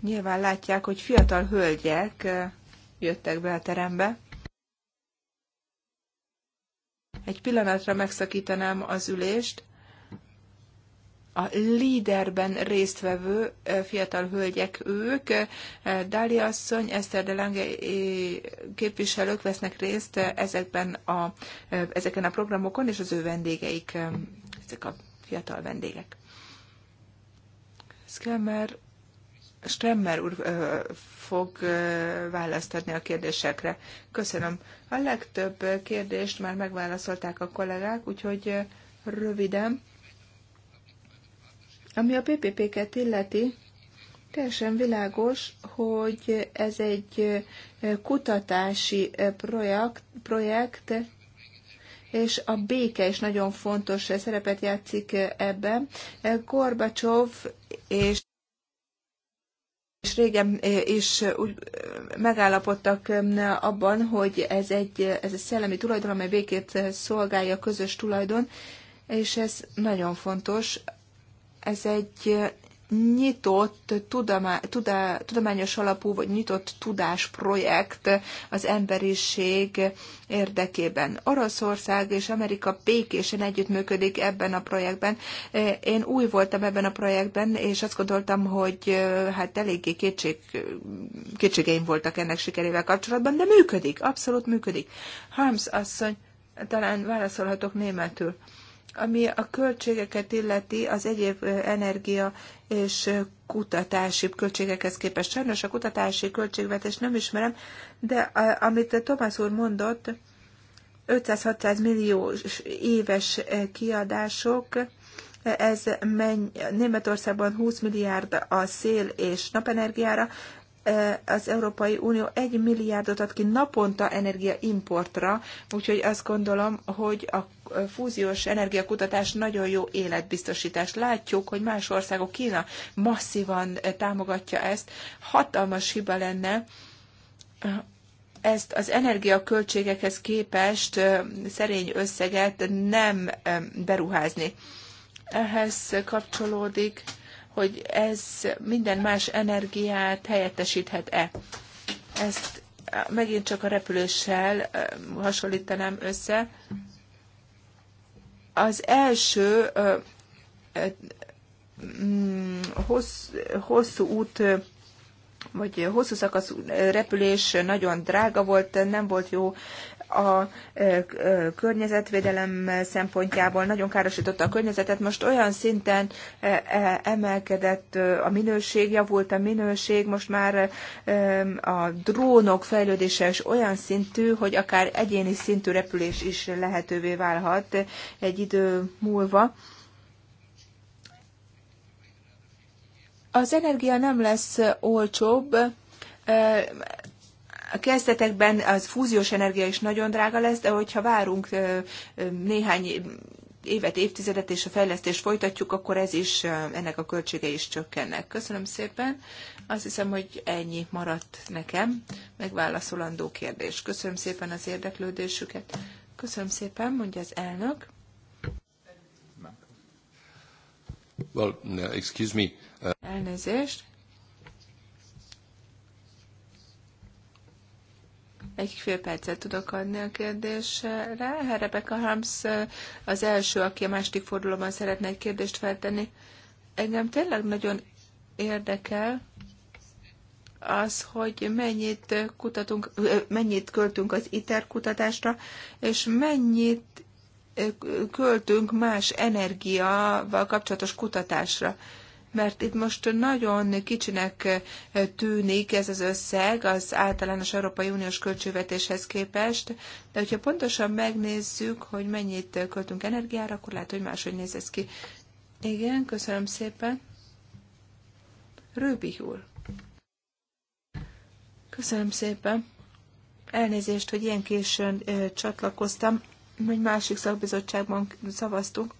Nyilván látják, hogy fiatal hölgyek jöttek be a terembe. Egy pillanatra megszakítanám az ülést. A líderben résztvevő fiatal hölgyek ők, Dália asszony, Eszter de Lange képviselők vesznek részt ezekben a, ezeken a programokon, és az ő vendégeik, ezek a fiatal vendégek. mert Stremmer úr fog választ adni a kérdésekre. Köszönöm. A legtöbb kérdést már megválaszolták a kollégák, úgyhogy röviden. Ami a PPP-ket illeti, teljesen világos, hogy ez egy kutatási projekt, projekt és a béke is nagyon fontos szerepet játszik ebben. Gorbacsov és és régen is úgy megállapodtak abban, hogy ez egy, ez egy szellemi tulajdon, amely békét szolgálja, közös tulajdon, és ez nagyon fontos. Ez egy nyitott tudomá, tudá, tudományos alapú vagy nyitott tudásprojekt az emberiség érdekében. Oroszország és Amerika békésen együttműködik ebben a projektben. Én új voltam ebben a projektben, és azt gondoltam, hogy hát eléggé kétség, kétségeim voltak ennek sikerével kapcsolatban, de működik, abszolút működik. Harms asszony, talán válaszolhatok németül. Ami a költségeket illeti, az egyéb energia és kutatási költségekhez képest. Sajnos a kutatási költségvetést nem ismerem, de amit Tomás úr mondott, 500-600 millió éves kiadások, ez menny, Németországban 20 milliárd a szél és napenergiára, az Európai Unió egy milliárdot ad ki naponta energiaimportra, úgyhogy azt gondolom, hogy a fúziós energiakutatás nagyon jó életbiztosítás. Látjuk, hogy más országok, Kína masszívan támogatja ezt. Hatalmas hiba lenne ezt az energiaköltségekhez képest szerény összeget nem beruházni. Ehhez kapcsolódik hogy ez minden más energiát helyettesíthet-e. Ezt megint csak a repüléssel hasonlítanám össze. Az első mm, hosszú út vagy hosszú szakasz repülés nagyon drága volt, nem volt jó a környezetvédelem szempontjából nagyon károsította a környezetet. Most olyan szinten e, emelkedett a minőség, javult a minőség, most már a drónok fejlődése is olyan szintű, hogy akár egyéni szintű repülés is lehetővé válhat egy idő múlva. Az energia nem lesz olcsóbb, a kezdetekben az fúziós energia is nagyon drága lesz, de hogyha várunk néhány évet, évtizedet és a fejlesztést folytatjuk, akkor ez is, ennek a költsége is csökkennek. Köszönöm szépen. Azt hiszem, hogy ennyi maradt nekem megválaszolandó kérdés. Köszönöm szépen az érdeklődésüket. Köszönöm szépen, mondja az elnök. Well, uh, excuse me. Uh, Elnézést. Egy fél percet tudok adni a kérdésre. Rebecca Harms az első, aki a második fordulóban szeretne egy kérdést feltenni. Engem tényleg nagyon érdekel az, hogy mennyit kutatunk, mennyit költünk az ITER kutatásra, és mennyit költünk más energiával kapcsolatos kutatásra mert itt most nagyon kicsinek eh, tűnik ez az összeg az általános Európai Uniós költségvetéshez képest, de hogyha pontosan megnézzük, hogy mennyit költünk energiára, akkor lehet, hogy máshogy néz ez ki. Igen, köszönöm szépen. Rőbi úr. Köszönöm szépen. Elnézést, hogy ilyen későn ö, eh, csatlakoztam, hogy másik szakbizottságban szavaztunk.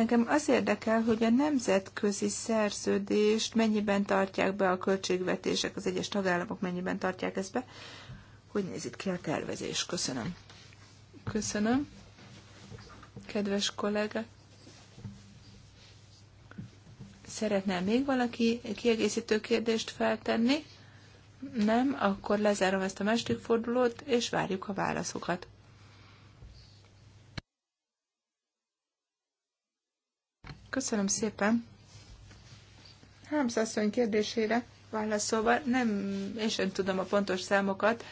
Engem az érdekel, hogy a nemzetközi szerződést mennyiben tartják be a költségvetések, az egyes tagállamok mennyiben tartják ezt be. Hogy néz itt ki a tervezés? Köszönöm. Köszönöm. Kedves kollega. Szeretne még valaki kiegészítő kérdést feltenni? Nem, akkor lezárom ezt a második fordulót, és várjuk a válaszokat. Köszönöm szépen. Hámszasszony kérdésére válaszolva, nem, én sem tudom a pontos számokat.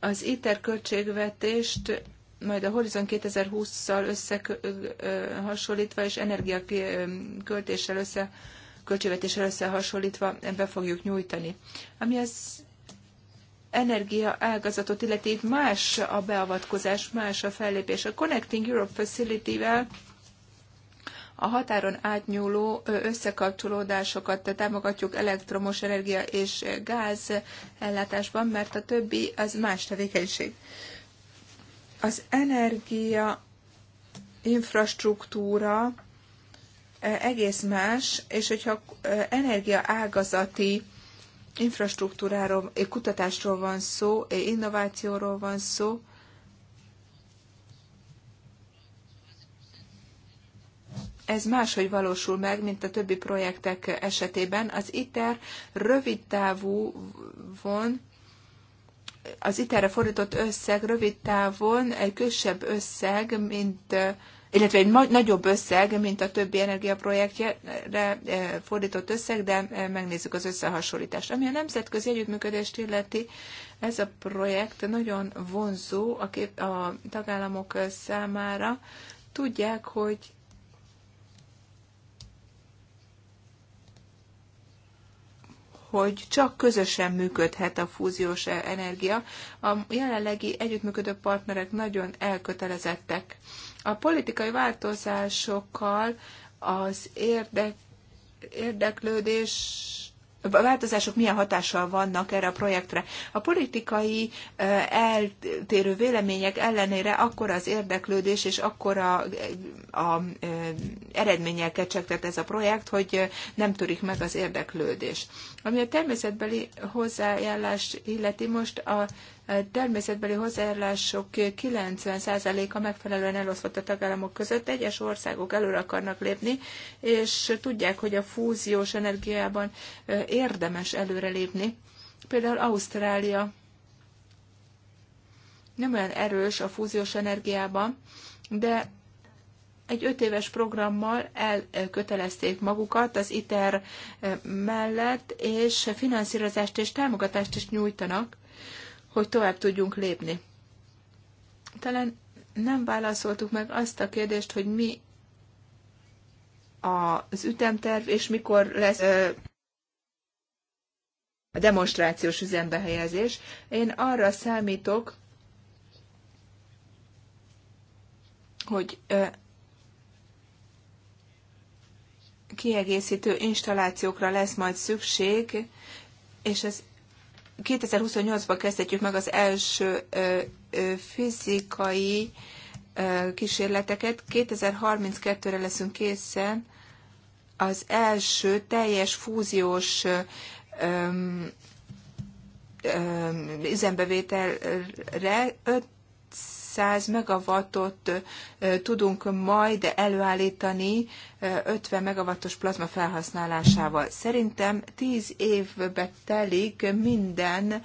Az ITER költségvetést majd a Horizon 2020-szal összehasonlítva és energiaköltéssel össze, költségvetéssel összehasonlítva be fogjuk nyújtani. Ami az energia ágazatot illeti, más a beavatkozás, más a fellépés. A Connecting Europe Facility-vel a határon átnyúló összekapcsolódásokat támogatjuk elektromos energia és gáz ellátásban, mert a többi az más tevékenység. Az energia infrastruktúra egész más, és hogyha energia ágazati infrastruktúráról, kutatásról van szó, innovációról van szó, ez máshogy valósul meg, mint a többi projektek esetében. Az ITER rövid távú von, az ITER-re fordított összeg rövid távon egy kisebb összeg, mint illetve egy nagyobb összeg, mint a többi energiaprojektjére eh, fordított összeg, de eh, megnézzük az összehasonlítást. Ami a nemzetközi együttműködést illeti, ez a projekt nagyon vonzó a, kép- a tagállamok számára. Tudják, hogy hogy csak közösen működhet a fúziós energia. A jelenlegi együttműködő partnerek nagyon elkötelezettek. A politikai változásokkal az érdek, érdeklődés változások milyen hatással vannak erre a projektre. A politikai eltérő vélemények ellenére akkor az érdeklődés és akkor a, a eredménnyel kecsegtet ez a projekt, hogy nem törik meg az érdeklődés. Ami a természetbeli hozzájárulást illeti, most a természetbeli hozzájárulások 90%-a megfelelően eloszlott a tagállamok között. Egyes országok előre akarnak lépni, és tudják, hogy a fúziós energiában érdemes előrelépni. Például Ausztrália nem olyan erős a fúziós energiában, de egy öt éves programmal elkötelezték magukat az ITER mellett, és finanszírozást és támogatást is nyújtanak hogy tovább tudjunk lépni. Talán nem válaszoltuk meg azt a kérdést, hogy mi az ütemterv, és mikor lesz a demonstrációs üzembehelyezés. Én arra számítok, hogy kiegészítő installációkra lesz majd szükség, és ez 2028-ban kezdhetjük meg az első fizikai kísérleteket. 2032-re leszünk készen az első teljes fúziós ö, üzembevételre 200 megawattot tudunk majd előállítani 50 megawattos plazma felhasználásával. Szerintem 10 évbe telik minden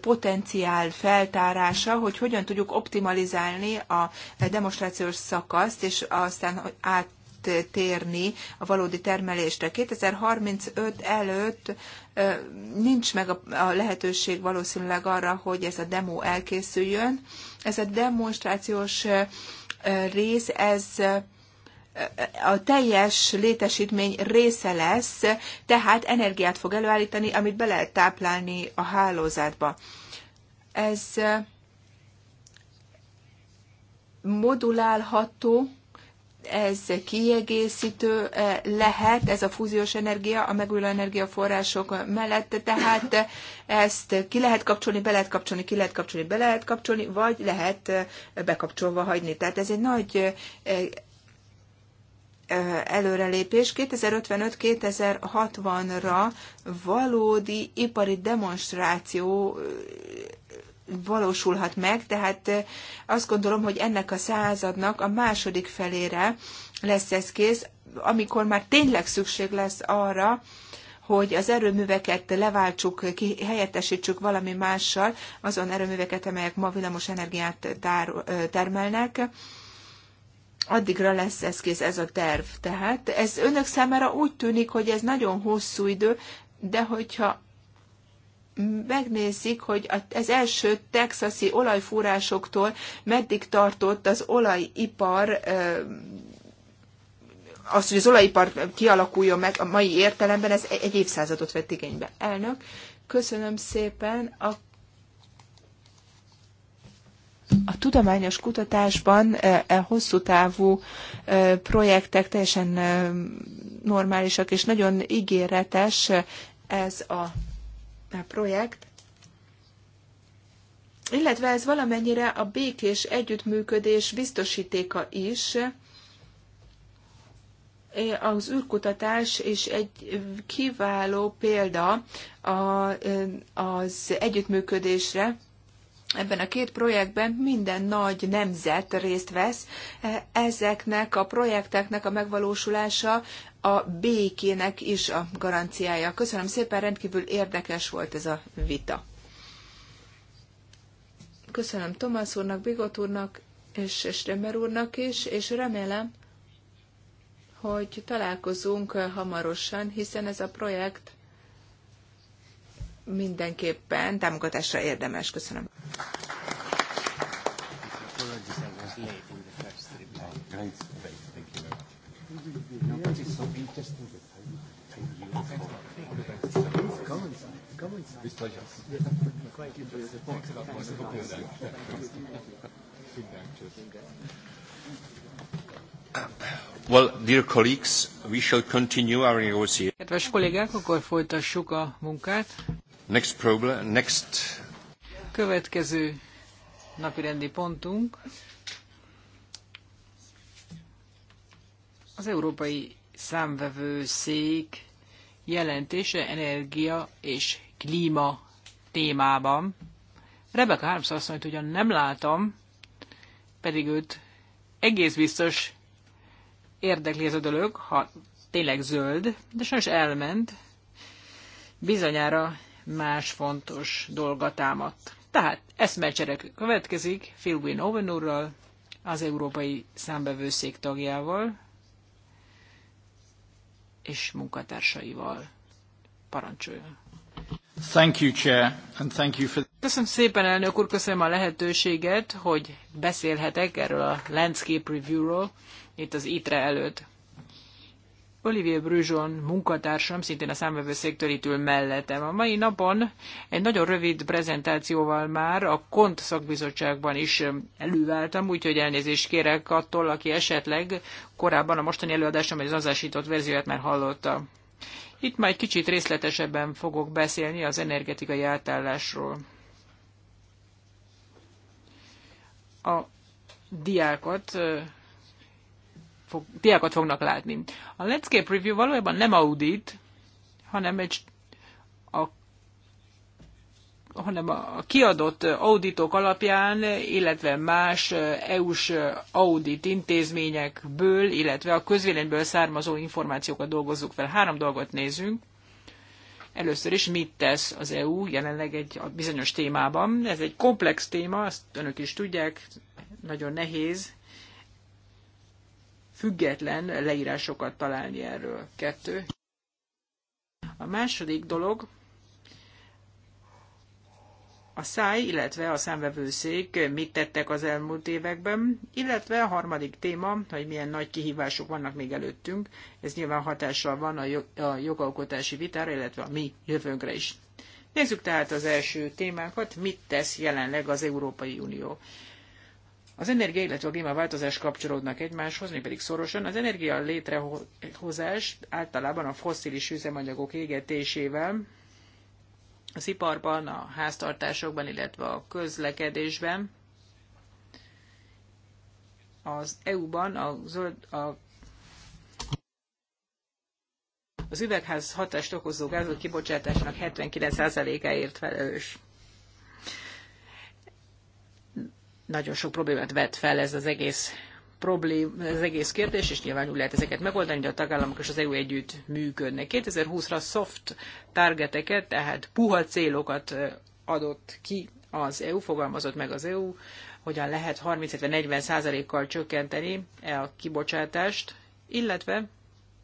potenciál feltárása, hogy hogyan tudjuk optimalizálni a demonstrációs szakaszt, és aztán át áttérni a valódi termelésre. 2035 előtt nincs meg a lehetőség valószínűleg arra, hogy ez a demo elkészüljön. Ez a demonstrációs rész, ez a teljes létesítmény része lesz, tehát energiát fog előállítani, amit be lehet táplálni a hálózatba. Ez modulálható, ez kiegészítő eh, lehet, ez a fúziós energia a megújuló energiaforrások mellett, tehát ezt ki lehet kapcsolni, be lehet kapcsolni, ki lehet kapcsolni, be lehet kapcsolni, vagy lehet eh, bekapcsolva hagyni. Tehát ez egy nagy eh, előrelépés. 2055-2060-ra valódi ipari demonstráció valósulhat meg, tehát azt gondolom, hogy ennek a századnak a második felére lesz ez kész, amikor már tényleg szükség lesz arra, hogy az erőműveket leváltsuk, helyettesítsük valami mással, azon erőműveket, amelyek ma villamos energiát tár, termelnek. Addigra lesz ez kész, ez a terv. Tehát ez önök számára úgy tűnik, hogy ez nagyon hosszú idő, de hogyha megnézzük, hogy az első texasi olajfúrásoktól meddig tartott az olajipar az, hogy az olajipar kialakuljon meg a mai értelemben, ez egy évszázadot vett igénybe. Elnök, köszönöm szépen. A, a tudományos kutatásban e, e hosszú távú e, projektek teljesen e, normálisak, és nagyon ígéretes ez a projekt, illetve ez valamennyire a békés együttműködés biztosítéka is, az űrkutatás is egy kiváló példa az együttműködésre, Ebben a két projektben minden nagy nemzet részt vesz. Ezeknek a projekteknek a megvalósulása a békének is a garanciája. Köszönöm szépen, rendkívül érdekes volt ez a vita. Köszönöm Tomasz úrnak, Bigot úrnak és Stemmer úrnak is, és remélem, hogy találkozunk hamarosan, hiszen ez a projekt mindenképpen támogatásra érdemes. Köszönöm. Well, dear colleagues, we shall continue our negotiation. Kedves kollégák, akkor folytassuk a munkát. Next problem, next... Következő napirendi pontunk az Európai Számvevőszék jelentése energia és klíma témában. Rebecca Harms asszonyt ugyan nem látom, pedig őt egész biztos érdekli ez a dolog, ha tényleg zöld, de sajnos elment. Bizonyára más fontos dolga támadt. Tehát eszmecsere következik Philwin Owen úrral, az Európai Számbevőszék tagjával és munkatársaival. Parancsoljon! Thank you, Chair, and thank you for... Köszönöm szépen, elnök úr, köszönöm a lehetőséget, hogy beszélhetek erről a Landscape Review-ról itt az ITRE előtt. Olivier Brujon munkatársam, szintén a számvevőszéktől itt ül mellettem. A mai napon egy nagyon rövid prezentációval már a KONT szakbizottságban is előváltam, úgyhogy elnézést kérek attól, aki esetleg korábban a mostani előadásom egy azásított verzióját már hallotta. Itt már egy kicsit részletesebben fogok beszélni az energetikai átállásról. A diákat fog, diákat fognak látni. A Landscape Review valójában nem audit, hanem egy a hanem a kiadott auditok alapján, illetve más EU-s audit intézményekből, illetve a közvéleményből származó információkat dolgozzuk fel. Három dolgot nézünk. Először is mit tesz az EU jelenleg egy bizonyos témában. Ez egy komplex téma, azt önök is tudják, nagyon nehéz független leírásokat találni erről. Kettő. A második dolog, a száj, illetve a számvevőszék mit tettek az elmúlt években, illetve a harmadik téma, hogy milyen nagy kihívások vannak még előttünk, ez nyilván hatással van a, jogalkotási vitára, illetve a mi jövőnkre is. Nézzük tehát az első témákat, mit tesz jelenleg az Európai Unió. Az energia, illetve a klímaváltozás kapcsolódnak egymáshoz, mégpedig szorosan. Az energia létrehozás általában a fosszilis üzemanyagok égetésével, az iparban, a háztartásokban, illetve a közlekedésben. Az EU-ban a zöld, a az üvegház hatást okozó gázok kibocsátásának 79%-áért felelős. Nagyon sok problémát vet fel ez az egész problém, az egész kérdés, és nyilván úgy lehet ezeket megoldani, de a tagállamok és az EU együtt működnek. 2020-ra soft targeteket, tehát puha célokat adott ki az EU, fogalmazott meg az EU, hogyan lehet 30-40 százalékkal csökkenteni e a kibocsátást, illetve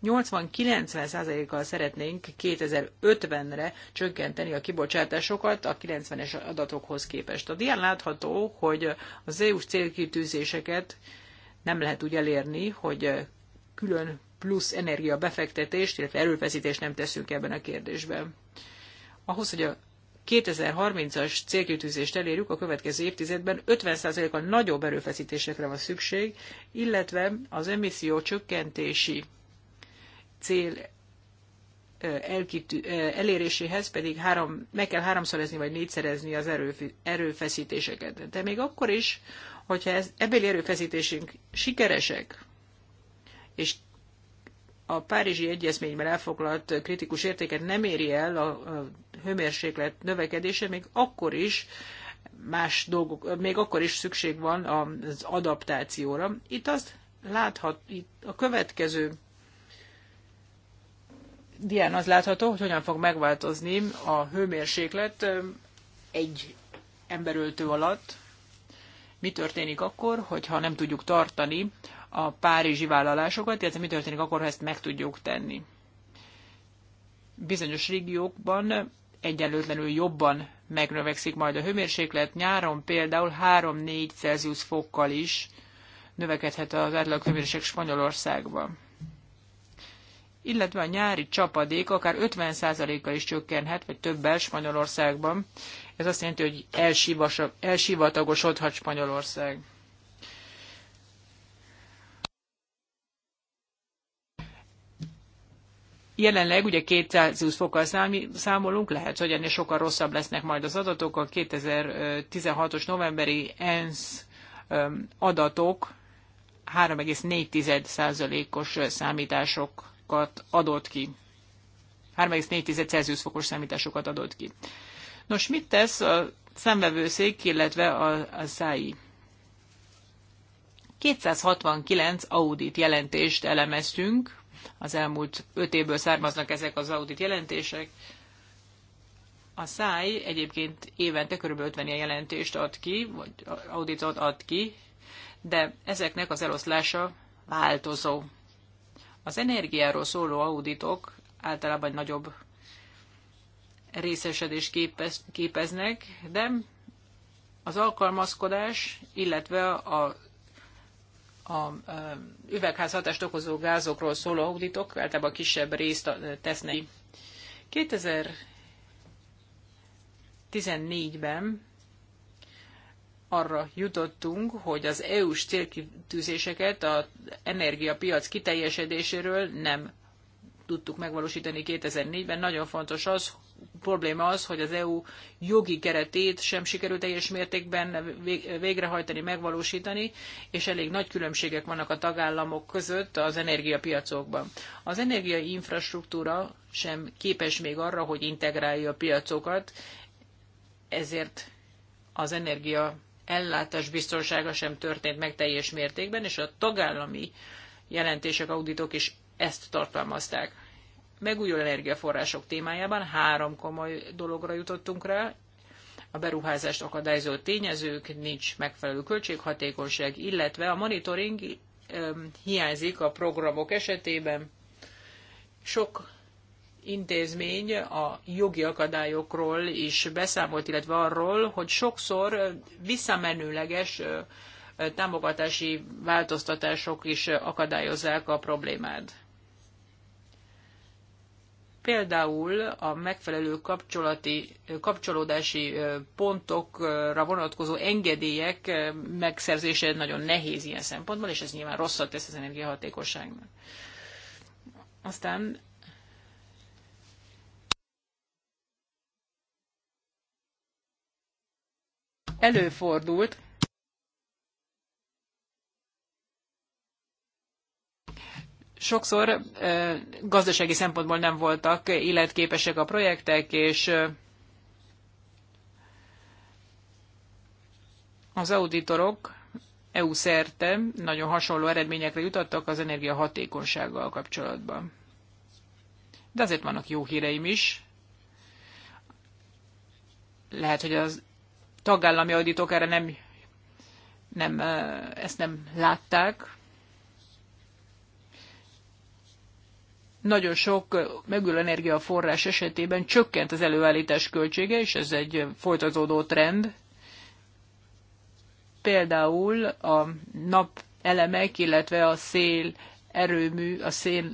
80-90%-kal szeretnénk 2050-re csökkenteni a kibocsátásokat a 90-es adatokhoz képest. A dián látható, hogy az EU-s célkitűzéseket nem lehet úgy elérni, hogy külön plusz energia befektetést, illetve erőfeszítést nem teszünk ebben a kérdésben. Ahhoz, hogy a 2030-as célkitűzést elérjük, a következő évtizedben 50 kal nagyobb erőfeszítésekre van szükség, illetve az emisszió csökkentési cél elkitű, eléréséhez pedig három, meg kell háromszorozni vagy négyszerezni az erő, erőfeszítéseket. De még akkor is, hogyha ez, ebbéli erőfeszítésünk sikeresek, és a Párizsi Egyezményben elfoglalt kritikus értéket nem éri el a hőmérséklet növekedése, még akkor is más dolgok, még akkor is szükség van az adaptációra. Itt azt láthat, itt a következő dián az látható, hogy hogyan fog megváltozni a hőmérséklet egy emberöltő alatt. Mi történik akkor, hogyha nem tudjuk tartani a párizsi vállalásokat, illetve mi történik akkor, ha ezt meg tudjuk tenni. Bizonyos régiókban egyenlőtlenül jobban megnövekszik majd a hőmérséklet, nyáron például 3-4 Celsius fokkal is növekedhet az átlag hőmérséklet Spanyolországban illetve a nyári csapadék akár 50 a is csökkenhet, vagy többel Spanyolországban. Ez azt jelenti, hogy elsivatagosodhat Spanyolország. Jelenleg ugye 220 fokkal számolunk, lehet, hogy ennél sokkal rosszabb lesznek majd az adatok. A 2016-os novemberi ENSZ adatok 3,4%-os számítások számításokat adott ki. 3,4 Celsius fokos számításokat adott ki. Nos, mit tesz a szemvevőszék, illetve a, a szái? 269 audit jelentést elemeztünk, az elmúlt 5 évből származnak ezek az audit jelentések. A száj egyébként évente kb. 50 ilyen jelentést ad ki, vagy auditot ad ki, de ezeknek az eloszlása változó. Az energiáról szóló auditok általában egy nagyobb részesedést képez, képeznek, de az alkalmazkodás, illetve a, a, a üvegházhatást okozó gázokról szóló auditok általában kisebb részt tesznek. 2014-ben arra jutottunk, hogy az EU-s célkitűzéseket az energiapiac kiteljesedéséről nem tudtuk megvalósítani 2004-ben. Nagyon fontos az, probléma az, hogy az EU jogi keretét sem sikerült teljes mértékben végrehajtani, megvalósítani, és elég nagy különbségek vannak a tagállamok között az energiapiacokban. Az infrastruktúra sem képes még arra, hogy integrálja a piacokat, ezért az energia ellátás biztonsága sem történt meg teljes mértékben, és a tagállami jelentések, auditok is ezt tartalmazták. Megújuló energiaforrások témájában három komoly dologra jutottunk rá. A beruházást akadályozó tényezők, nincs megfelelő költséghatékonyság, illetve a monitoring hiányzik a programok esetében. Sok intézmény a jogi akadályokról is beszámolt, illetve arról, hogy sokszor visszamenőleges támogatási változtatások is akadályozzák a problémát. Például a megfelelő kapcsolati, kapcsolódási pontokra vonatkozó engedélyek megszerzése nagyon nehéz ilyen szempontból, és ez nyilván rosszat tesz az energiahatékosságnak. Aztán előfordult, sokszor gazdasági szempontból nem voltak életképesek a projektek, és az auditorok EU szerte nagyon hasonló eredményekre jutottak az energia hatékonysággal kapcsolatban. De azért vannak jó híreim is. Lehet, hogy az tagállami auditok erre nem, nem, ezt nem látták. Nagyon sok megülő energiaforrás esetében csökkent az előállítás költsége, és ez egy folytatódó trend. Például a nap elemek illetve a szél erőmű, a szél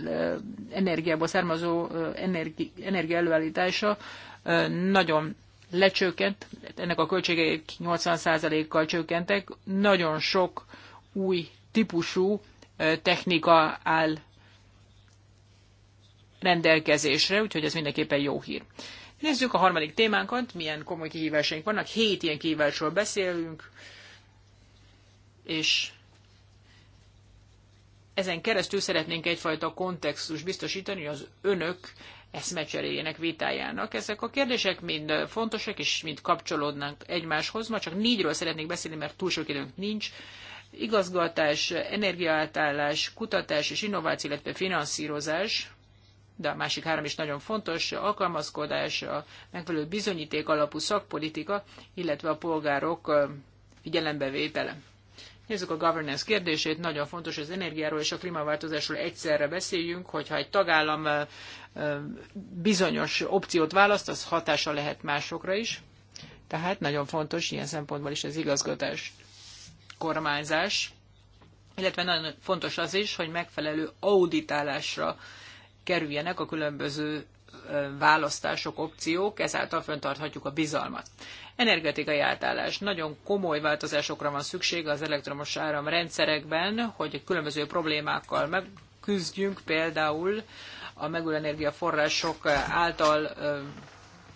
energiából származó energi, energia előállítása nagyon lecsökkent, ennek a költségei 80%-kal csökkentek, nagyon sok új típusú technika áll rendelkezésre, úgyhogy ez mindenképpen jó hír. Nézzük a harmadik témánkat, milyen komoly kihívásaink vannak. Hét ilyen kihívásról beszélünk, és ezen keresztül szeretnénk egyfajta kontextus biztosítani, hogy az önök eszmecseréjének, vitájának. Ezek a kérdések mind fontosak, és mind kapcsolódnak egymáshoz. Ma csak négyről szeretnék beszélni, mert túl sok időnk nincs. Igazgatás, energiaátállás, kutatás és innováció, illetve finanszírozás, de a másik három is nagyon fontos, alkalmazkodás, a megfelelő bizonyíték alapú szakpolitika, illetve a polgárok figyelembevétele. Nézzük a governance kérdését, nagyon fontos, hogy az energiáról és a klímaváltozásról egyszerre beszéljünk, hogyha egy tagállam bizonyos opciót választ, az hatása lehet másokra is. Tehát nagyon fontos ilyen szempontból is az igazgatás, kormányzás, illetve nagyon fontos az is, hogy megfelelő auditálásra kerüljenek a különböző választások, opciók, ezáltal fenntarthatjuk a bizalmat. Energetikai átállás. Nagyon komoly változásokra van szükség az elektromos rendszerekben, hogy különböző problémákkal megküzdjünk, például a megújuló energiaforrások által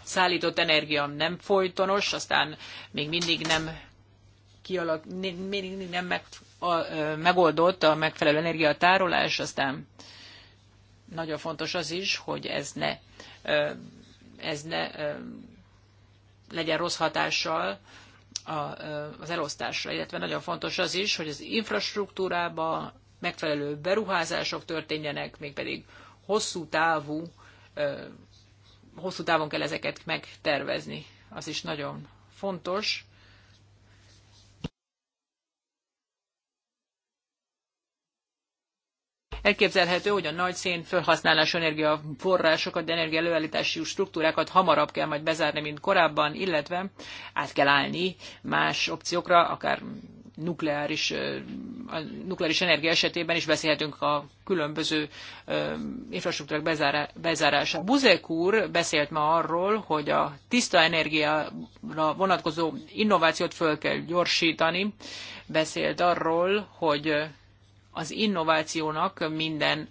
szállított energia nem folytonos, aztán még mindig nem kialak, még mindig nem meg, a, megoldott a megfelelő energiatárolás, aztán nagyon fontos az is, hogy ez ne, ez ne legyen rossz hatással az elosztásra, illetve nagyon fontos az is, hogy az infrastruktúrába megfelelő beruházások történjenek, mégpedig hosszú távú, hosszú távon kell ezeket megtervezni. Az is nagyon fontos, Elképzelhető, hogy a nagy szén felhasználás energiaforrásokat, de energiaelőállítási struktúrákat hamarabb kell majd bezárni, mint korábban, illetve át kell állni más opciókra, akár nukleáris, a nukleáris energia esetében is beszélhetünk a különböző infrastruktúrák bezárása. Buzek úr beszélt ma arról, hogy a tiszta energiára vonatkozó innovációt föl kell gyorsítani, beszélt arról, hogy az innovációnak minden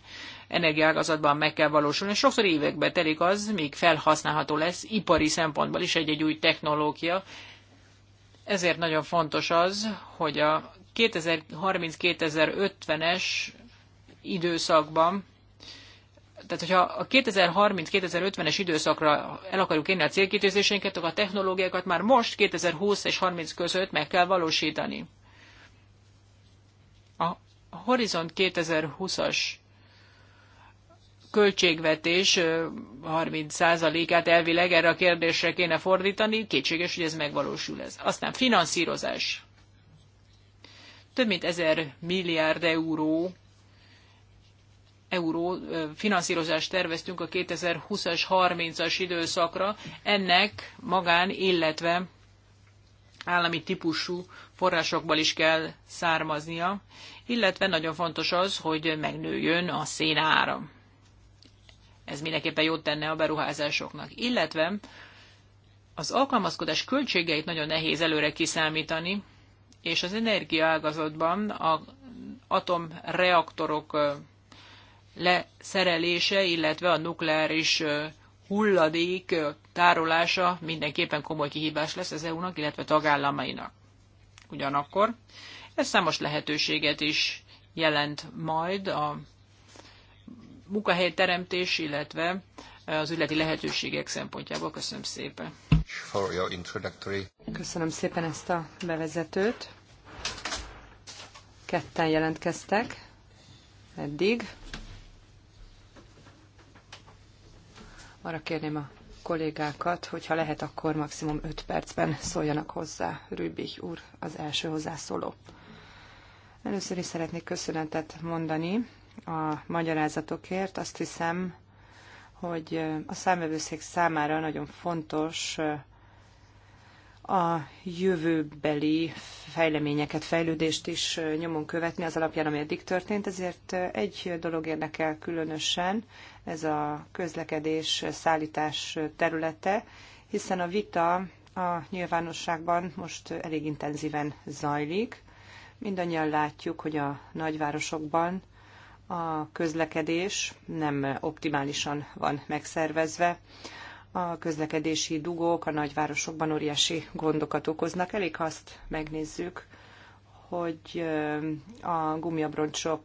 energiágazatban meg kell valósulni, és sokszor évekbe telik az, míg felhasználható lesz ipari szempontból is egy-egy új technológia. Ezért nagyon fontos az, hogy a 2030-2050-es időszakban tehát hogyha a 2030-2050-es időszakra el akarjuk érni a célkitűzéseinket, akkor a technológiákat már most 2020 és 30 között meg kell valósítani a Horizont 2020-as költségvetés 30%-át elvileg erre a kérdésre kéne fordítani, kétséges, hogy ez megvalósul ez. Aztán finanszírozás. Több mint 1000 milliárd euró euró finanszírozást terveztünk a 2020-as, 30-as időszakra. Ennek magán, illetve állami típusú forrásokból is kell származnia, illetve nagyon fontos az, hogy megnőjön a szénára. Ez mindenképpen jót tenne a beruházásoknak. Illetve az alkalmazkodás költségeit nagyon nehéz előre kiszámítani, és az energiaágazatban a atomreaktorok leszerelése, illetve a nukleáris hulladék tárolása mindenképpen komoly kihívás lesz az EU-nak, illetve tagállamainak. Ugyanakkor ez számos lehetőséget is jelent majd a teremtés, illetve az üzleti lehetőségek szempontjából. Köszönöm szépen. For your introductory. Köszönöm szépen ezt a bevezetőt. Ketten jelentkeztek eddig. Arra kérném a kollégákat, hogyha lehet, akkor maximum 5 percben szóljanak hozzá. Rübich úr az első hozzászóló. Először is szeretnék köszönetet mondani a magyarázatokért. Azt hiszem, hogy a számvevőszék számára nagyon fontos a jövőbeli fejleményeket, fejlődést is nyomon követni az alapján, ami eddig történt. Ezért egy dolog érdekel különösen, ez a közlekedés, szállítás területe, hiszen a vita a nyilvánosságban most elég intenzíven zajlik. Mindannyian látjuk, hogy a nagyvárosokban a közlekedés nem optimálisan van megszervezve. A közlekedési dugók a nagyvárosokban óriási gondokat okoznak. Elég azt megnézzük, hogy a gumiabroncsok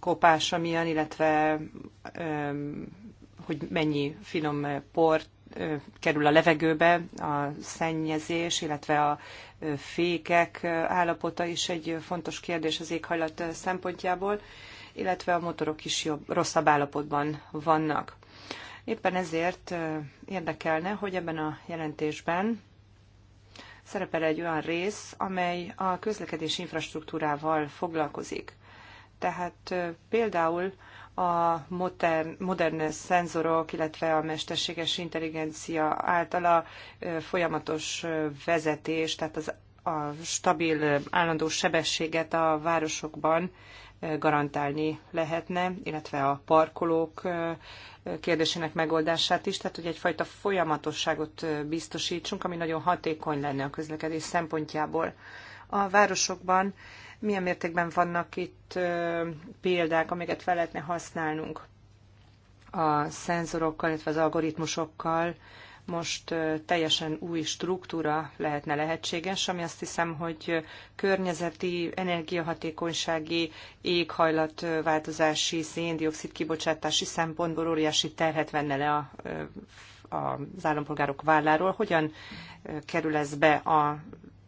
kopása milyen, illetve hogy mennyi finom port kerül a levegőbe, a szennyezés, illetve a fékek állapota is egy fontos kérdés az éghajlat szempontjából, illetve a motorok is jobb, rosszabb állapotban vannak. Éppen ezért érdekelne, hogy ebben a jelentésben szerepel egy olyan rész, amely a közlekedés infrastruktúrával foglalkozik. Tehát például a modern, modern szenzorok, illetve a mesterséges intelligencia által a folyamatos vezetés, tehát az, a stabil, állandó sebességet a városokban garantálni lehetne, illetve a parkolók kérdésének megoldását is, tehát hogy egyfajta folyamatosságot biztosítsunk, ami nagyon hatékony lenne a közlekedés szempontjából. A városokban milyen mértékben vannak itt példák, amiket fel lehetne használnunk a szenzorokkal, illetve az algoritmusokkal. Most teljesen új struktúra lehetne lehetséges, ami azt hiszem, hogy környezeti, energiahatékonysági, éghajlatváltozási, széndiokszid kibocsátási szempontból óriási terhet venne le a az állampolgárok válláról. Hogyan kerül ez be a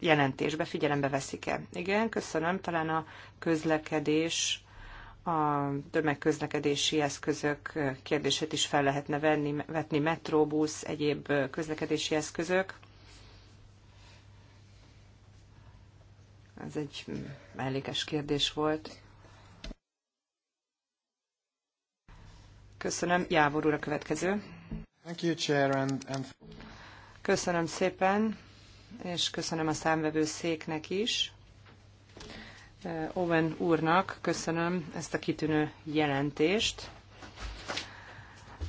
jelentésbe figyelembe veszik-e. Igen, köszönöm. Talán a közlekedés, a tömegközlekedési eszközök kérdését is fel lehetne venni, vetni, metróbusz, egyéb közlekedési eszközök. Ez egy mellékes kérdés volt. Köszönöm. Jávor úr a következő. Köszönöm szépen és köszönöm a számvevőszéknek is. Owen úrnak köszönöm ezt a kitűnő jelentést.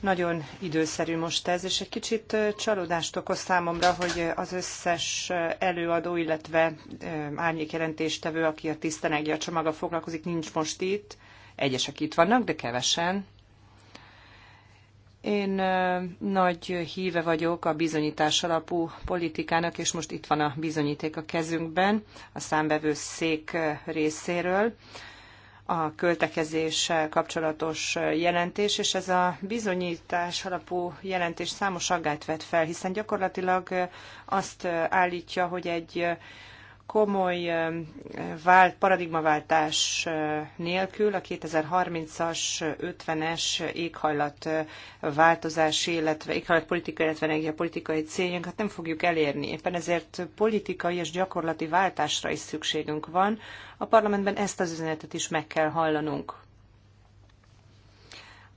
Nagyon időszerű most ez, és egy kicsit csalódást okoz számomra, hogy az összes előadó, illetve árnyékjelentéstevő, aki a tisztenegia csomaga foglalkozik, nincs most itt. Egyesek itt vannak, de kevesen. Én nagy híve vagyok a bizonyítás alapú politikának, és most itt van a bizonyíték a kezünkben, a számbevő szék részéről, a költekezés kapcsolatos jelentés, és ez a bizonyítás alapú jelentés számos aggályt vet fel, hiszen gyakorlatilag azt állítja, hogy egy komoly vált, paradigmaváltás nélkül a 2030-as, 50-es éghajlat változási, illetve éghajlatpolitikai, illetve energiapolitikai céljunkat nem fogjuk elérni. Éppen ezért politikai és gyakorlati váltásra is szükségünk van. A parlamentben ezt az üzenetet is meg kell hallanunk.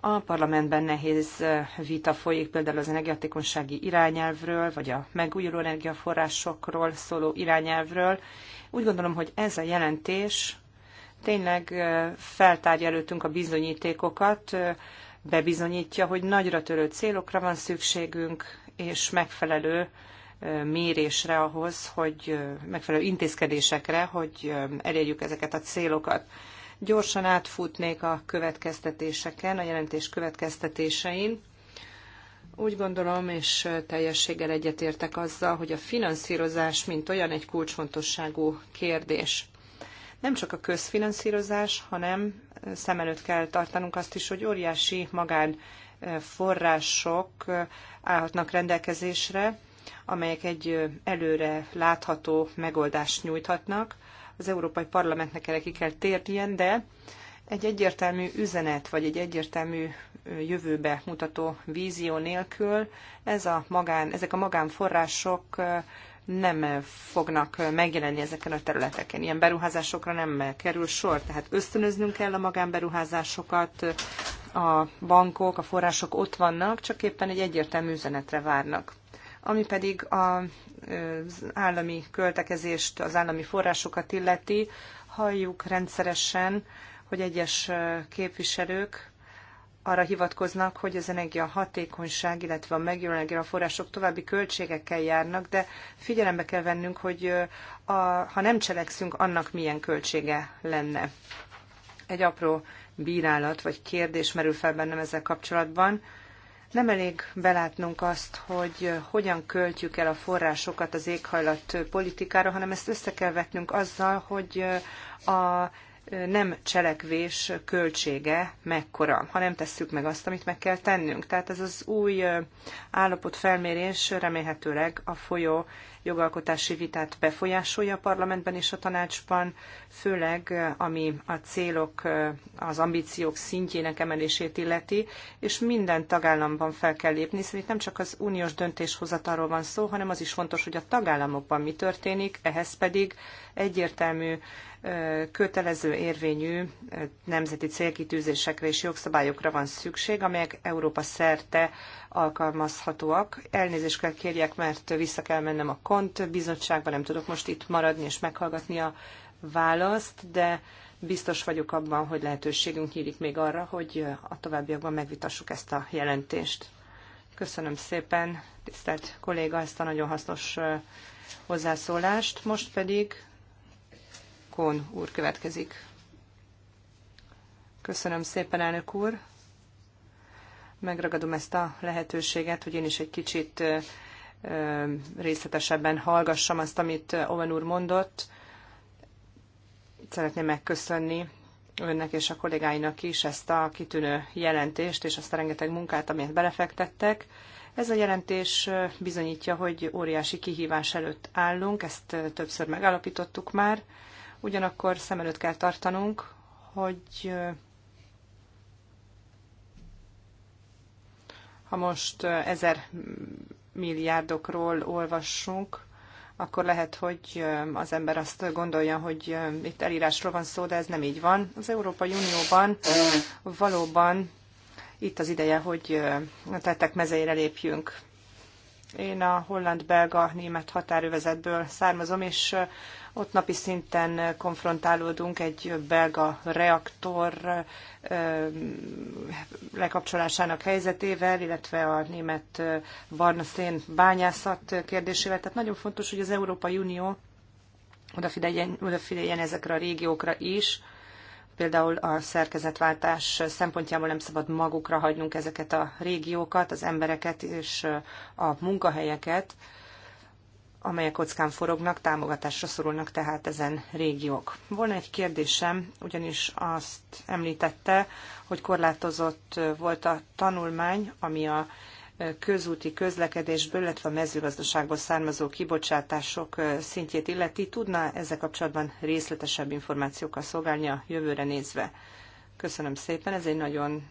A parlamentben nehéz vita folyik például az energiatékonysági irányelvről, vagy a megújuló energiaforrásokról szóló irányelvről. Úgy gondolom, hogy ez a jelentés tényleg feltárja előttünk a bizonyítékokat, bebizonyítja, hogy nagyra törő célokra van szükségünk, és megfelelő mérésre ahhoz, hogy megfelelő intézkedésekre, hogy elérjük ezeket a célokat. Gyorsan átfutnék a következtetéseken, a jelentés következtetésein. Úgy gondolom, és teljességgel egyetértek azzal, hogy a finanszírozás, mint olyan egy kulcsfontosságú kérdés. Nem csak a közfinanszírozás, hanem szem előtt kell tartanunk azt is, hogy óriási magán eh, források eh, állhatnak rendelkezésre, amelyek egy eh, előre látható megoldást nyújthatnak, az Európai Parlamentnek erre ki kell térjen, de egy egyértelmű üzenet, vagy egy egyértelmű jövőbe mutató vízió nélkül ez a magán, ezek a magánforrások nem fognak megjelenni ezeken a területeken. Ilyen beruházásokra nem kerül sor, tehát ösztönöznünk kell a magánberuházásokat, a bankok, a források ott vannak, csak éppen egy egyértelmű üzenetre várnak. Ami pedig az állami költekezést, az állami forrásokat illeti, halljuk rendszeresen, hogy egyes képviselők arra hivatkoznak, hogy az energia hatékonyság, illetve a megjelenő források további költségekkel járnak, de figyelembe kell vennünk, hogy a, ha nem cselekszünk, annak milyen költsége lenne. Egy apró bírálat vagy kérdés merül fel bennem ezzel kapcsolatban. Nem elég belátnunk azt, hogy hogyan költjük el a forrásokat az éghajlat politikára, hanem ezt össze kell vetnünk azzal, hogy a nem cselekvés költsége mekkora, ha nem tesszük meg azt, amit meg kell tennünk. Tehát ez az új állapotfelmérés remélhetőleg a folyó jogalkotási vitát befolyásolja a parlamentben és a tanácsban, főleg ami a célok, az ambíciók szintjének emelését illeti, és minden tagállamban fel kell lépni, hiszen itt nem csak az uniós döntéshozatalról van szó, hanem az is fontos, hogy a tagállamokban mi történik, ehhez pedig egyértelmű kötelező érvényű nemzeti célkitűzésekre és jogszabályokra van szükség, amelyek Európa szerte alkalmazhatóak. Elnézést kell kérjek, mert vissza kell mennem a pont bizottságban, nem tudok most itt maradni és meghallgatni a választ, de biztos vagyok abban, hogy lehetőségünk nyílik még arra, hogy a továbbiakban megvitassuk ezt a jelentést. Köszönöm szépen, tisztelt kolléga, ezt a nagyon hasznos hozzászólást. Most pedig Kón úr következik. Köszönöm szépen, elnök úr. Megragadom ezt a lehetőséget, hogy én is egy kicsit részletesebben hallgassam azt, amit Owen úr mondott. Szeretném megköszönni önnek és a kollégáinak is ezt a kitűnő jelentést és azt a rengeteg munkát, amit belefektettek. Ez a jelentés bizonyítja, hogy óriási kihívás előtt állunk, ezt többször megállapítottuk már. Ugyanakkor szem előtt kell tartanunk, hogy ha most ezer milliárdokról olvassunk, akkor lehet, hogy az ember azt gondolja, hogy itt elírásról van szó, de ez nem így van. Az Európai Unióban valóban itt az ideje, hogy a tettek mezeire lépjünk. Én a holland-belga-német határövezetből származom, és ott napi szinten konfrontálódunk egy belga reaktor lekapcsolásának helyzetével, illetve a német barna szén bányászat kérdésével. Tehát nagyon fontos, hogy az Európai Unió odafigyeljen, odafigyeljen ezekre a régiókra is, például a szerkezetváltás szempontjából nem szabad magukra hagynunk ezeket a régiókat, az embereket és a munkahelyeket, amelyek kockán forognak, támogatásra szorulnak tehát ezen régiók. Volna egy kérdésem, ugyanis azt említette, hogy korlátozott volt a tanulmány, ami a közúti közlekedésből, illetve a mezőgazdaságból származó kibocsátások szintjét illeti. Tudna ezzel kapcsolatban részletesebb információkkal szolgálni a jövőre nézve? Köszönöm szépen, ez egy nagyon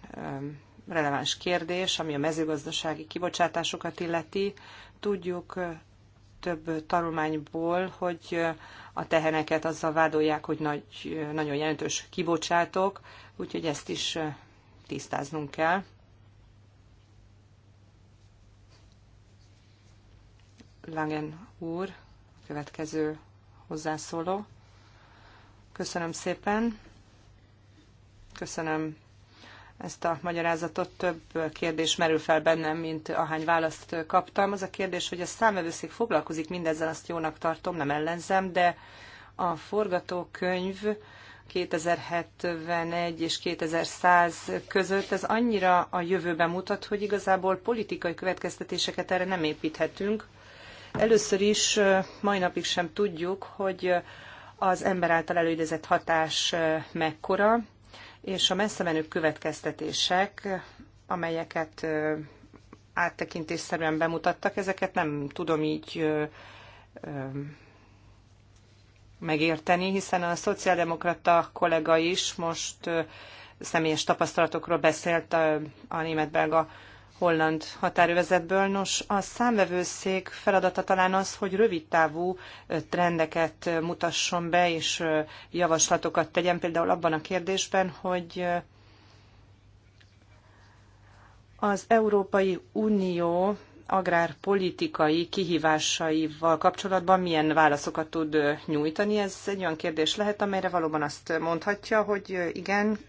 releváns kérdés, ami a mezőgazdasági kibocsátásokat illeti. Tudjuk több tanulmányból, hogy a teheneket azzal vádolják, hogy nagy, nagyon jelentős kibocsátok, úgyhogy ezt is tisztáznunk kell. Langen úr, a következő hozzászóló. Köszönöm szépen. Köszönöm ezt a magyarázatot. Több kérdés merül fel bennem, mint ahány választ kaptam. Az a kérdés, hogy a számvevőszék foglalkozik mindezzel, azt jónak tartom, nem ellenzem, de a forgatókönyv 2071 és 2100 között, ez annyira a jövőben mutat, hogy igazából politikai következtetéseket erre nem építhetünk. Először is mai napig sem tudjuk, hogy az ember által előidezett hatás mekkora, és a messze menő következtetések, amelyeket áttekintésszerűen bemutattak, ezeket nem tudom így megérteni, hiszen a szociáldemokrata kollega is most személyes tapasztalatokról beszélt a, a német-belga holland határövezetből. Nos, a számvevőszék feladata talán az, hogy rövidtávú trendeket mutasson be, és javaslatokat tegyen például abban a kérdésben, hogy az Európai Unió agrárpolitikai kihívásaival kapcsolatban milyen válaszokat tud nyújtani. Ez egy olyan kérdés lehet, amelyre valóban azt mondhatja, hogy igen,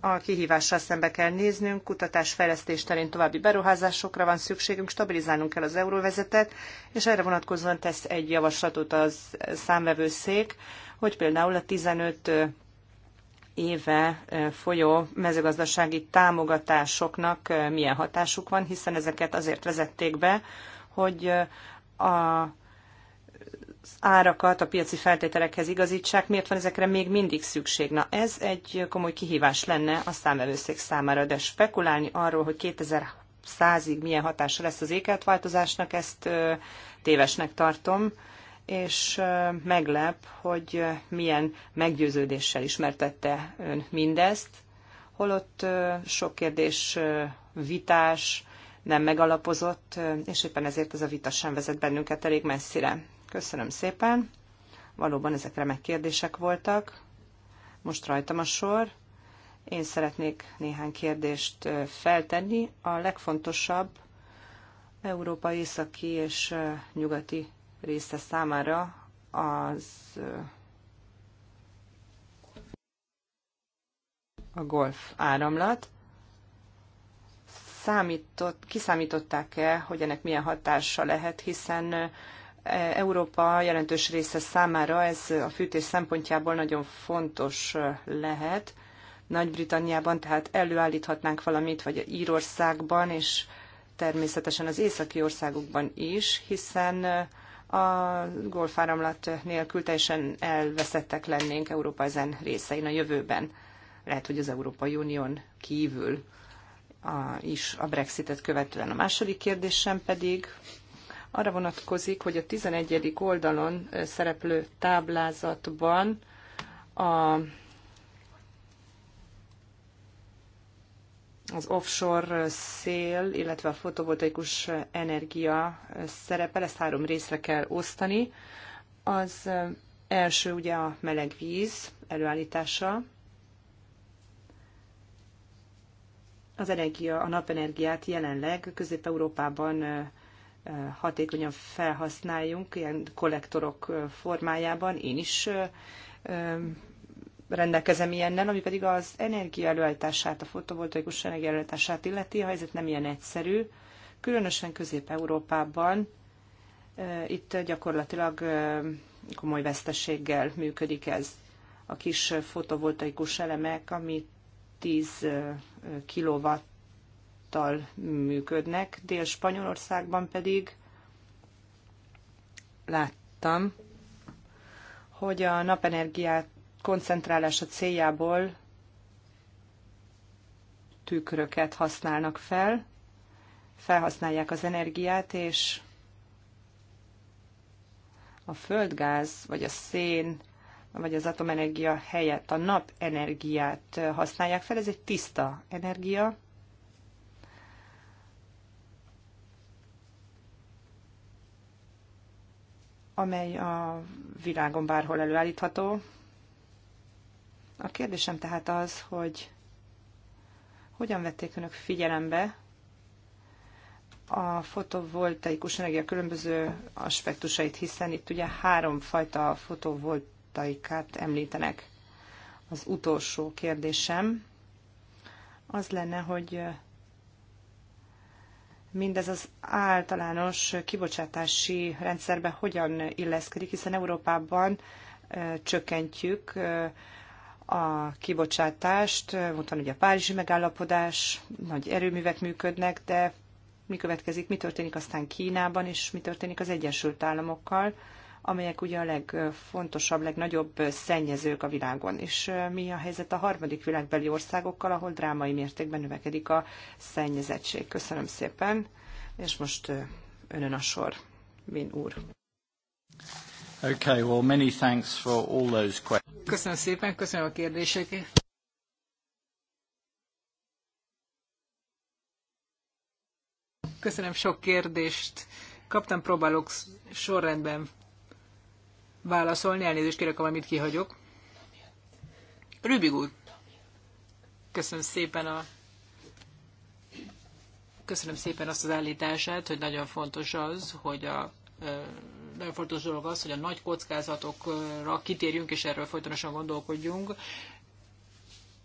a kihívással szembe kell néznünk, kutatás fejlesztés terén további beruházásokra van szükségünk, stabilizálnunk kell az euróvezetet, és erre vonatkozóan tesz egy javaslatot az számvevőszék, hogy például a 15 éve folyó mezőgazdasági támogatásoknak milyen hatásuk van, hiszen ezeket azért vezették be, hogy a árakat a piaci feltételekhez igazítsák, miért van ezekre még mindig szükség? Na, ez egy komoly kihívás lenne a számvevőszék számára, de spekulálni arról, hogy 2100-ig milyen hatása lesz az éghajlatváltozásnak, ezt tévesnek tartom, és meglep, hogy milyen meggyőződéssel ismertette ön mindezt, holott sok kérdés vitás, nem megalapozott, és éppen ezért ez a vita sem vezet bennünket elég messzire. Köszönöm szépen. Valóban ezek remek kérdések voltak. Most rajtam a sor. Én szeretnék néhány kérdést feltenni. A legfontosabb európai északi és nyugati része számára az a golf áramlat. Számított, kiszámították-e, hogy ennek milyen hatása lehet, hiszen Európa jelentős része számára ez a fűtés szempontjából nagyon fontos lehet. Nagy-Britanniában tehát előállíthatnánk valamit, vagy Írországban, és természetesen az északi országokban is, hiszen a golfáramlat nélkül teljesen elveszettek lennénk Európa ezen részein a jövőben. Lehet, hogy az Európai Unión kívül a, is a Brexitet követően. A második kérdésem pedig arra vonatkozik, hogy a 11. oldalon szereplő táblázatban a, az offshore szél, illetve a fotovoltaikus energia szerepel, ezt három részre kell osztani. Az első ugye a meleg víz előállítása, az energia, a napenergiát jelenleg Közép-Európában hatékonyan felhasználjunk ilyen kollektorok formájában. Én is rendelkezem ilyennel, ami pedig az energiaelőállítását a fotovoltaikus energiaelőállítását előállítását illeti, a helyzet nem ilyen egyszerű, különösen Közép-Európában. Itt gyakorlatilag komoly veszteséggel működik ez. A kis fotovoltaikus elemek, ami 10 kilowatt együtttal működnek. Dél-Spanyolországban pedig láttam, hogy a napenergiát koncentrálása céljából tükröket használnak fel, felhasználják az energiát, és a földgáz, vagy a szén, vagy az atomenergia helyett a napenergiát használják fel. Ez egy tiszta energia, amely a világon bárhol előállítható. A kérdésem tehát az, hogy hogyan vették önök figyelembe a fotovoltaikus energia különböző aspektusait, hiszen itt ugye három fajta fotovoltaikát említenek. Az utolsó kérdésem az lenne, hogy mindez az általános kibocsátási rendszerbe hogyan illeszkedik, hiszen Európában csökkentjük a kibocsátást, Mondtam, hogy a Párizsi megállapodás, nagy erőművek működnek, de mi következik, mi történik aztán Kínában, és mi történik az Egyesült Államokkal, amelyek ugye a legfontosabb, legnagyobb szennyezők a világon. És mi a helyzet a harmadik világbeli országokkal, ahol drámai mértékben növekedik a szennyezettség? Köszönöm szépen, és most önön a sor, Vin úr. Okay, well, many thanks for all those questions. Köszönöm szépen, köszönöm a kérdéseket. Köszönöm sok kérdést. Kaptam, próbálok sorrendben válaszolni, elnézést kérek, ha valamit kihagyok. Rubik úr, köszönöm szépen a köszönöm szépen azt az állítását, hogy nagyon fontos az, hogy a nagyon fontos dolog az, hogy a nagy kockázatokra kitérjünk, és erről folytonosan gondolkodjunk.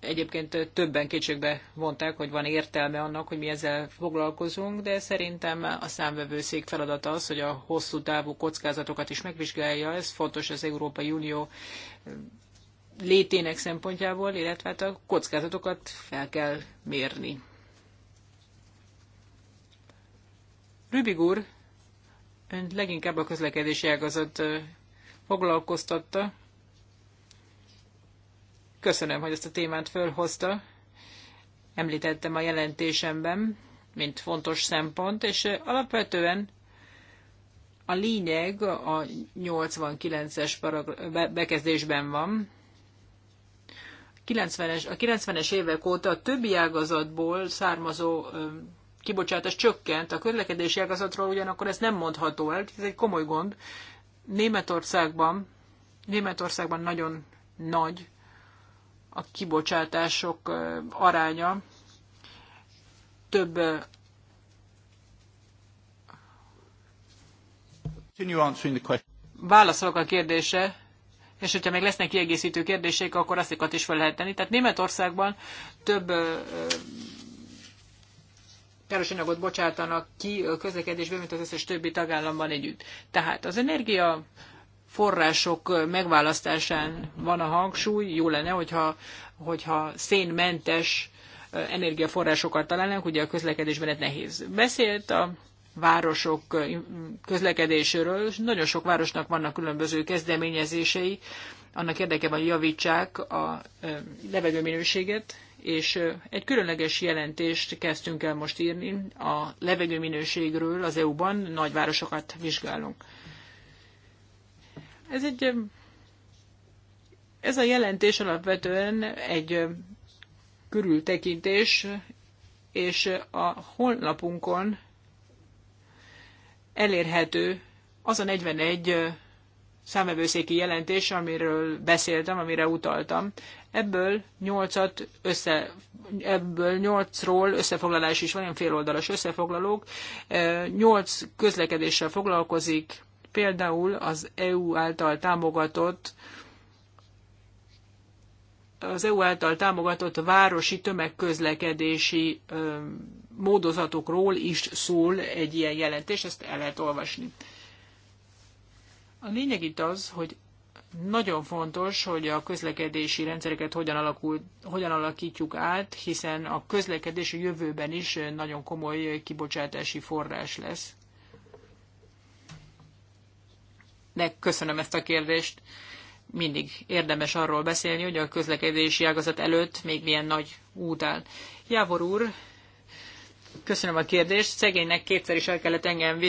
Egyébként többen kétségbe vonták, hogy van értelme annak, hogy mi ezzel foglalkozunk, de szerintem a számvevőszék feladata az, hogy a hosszú távú kockázatokat is megvizsgálja. Ez fontos az Európai Unió létének szempontjából, illetve hát a kockázatokat fel kell mérni. Rübig úr, ön leginkább a közlekedési ágazat foglalkoztatta, Köszönöm, hogy ezt a témát fölhozta. Említettem a jelentésemben, mint fontos szempont, és alapvetően a lényeg a 89-es bekezdésben van. 90-es, a 90-es évek óta a többi ágazatból származó kibocsátás csökkent, a közlekedési ágazatról ugyanakkor ez nem mondható el, ez egy komoly gond. Németországban, Németországban nagyon nagy a kibocsátások aránya több Válaszolok a kérdése, és hogyha még lesznek kiegészítő kérdések, akkor azt is fel lehet tenni. Tehát Németországban több káros anyagot bocsátanak ki közlekedésben, mint az összes többi tagállamban együtt. Tehát az energia források megválasztásán van a hangsúly. Jó lenne, hogyha, hogyha szénmentes energiaforrásokat találnánk, ugye a közlekedésben ez nehéz. Beszélt a városok közlekedéséről, nagyon sok városnak vannak különböző kezdeményezései, annak érdekében, hogy javítsák a levegőminőséget, és egy különleges jelentést kezdtünk el most írni a levegőminőségről az EU-ban, nagyvárosokat vizsgálunk. Ez egy ez a jelentés alapvetően egy körültekintés, és a honlapunkon elérhető az a 41 számvevőszéki jelentés, amiről beszéltem, amire utaltam. Ebből 8-at össze, ebből 8-ról összefoglalás is van, ilyen féloldalas összefoglalók. 8 közlekedéssel foglalkozik, például az EU által támogatott az EU által támogatott városi tömegközlekedési módozatokról is szól egy ilyen jelentés, ezt el lehet olvasni. A lényeg itt az, hogy nagyon fontos, hogy a közlekedési rendszereket hogyan, alakul, hogyan alakítjuk át, hiszen a közlekedés a jövőben is nagyon komoly kibocsátási forrás lesz. de köszönöm ezt a kérdést. Mindig érdemes arról beszélni, hogy a közlekedési ágazat előtt még milyen nagy út áll. Jávor úr, köszönöm a kérdést. Szegénynek kétszer is el kellett engem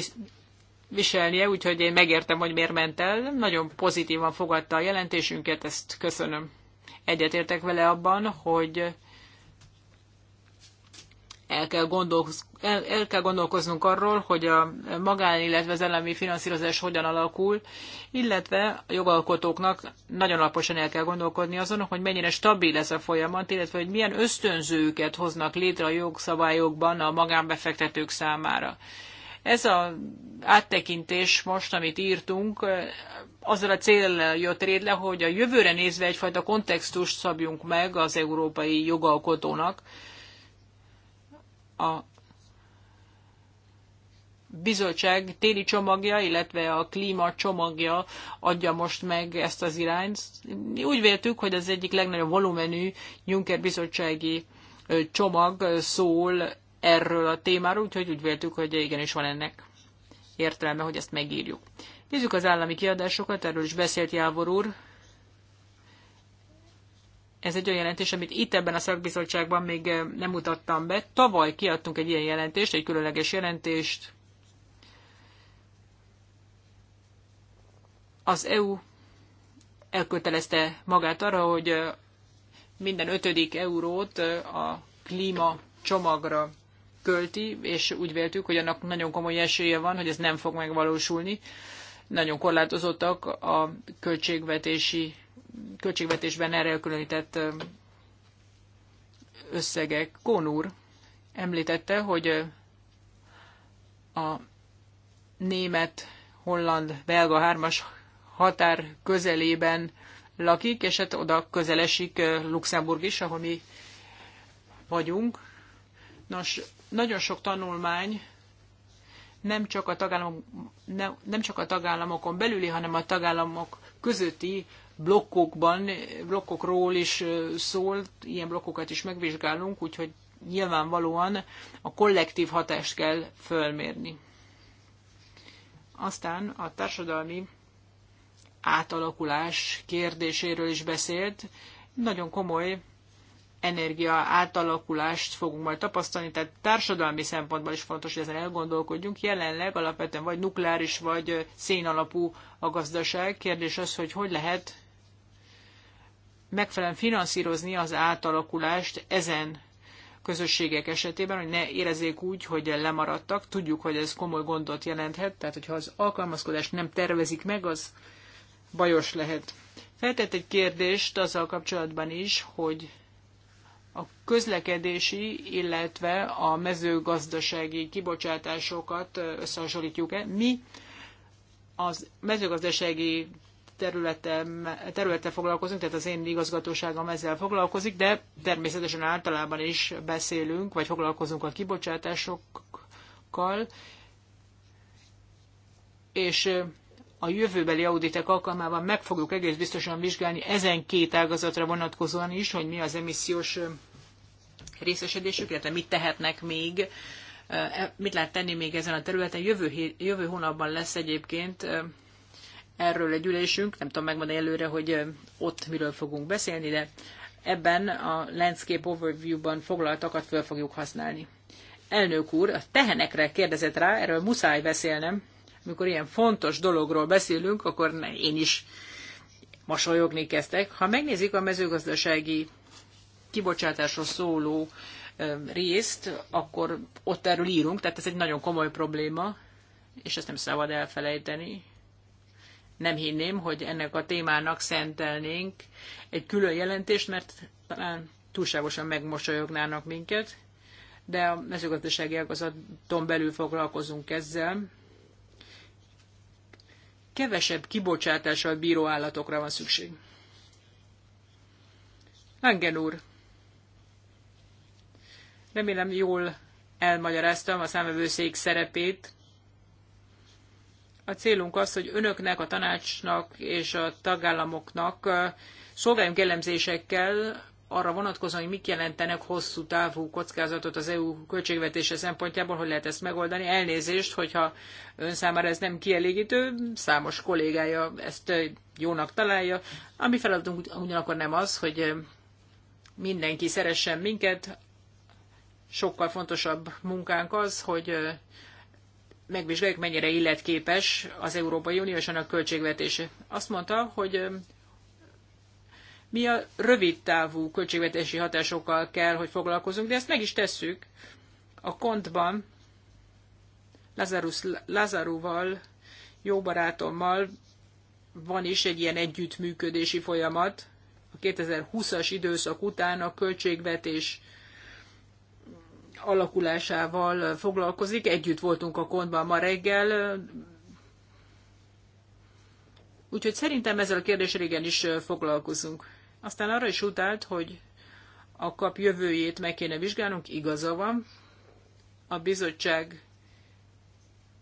viselnie, úgyhogy én megértem, hogy miért ment el. Nagyon pozitívan fogadta a jelentésünket, ezt köszönöm. Egyetértek vele abban, hogy el kell, gondolkoz, el, el kell gondolkoznunk arról, hogy a magán, illetve az elemi finanszírozás hogyan alakul, illetve a jogalkotóknak nagyon alaposan el kell gondolkodni azon, hogy mennyire stabil ez a folyamat, illetve hogy milyen ösztönzőket hoznak létre a jogszabályokban a magánbefektetők számára. Ez az áttekintés most, amit írtunk, azzal a cél, jött rédle, hogy a jövőre nézve egyfajta kontextust szabjunk meg az európai jogalkotónak, a bizottság téli csomagja, illetve a klíma csomagja adja most meg ezt az irányt. Mi úgy véltük, hogy az egyik legnagyobb volumenű Juncker bizottsági csomag szól erről a témáról, úgyhogy úgy véltük, hogy igenis van ennek értelme, hogy ezt megírjuk. Nézzük az állami kiadásokat, erről is beszélt Jávor úr. Ez egy olyan jelentés, amit itt ebben a szakbizottságban még eh, nem mutattam be. Tavaly kiadtunk egy ilyen jelentést, egy különleges jelentést. Az EU elkötelezte magát arra, hogy eh, minden ötödik eurót eh, a klíma csomagra költi, és úgy véltük, hogy annak nagyon komoly esélye van, hogy ez nem fog megvalósulni. Nagyon korlátozottak a költségvetési költségvetésben erre elkülönített összegek. Konur említette, hogy a német, holland, belga hármas határ közelében lakik, és hát oda közelesik Luxemburg is, ahol mi vagyunk. Nos, nagyon sok tanulmány nem csak a, tagállamok, nem, nem csak a tagállamokon belüli, hanem a tagállamok közötti blokkokban, blokkokról is szólt, ilyen blokkokat is megvizsgálunk, úgyhogy nyilvánvalóan a kollektív hatást kell fölmérni. Aztán a társadalmi átalakulás kérdéséről is beszélt. Nagyon komoly energia átalakulást fogunk majd tapasztalni, tehát társadalmi szempontból is fontos, hogy ezen elgondolkodjunk. Jelenleg alapvetően vagy nukleáris, vagy szén alapú a gazdaság. Kérdés az, hogy hogy lehet megfelelően finanszírozni az átalakulást ezen közösségek esetében, hogy ne érezzék úgy, hogy lemaradtak. Tudjuk, hogy ez komoly gondot jelenthet, tehát hogyha az alkalmazkodást nem tervezik meg, az bajos lehet. Feltett egy kérdést azzal kapcsolatban is, hogy a közlekedési, illetve a mezőgazdasági kibocsátásokat összehasonlítjuk-e. Mi az mezőgazdasági területem, területtel foglalkozunk, tehát az én igazgatóságom ezzel foglalkozik, de természetesen általában is beszélünk, vagy foglalkozunk a kibocsátásokkal, és a jövőbeli auditek alkalmával meg fogjuk egész biztosan vizsgálni ezen két ágazatra vonatkozóan is, hogy mi az emissziós részesedésük, illetve mit tehetnek még, e, mit lehet tenni még ezen a területen. Jövő, jövő hónapban lesz egyébként erről egy ülésünk, nem tudom megmondani előre, hogy ott miről fogunk beszélni, de ebben a Landscape Overview-ban foglaltakat föl fogjuk használni. Elnök úr, a tehenekre kérdezett rá, erről muszáj beszélnem, amikor ilyen fontos dologról beszélünk, akkor én is mosolyogni kezdtek. Ha megnézik a mezőgazdasági kibocsátásról szóló részt, akkor ott erről írunk, tehát ez egy nagyon komoly probléma, és ezt nem szabad elfelejteni nem hinném, hogy ennek a témának szentelnénk egy külön jelentést, mert talán túlságosan megmosolyognának minket, de a mezőgazdasági ágazaton belül foglalkozunk ezzel. Kevesebb kibocsátással bíró állatokra van szükség. Langen úr, remélem jól elmagyaráztam a számvevőszék szerepét a célunk az, hogy önöknek, a tanácsnak és a tagállamoknak szolgáljunk elemzésekkel arra vonatkozóan, hogy mik jelentenek hosszú távú kockázatot az EU költségvetése szempontjából, hogy lehet ezt megoldani. Elnézést, hogyha ön számára ez nem kielégítő, számos kollégája ezt jónak találja. A mi feladatunk ugyanakkor nem az, hogy mindenki szeressen minket, sokkal fontosabb munkánk az, hogy megvizsgáljuk, mennyire illetképes az Európai Unió és annak költségvetése. Azt mondta, hogy mi a rövid távú költségvetési hatásokkal kell, hogy foglalkozunk, de ezt meg is tesszük. A kontban Lazarus, Lazaruval, jó barátommal van is egy ilyen együttműködési folyamat. A 2020-as időszak után a költségvetés alakulásával foglalkozik. Együtt voltunk a kontban ma reggel, úgyhogy szerintem ezzel a kérdésre igen is foglalkozunk. Aztán arra is utált, hogy a kap jövőjét meg kéne vizsgálnunk, igaza van. A bizottság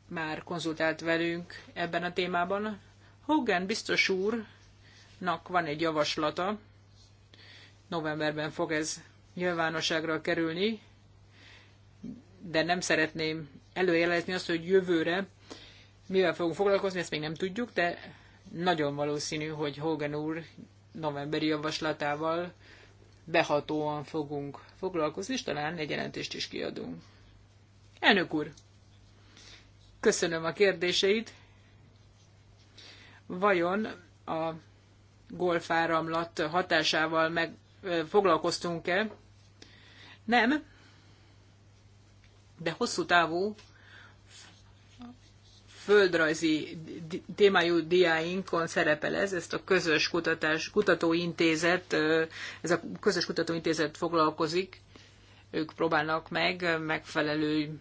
már konzultált velünk ebben a témában. Hogan biztos úrnak van egy javaslata, novemberben fog ez nyilvánosságra kerülni de nem szeretném előjelezni azt, hogy jövőre mivel fogunk foglalkozni, ezt még nem tudjuk, de nagyon valószínű, hogy Hogan úr novemberi javaslatával behatóan fogunk foglalkozni, és talán egy jelentést is kiadunk. Elnök úr, köszönöm a kérdéseit. Vajon a golfáramlat hatásával meg foglalkoztunk-e? Nem, de hosszú távú földrajzi témájú diáinkon szerepel ez, ezt a közös kutatás, kutatóintézet, ez a közös kutatóintézet foglalkozik, ők próbálnak meg megfelelő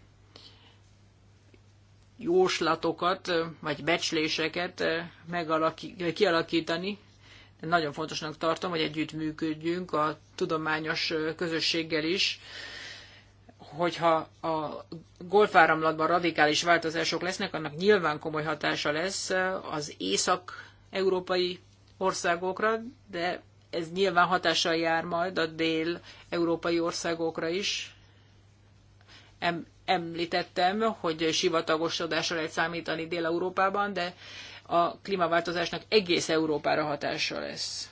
jóslatokat, vagy becsléseket megalaki, kialakítani. Nagyon fontosnak tartom, hogy együttműködjünk a tudományos közösséggel is, hogyha a golfáramlatban radikális változások lesznek, annak nyilván komoly hatása lesz az észak-európai országokra, de ez nyilván hatással jár majd a dél-európai országokra is. Em, említettem, hogy sivatagosodásra lehet számítani Dél-Európában, de a klímaváltozásnak egész Európára hatása lesz.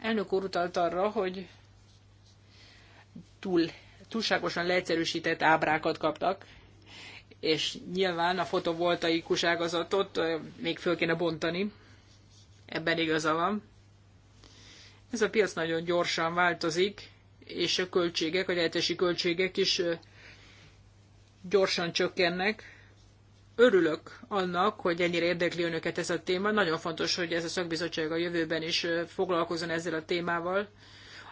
Elnök úr utalt arra, hogy túl túlságosan leegyszerűsített ábrákat kaptak, és nyilván a fotovoltaikus ágazatot még föl kéne bontani. Ebben igaza van. Ez a piac nagyon gyorsan változik, és a költségek, a lehetősi költségek is gyorsan csökkennek. Örülök annak, hogy ennyire érdekli önöket ez a téma. Nagyon fontos, hogy ez a szakbizottság a jövőben is foglalkozon ezzel a témával.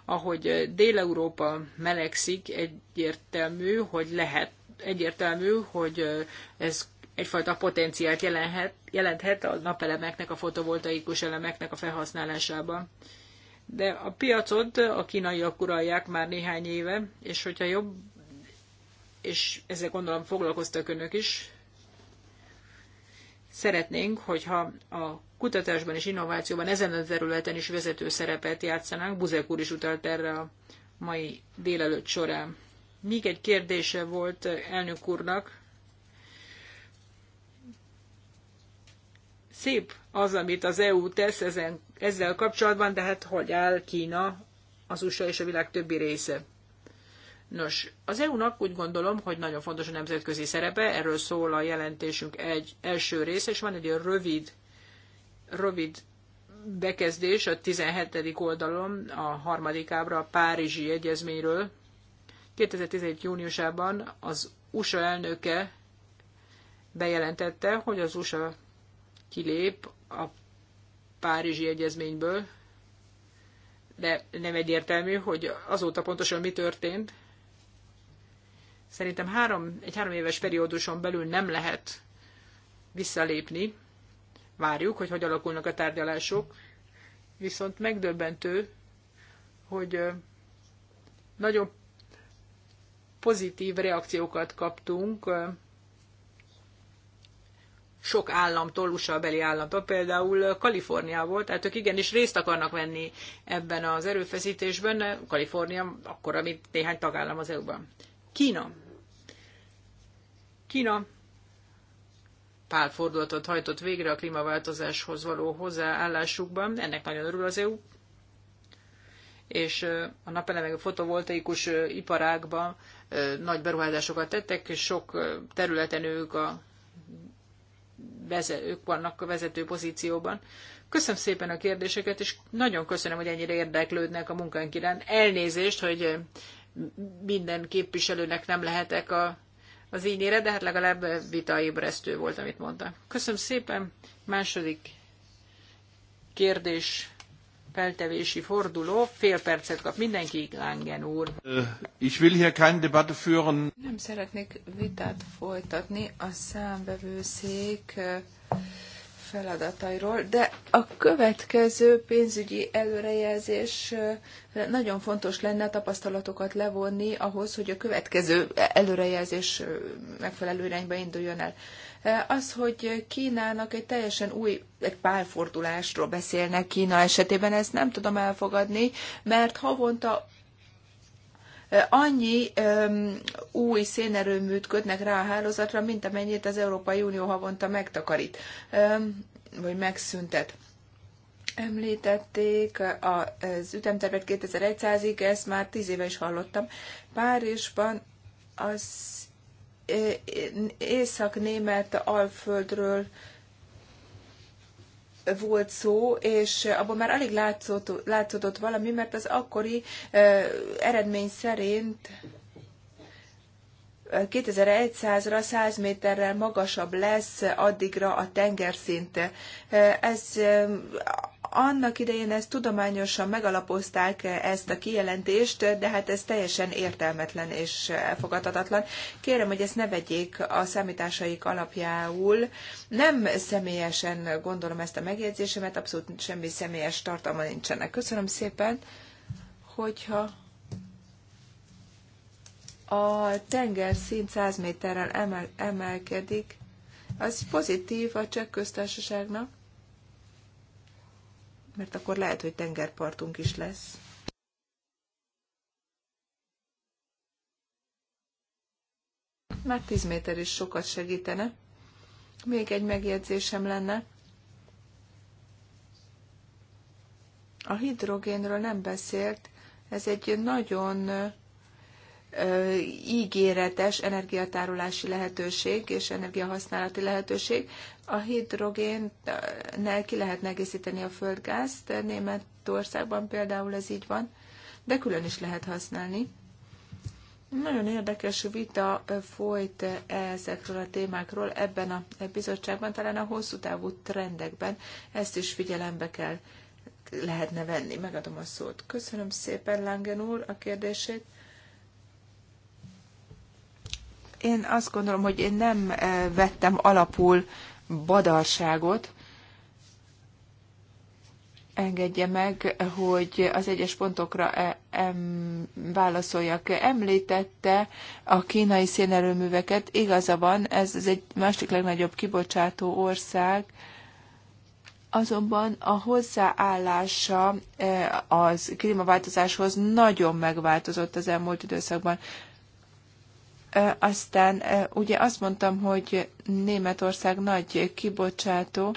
Ahogy Dél-Európa melegszik, egyértelmű, hogy lehet, egyértelmű, hogy ez egyfajta potenciált jelenhet, jelenthet a napelemeknek, a fotovoltaikus elemeknek a felhasználásában. De a piacot a kínaiak uralják már néhány éve, és hogyha jobb, és ezzel gondolom foglalkoztak önök is, szeretnénk, hogyha a kutatásban és innovációban ezen a területen is vezető szerepet játszanak. Buzek úr is utalt erre a mai délelőtt során. Még egy kérdése volt elnök úrnak. Szép az, amit az EU tesz ezen, ezzel kapcsolatban, de hát hogy áll Kína, az USA és a világ többi része? Nos, az EU-nak úgy gondolom, hogy nagyon fontos a nemzetközi szerepe, erről szól a jelentésünk egy első része, és van egy rövid rövid bekezdés a 17. oldalon, a harmadik ábra a Párizsi Egyezményről. 2017. júniusában az USA elnöke bejelentette, hogy az USA kilép a Párizsi Egyezményből, de nem egyértelmű, hogy azóta pontosan mi történt. Szerintem három, egy három éves perióduson belül nem lehet visszalépni, várjuk, hogy hogy alakulnak a tárgyalások, viszont megdöbbentő, hogy nagyon pozitív reakciókat kaptunk sok államtól, USA beli államtól, például Kaliforniából, tehát ők igenis részt akarnak venni ebben az erőfeszítésben, Kalifornia akkor, amit néhány tagállam az EU-ban. Kína. Kína pálfordulatot hajtott végre a klímaváltozáshoz való hozzáállásukban. Ennek nagyon örül az EU. És a napelemek fotovoltaikus iparágban nagy beruházásokat tettek, és sok területen ők, a, ők vannak a vezető pozícióban. Köszönöm szépen a kérdéseket, és nagyon köszönöm, hogy ennyire érdeklődnek a munkánk iránt. Elnézést, hogy minden képviselőnek nem lehetek a az ínyére, de hát legalább vitaébresztő volt, amit mondta. Köszönöm szépen. Második kérdés feltevési forduló. Fél percet kap mindenki, Langen úr. Ich will hier keine Debatte führen. Nem szeretnék vitát folytatni a számvevőszék feladatairól, de a következő pénzügyi előrejelzés nagyon fontos lenne a tapasztalatokat levonni ahhoz, hogy a következő előrejelzés megfelelő irányba induljon el. Az, hogy Kínának egy teljesen új, egy pálfordulásról beszélnek Kína esetében, ezt nem tudom elfogadni, mert havonta annyi új szénerőműt kötnek rá a hálózatra, mint amennyit az Európai Unió havonta megtakarít, vagy megszüntet. Említették az ütemtervet 2100-ig, ezt már tíz éve is hallottam. Párizsban az észak-német alföldről volt szó, és abban már alig látszott, látszott valami, mert az akkori eredmény szerint 2100-ra 100 méterrel magasabb lesz addigra a tengerszinte. Ez annak idején ezt tudományosan megalapozták eh, ezt a kijelentést, de hát ez teljesen értelmetlen és elfogadhatatlan. Kérem, hogy ezt ne vegyék a számításaik alapjául. Nem személyesen gondolom ezt a megjegyzésemet, abszolút semmi személyes tartalma nincsenek. Köszönöm szépen, hogyha a tenger szint 100 méterrel emel- emelkedik, az pozitív a cseh köztársaságnak mert akkor lehet, hogy tengerpartunk is lesz. Már 10 méter is sokat segítene. Még egy megjegyzésem lenne. A hidrogénről nem beszélt, ez egy nagyon ígéretes energiatárolási lehetőség és energiahasználati lehetőség, a hidrogénnel ki lehet egészíteni a földgázt, Németországban például ez így van, de külön is lehet használni. Nagyon érdekes vita folyt ezekről a témákról ebben a bizottságban, talán a hosszú távú trendekben ezt is figyelembe kell lehetne venni. Megadom a szót. Köszönöm szépen, Langen úr, a kérdését. Én azt gondolom, hogy én nem eh, vettem alapul badarságot. Engedje meg, hogy az egyes pontokra e, em, válaszoljak. Említette a kínai szénerőműveket. Igaza van, ez az egy másik legnagyobb kibocsátó ország azonban a hozzáállása e, az klímaváltozáshoz nagyon megváltozott az elmúlt időszakban. Aztán ugye azt mondtam, hogy Németország nagy kibocsátó,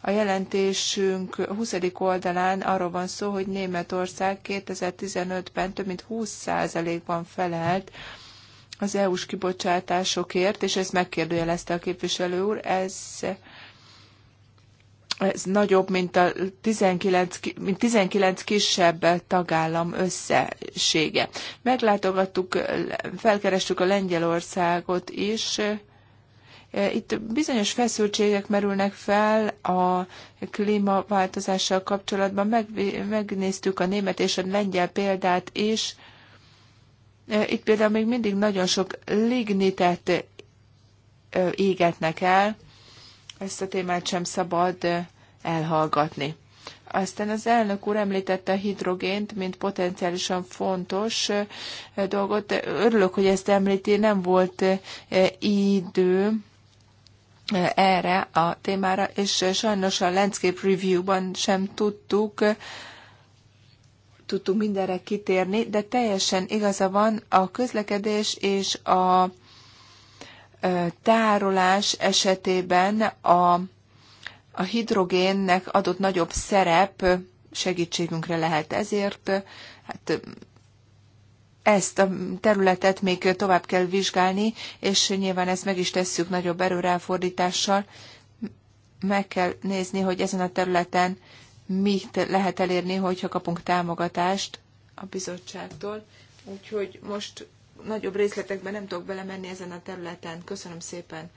a jelentésünk 20. oldalán arról van szó, hogy Németország 2015-ben több mint 20%-ban felelt az EU-s kibocsátásokért, és ezt megkérdőjelezte a képviselő úr, ez ez nagyobb, mint a 19, mint 19 kisebb tagállam összessége. Meglátogattuk, felkerestük a Lengyelországot is. Itt bizonyos feszültségek merülnek fel a klímaváltozással kapcsolatban. Meg, megnéztük a német és a lengyel példát is. Itt például még mindig nagyon sok lignitet égetnek el ezt a témát sem szabad elhallgatni. Aztán az elnök úr említette a hidrogént, mint potenciálisan fontos dolgot. Örülök, hogy ezt említi, nem volt idő erre a témára, és sajnos a Landscape Review-ban sem tudtuk, tudtunk mindenre kitérni, de teljesen igaza van, a közlekedés és a tárolás esetében a, a hidrogénnek adott nagyobb szerep segítségünkre lehet ezért. Hát ezt a területet még tovább kell vizsgálni, és nyilván ezt meg is tesszük nagyobb erőráfordítással. Meg kell nézni, hogy ezen a területen mit lehet elérni, hogyha kapunk támogatást a bizottságtól. Úgyhogy most nagyobb részletekben nem tudok belemenni ezen a területen. Köszönöm szépen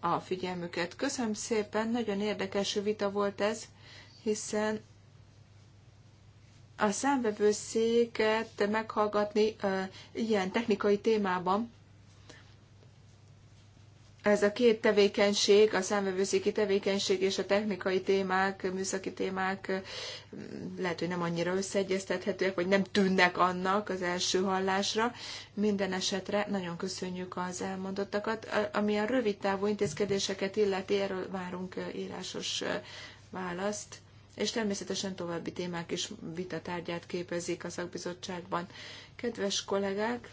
a figyelmüket. Köszönöm szépen, nagyon érdekes vita volt ez, hiszen a számvevőszéket meghallgatni uh, ilyen technikai témában ez a két tevékenység, a számvevőszéki tevékenység és a technikai témák, műszaki témák mm, lehet, hogy nem annyira összeegyeztethetőek, vagy nem tűnnek annak az első hallásra. Minden esetre nagyon köszönjük az elmondottakat. Ami a rövid távú intézkedéseket illeti, erről várunk írásos választ, és természetesen további témák is vitatárgyát képezik a szakbizottságban. Kedves kollégák,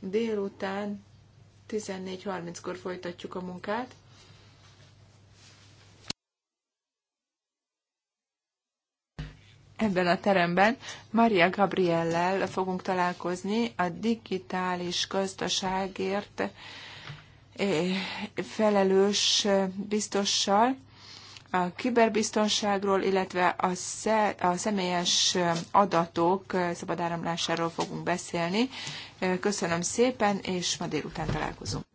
délután 14.30-kor folytatjuk a munkát. Ebben a teremben Maria Gabriellel fogunk találkozni a digitális gazdaságért eh, felelős eh, biztossal a kiberbiztonságról, illetve a, sze, a személyes adatok szabadáramlásáról fogunk beszélni. Köszönöm szépen, és ma délután találkozunk.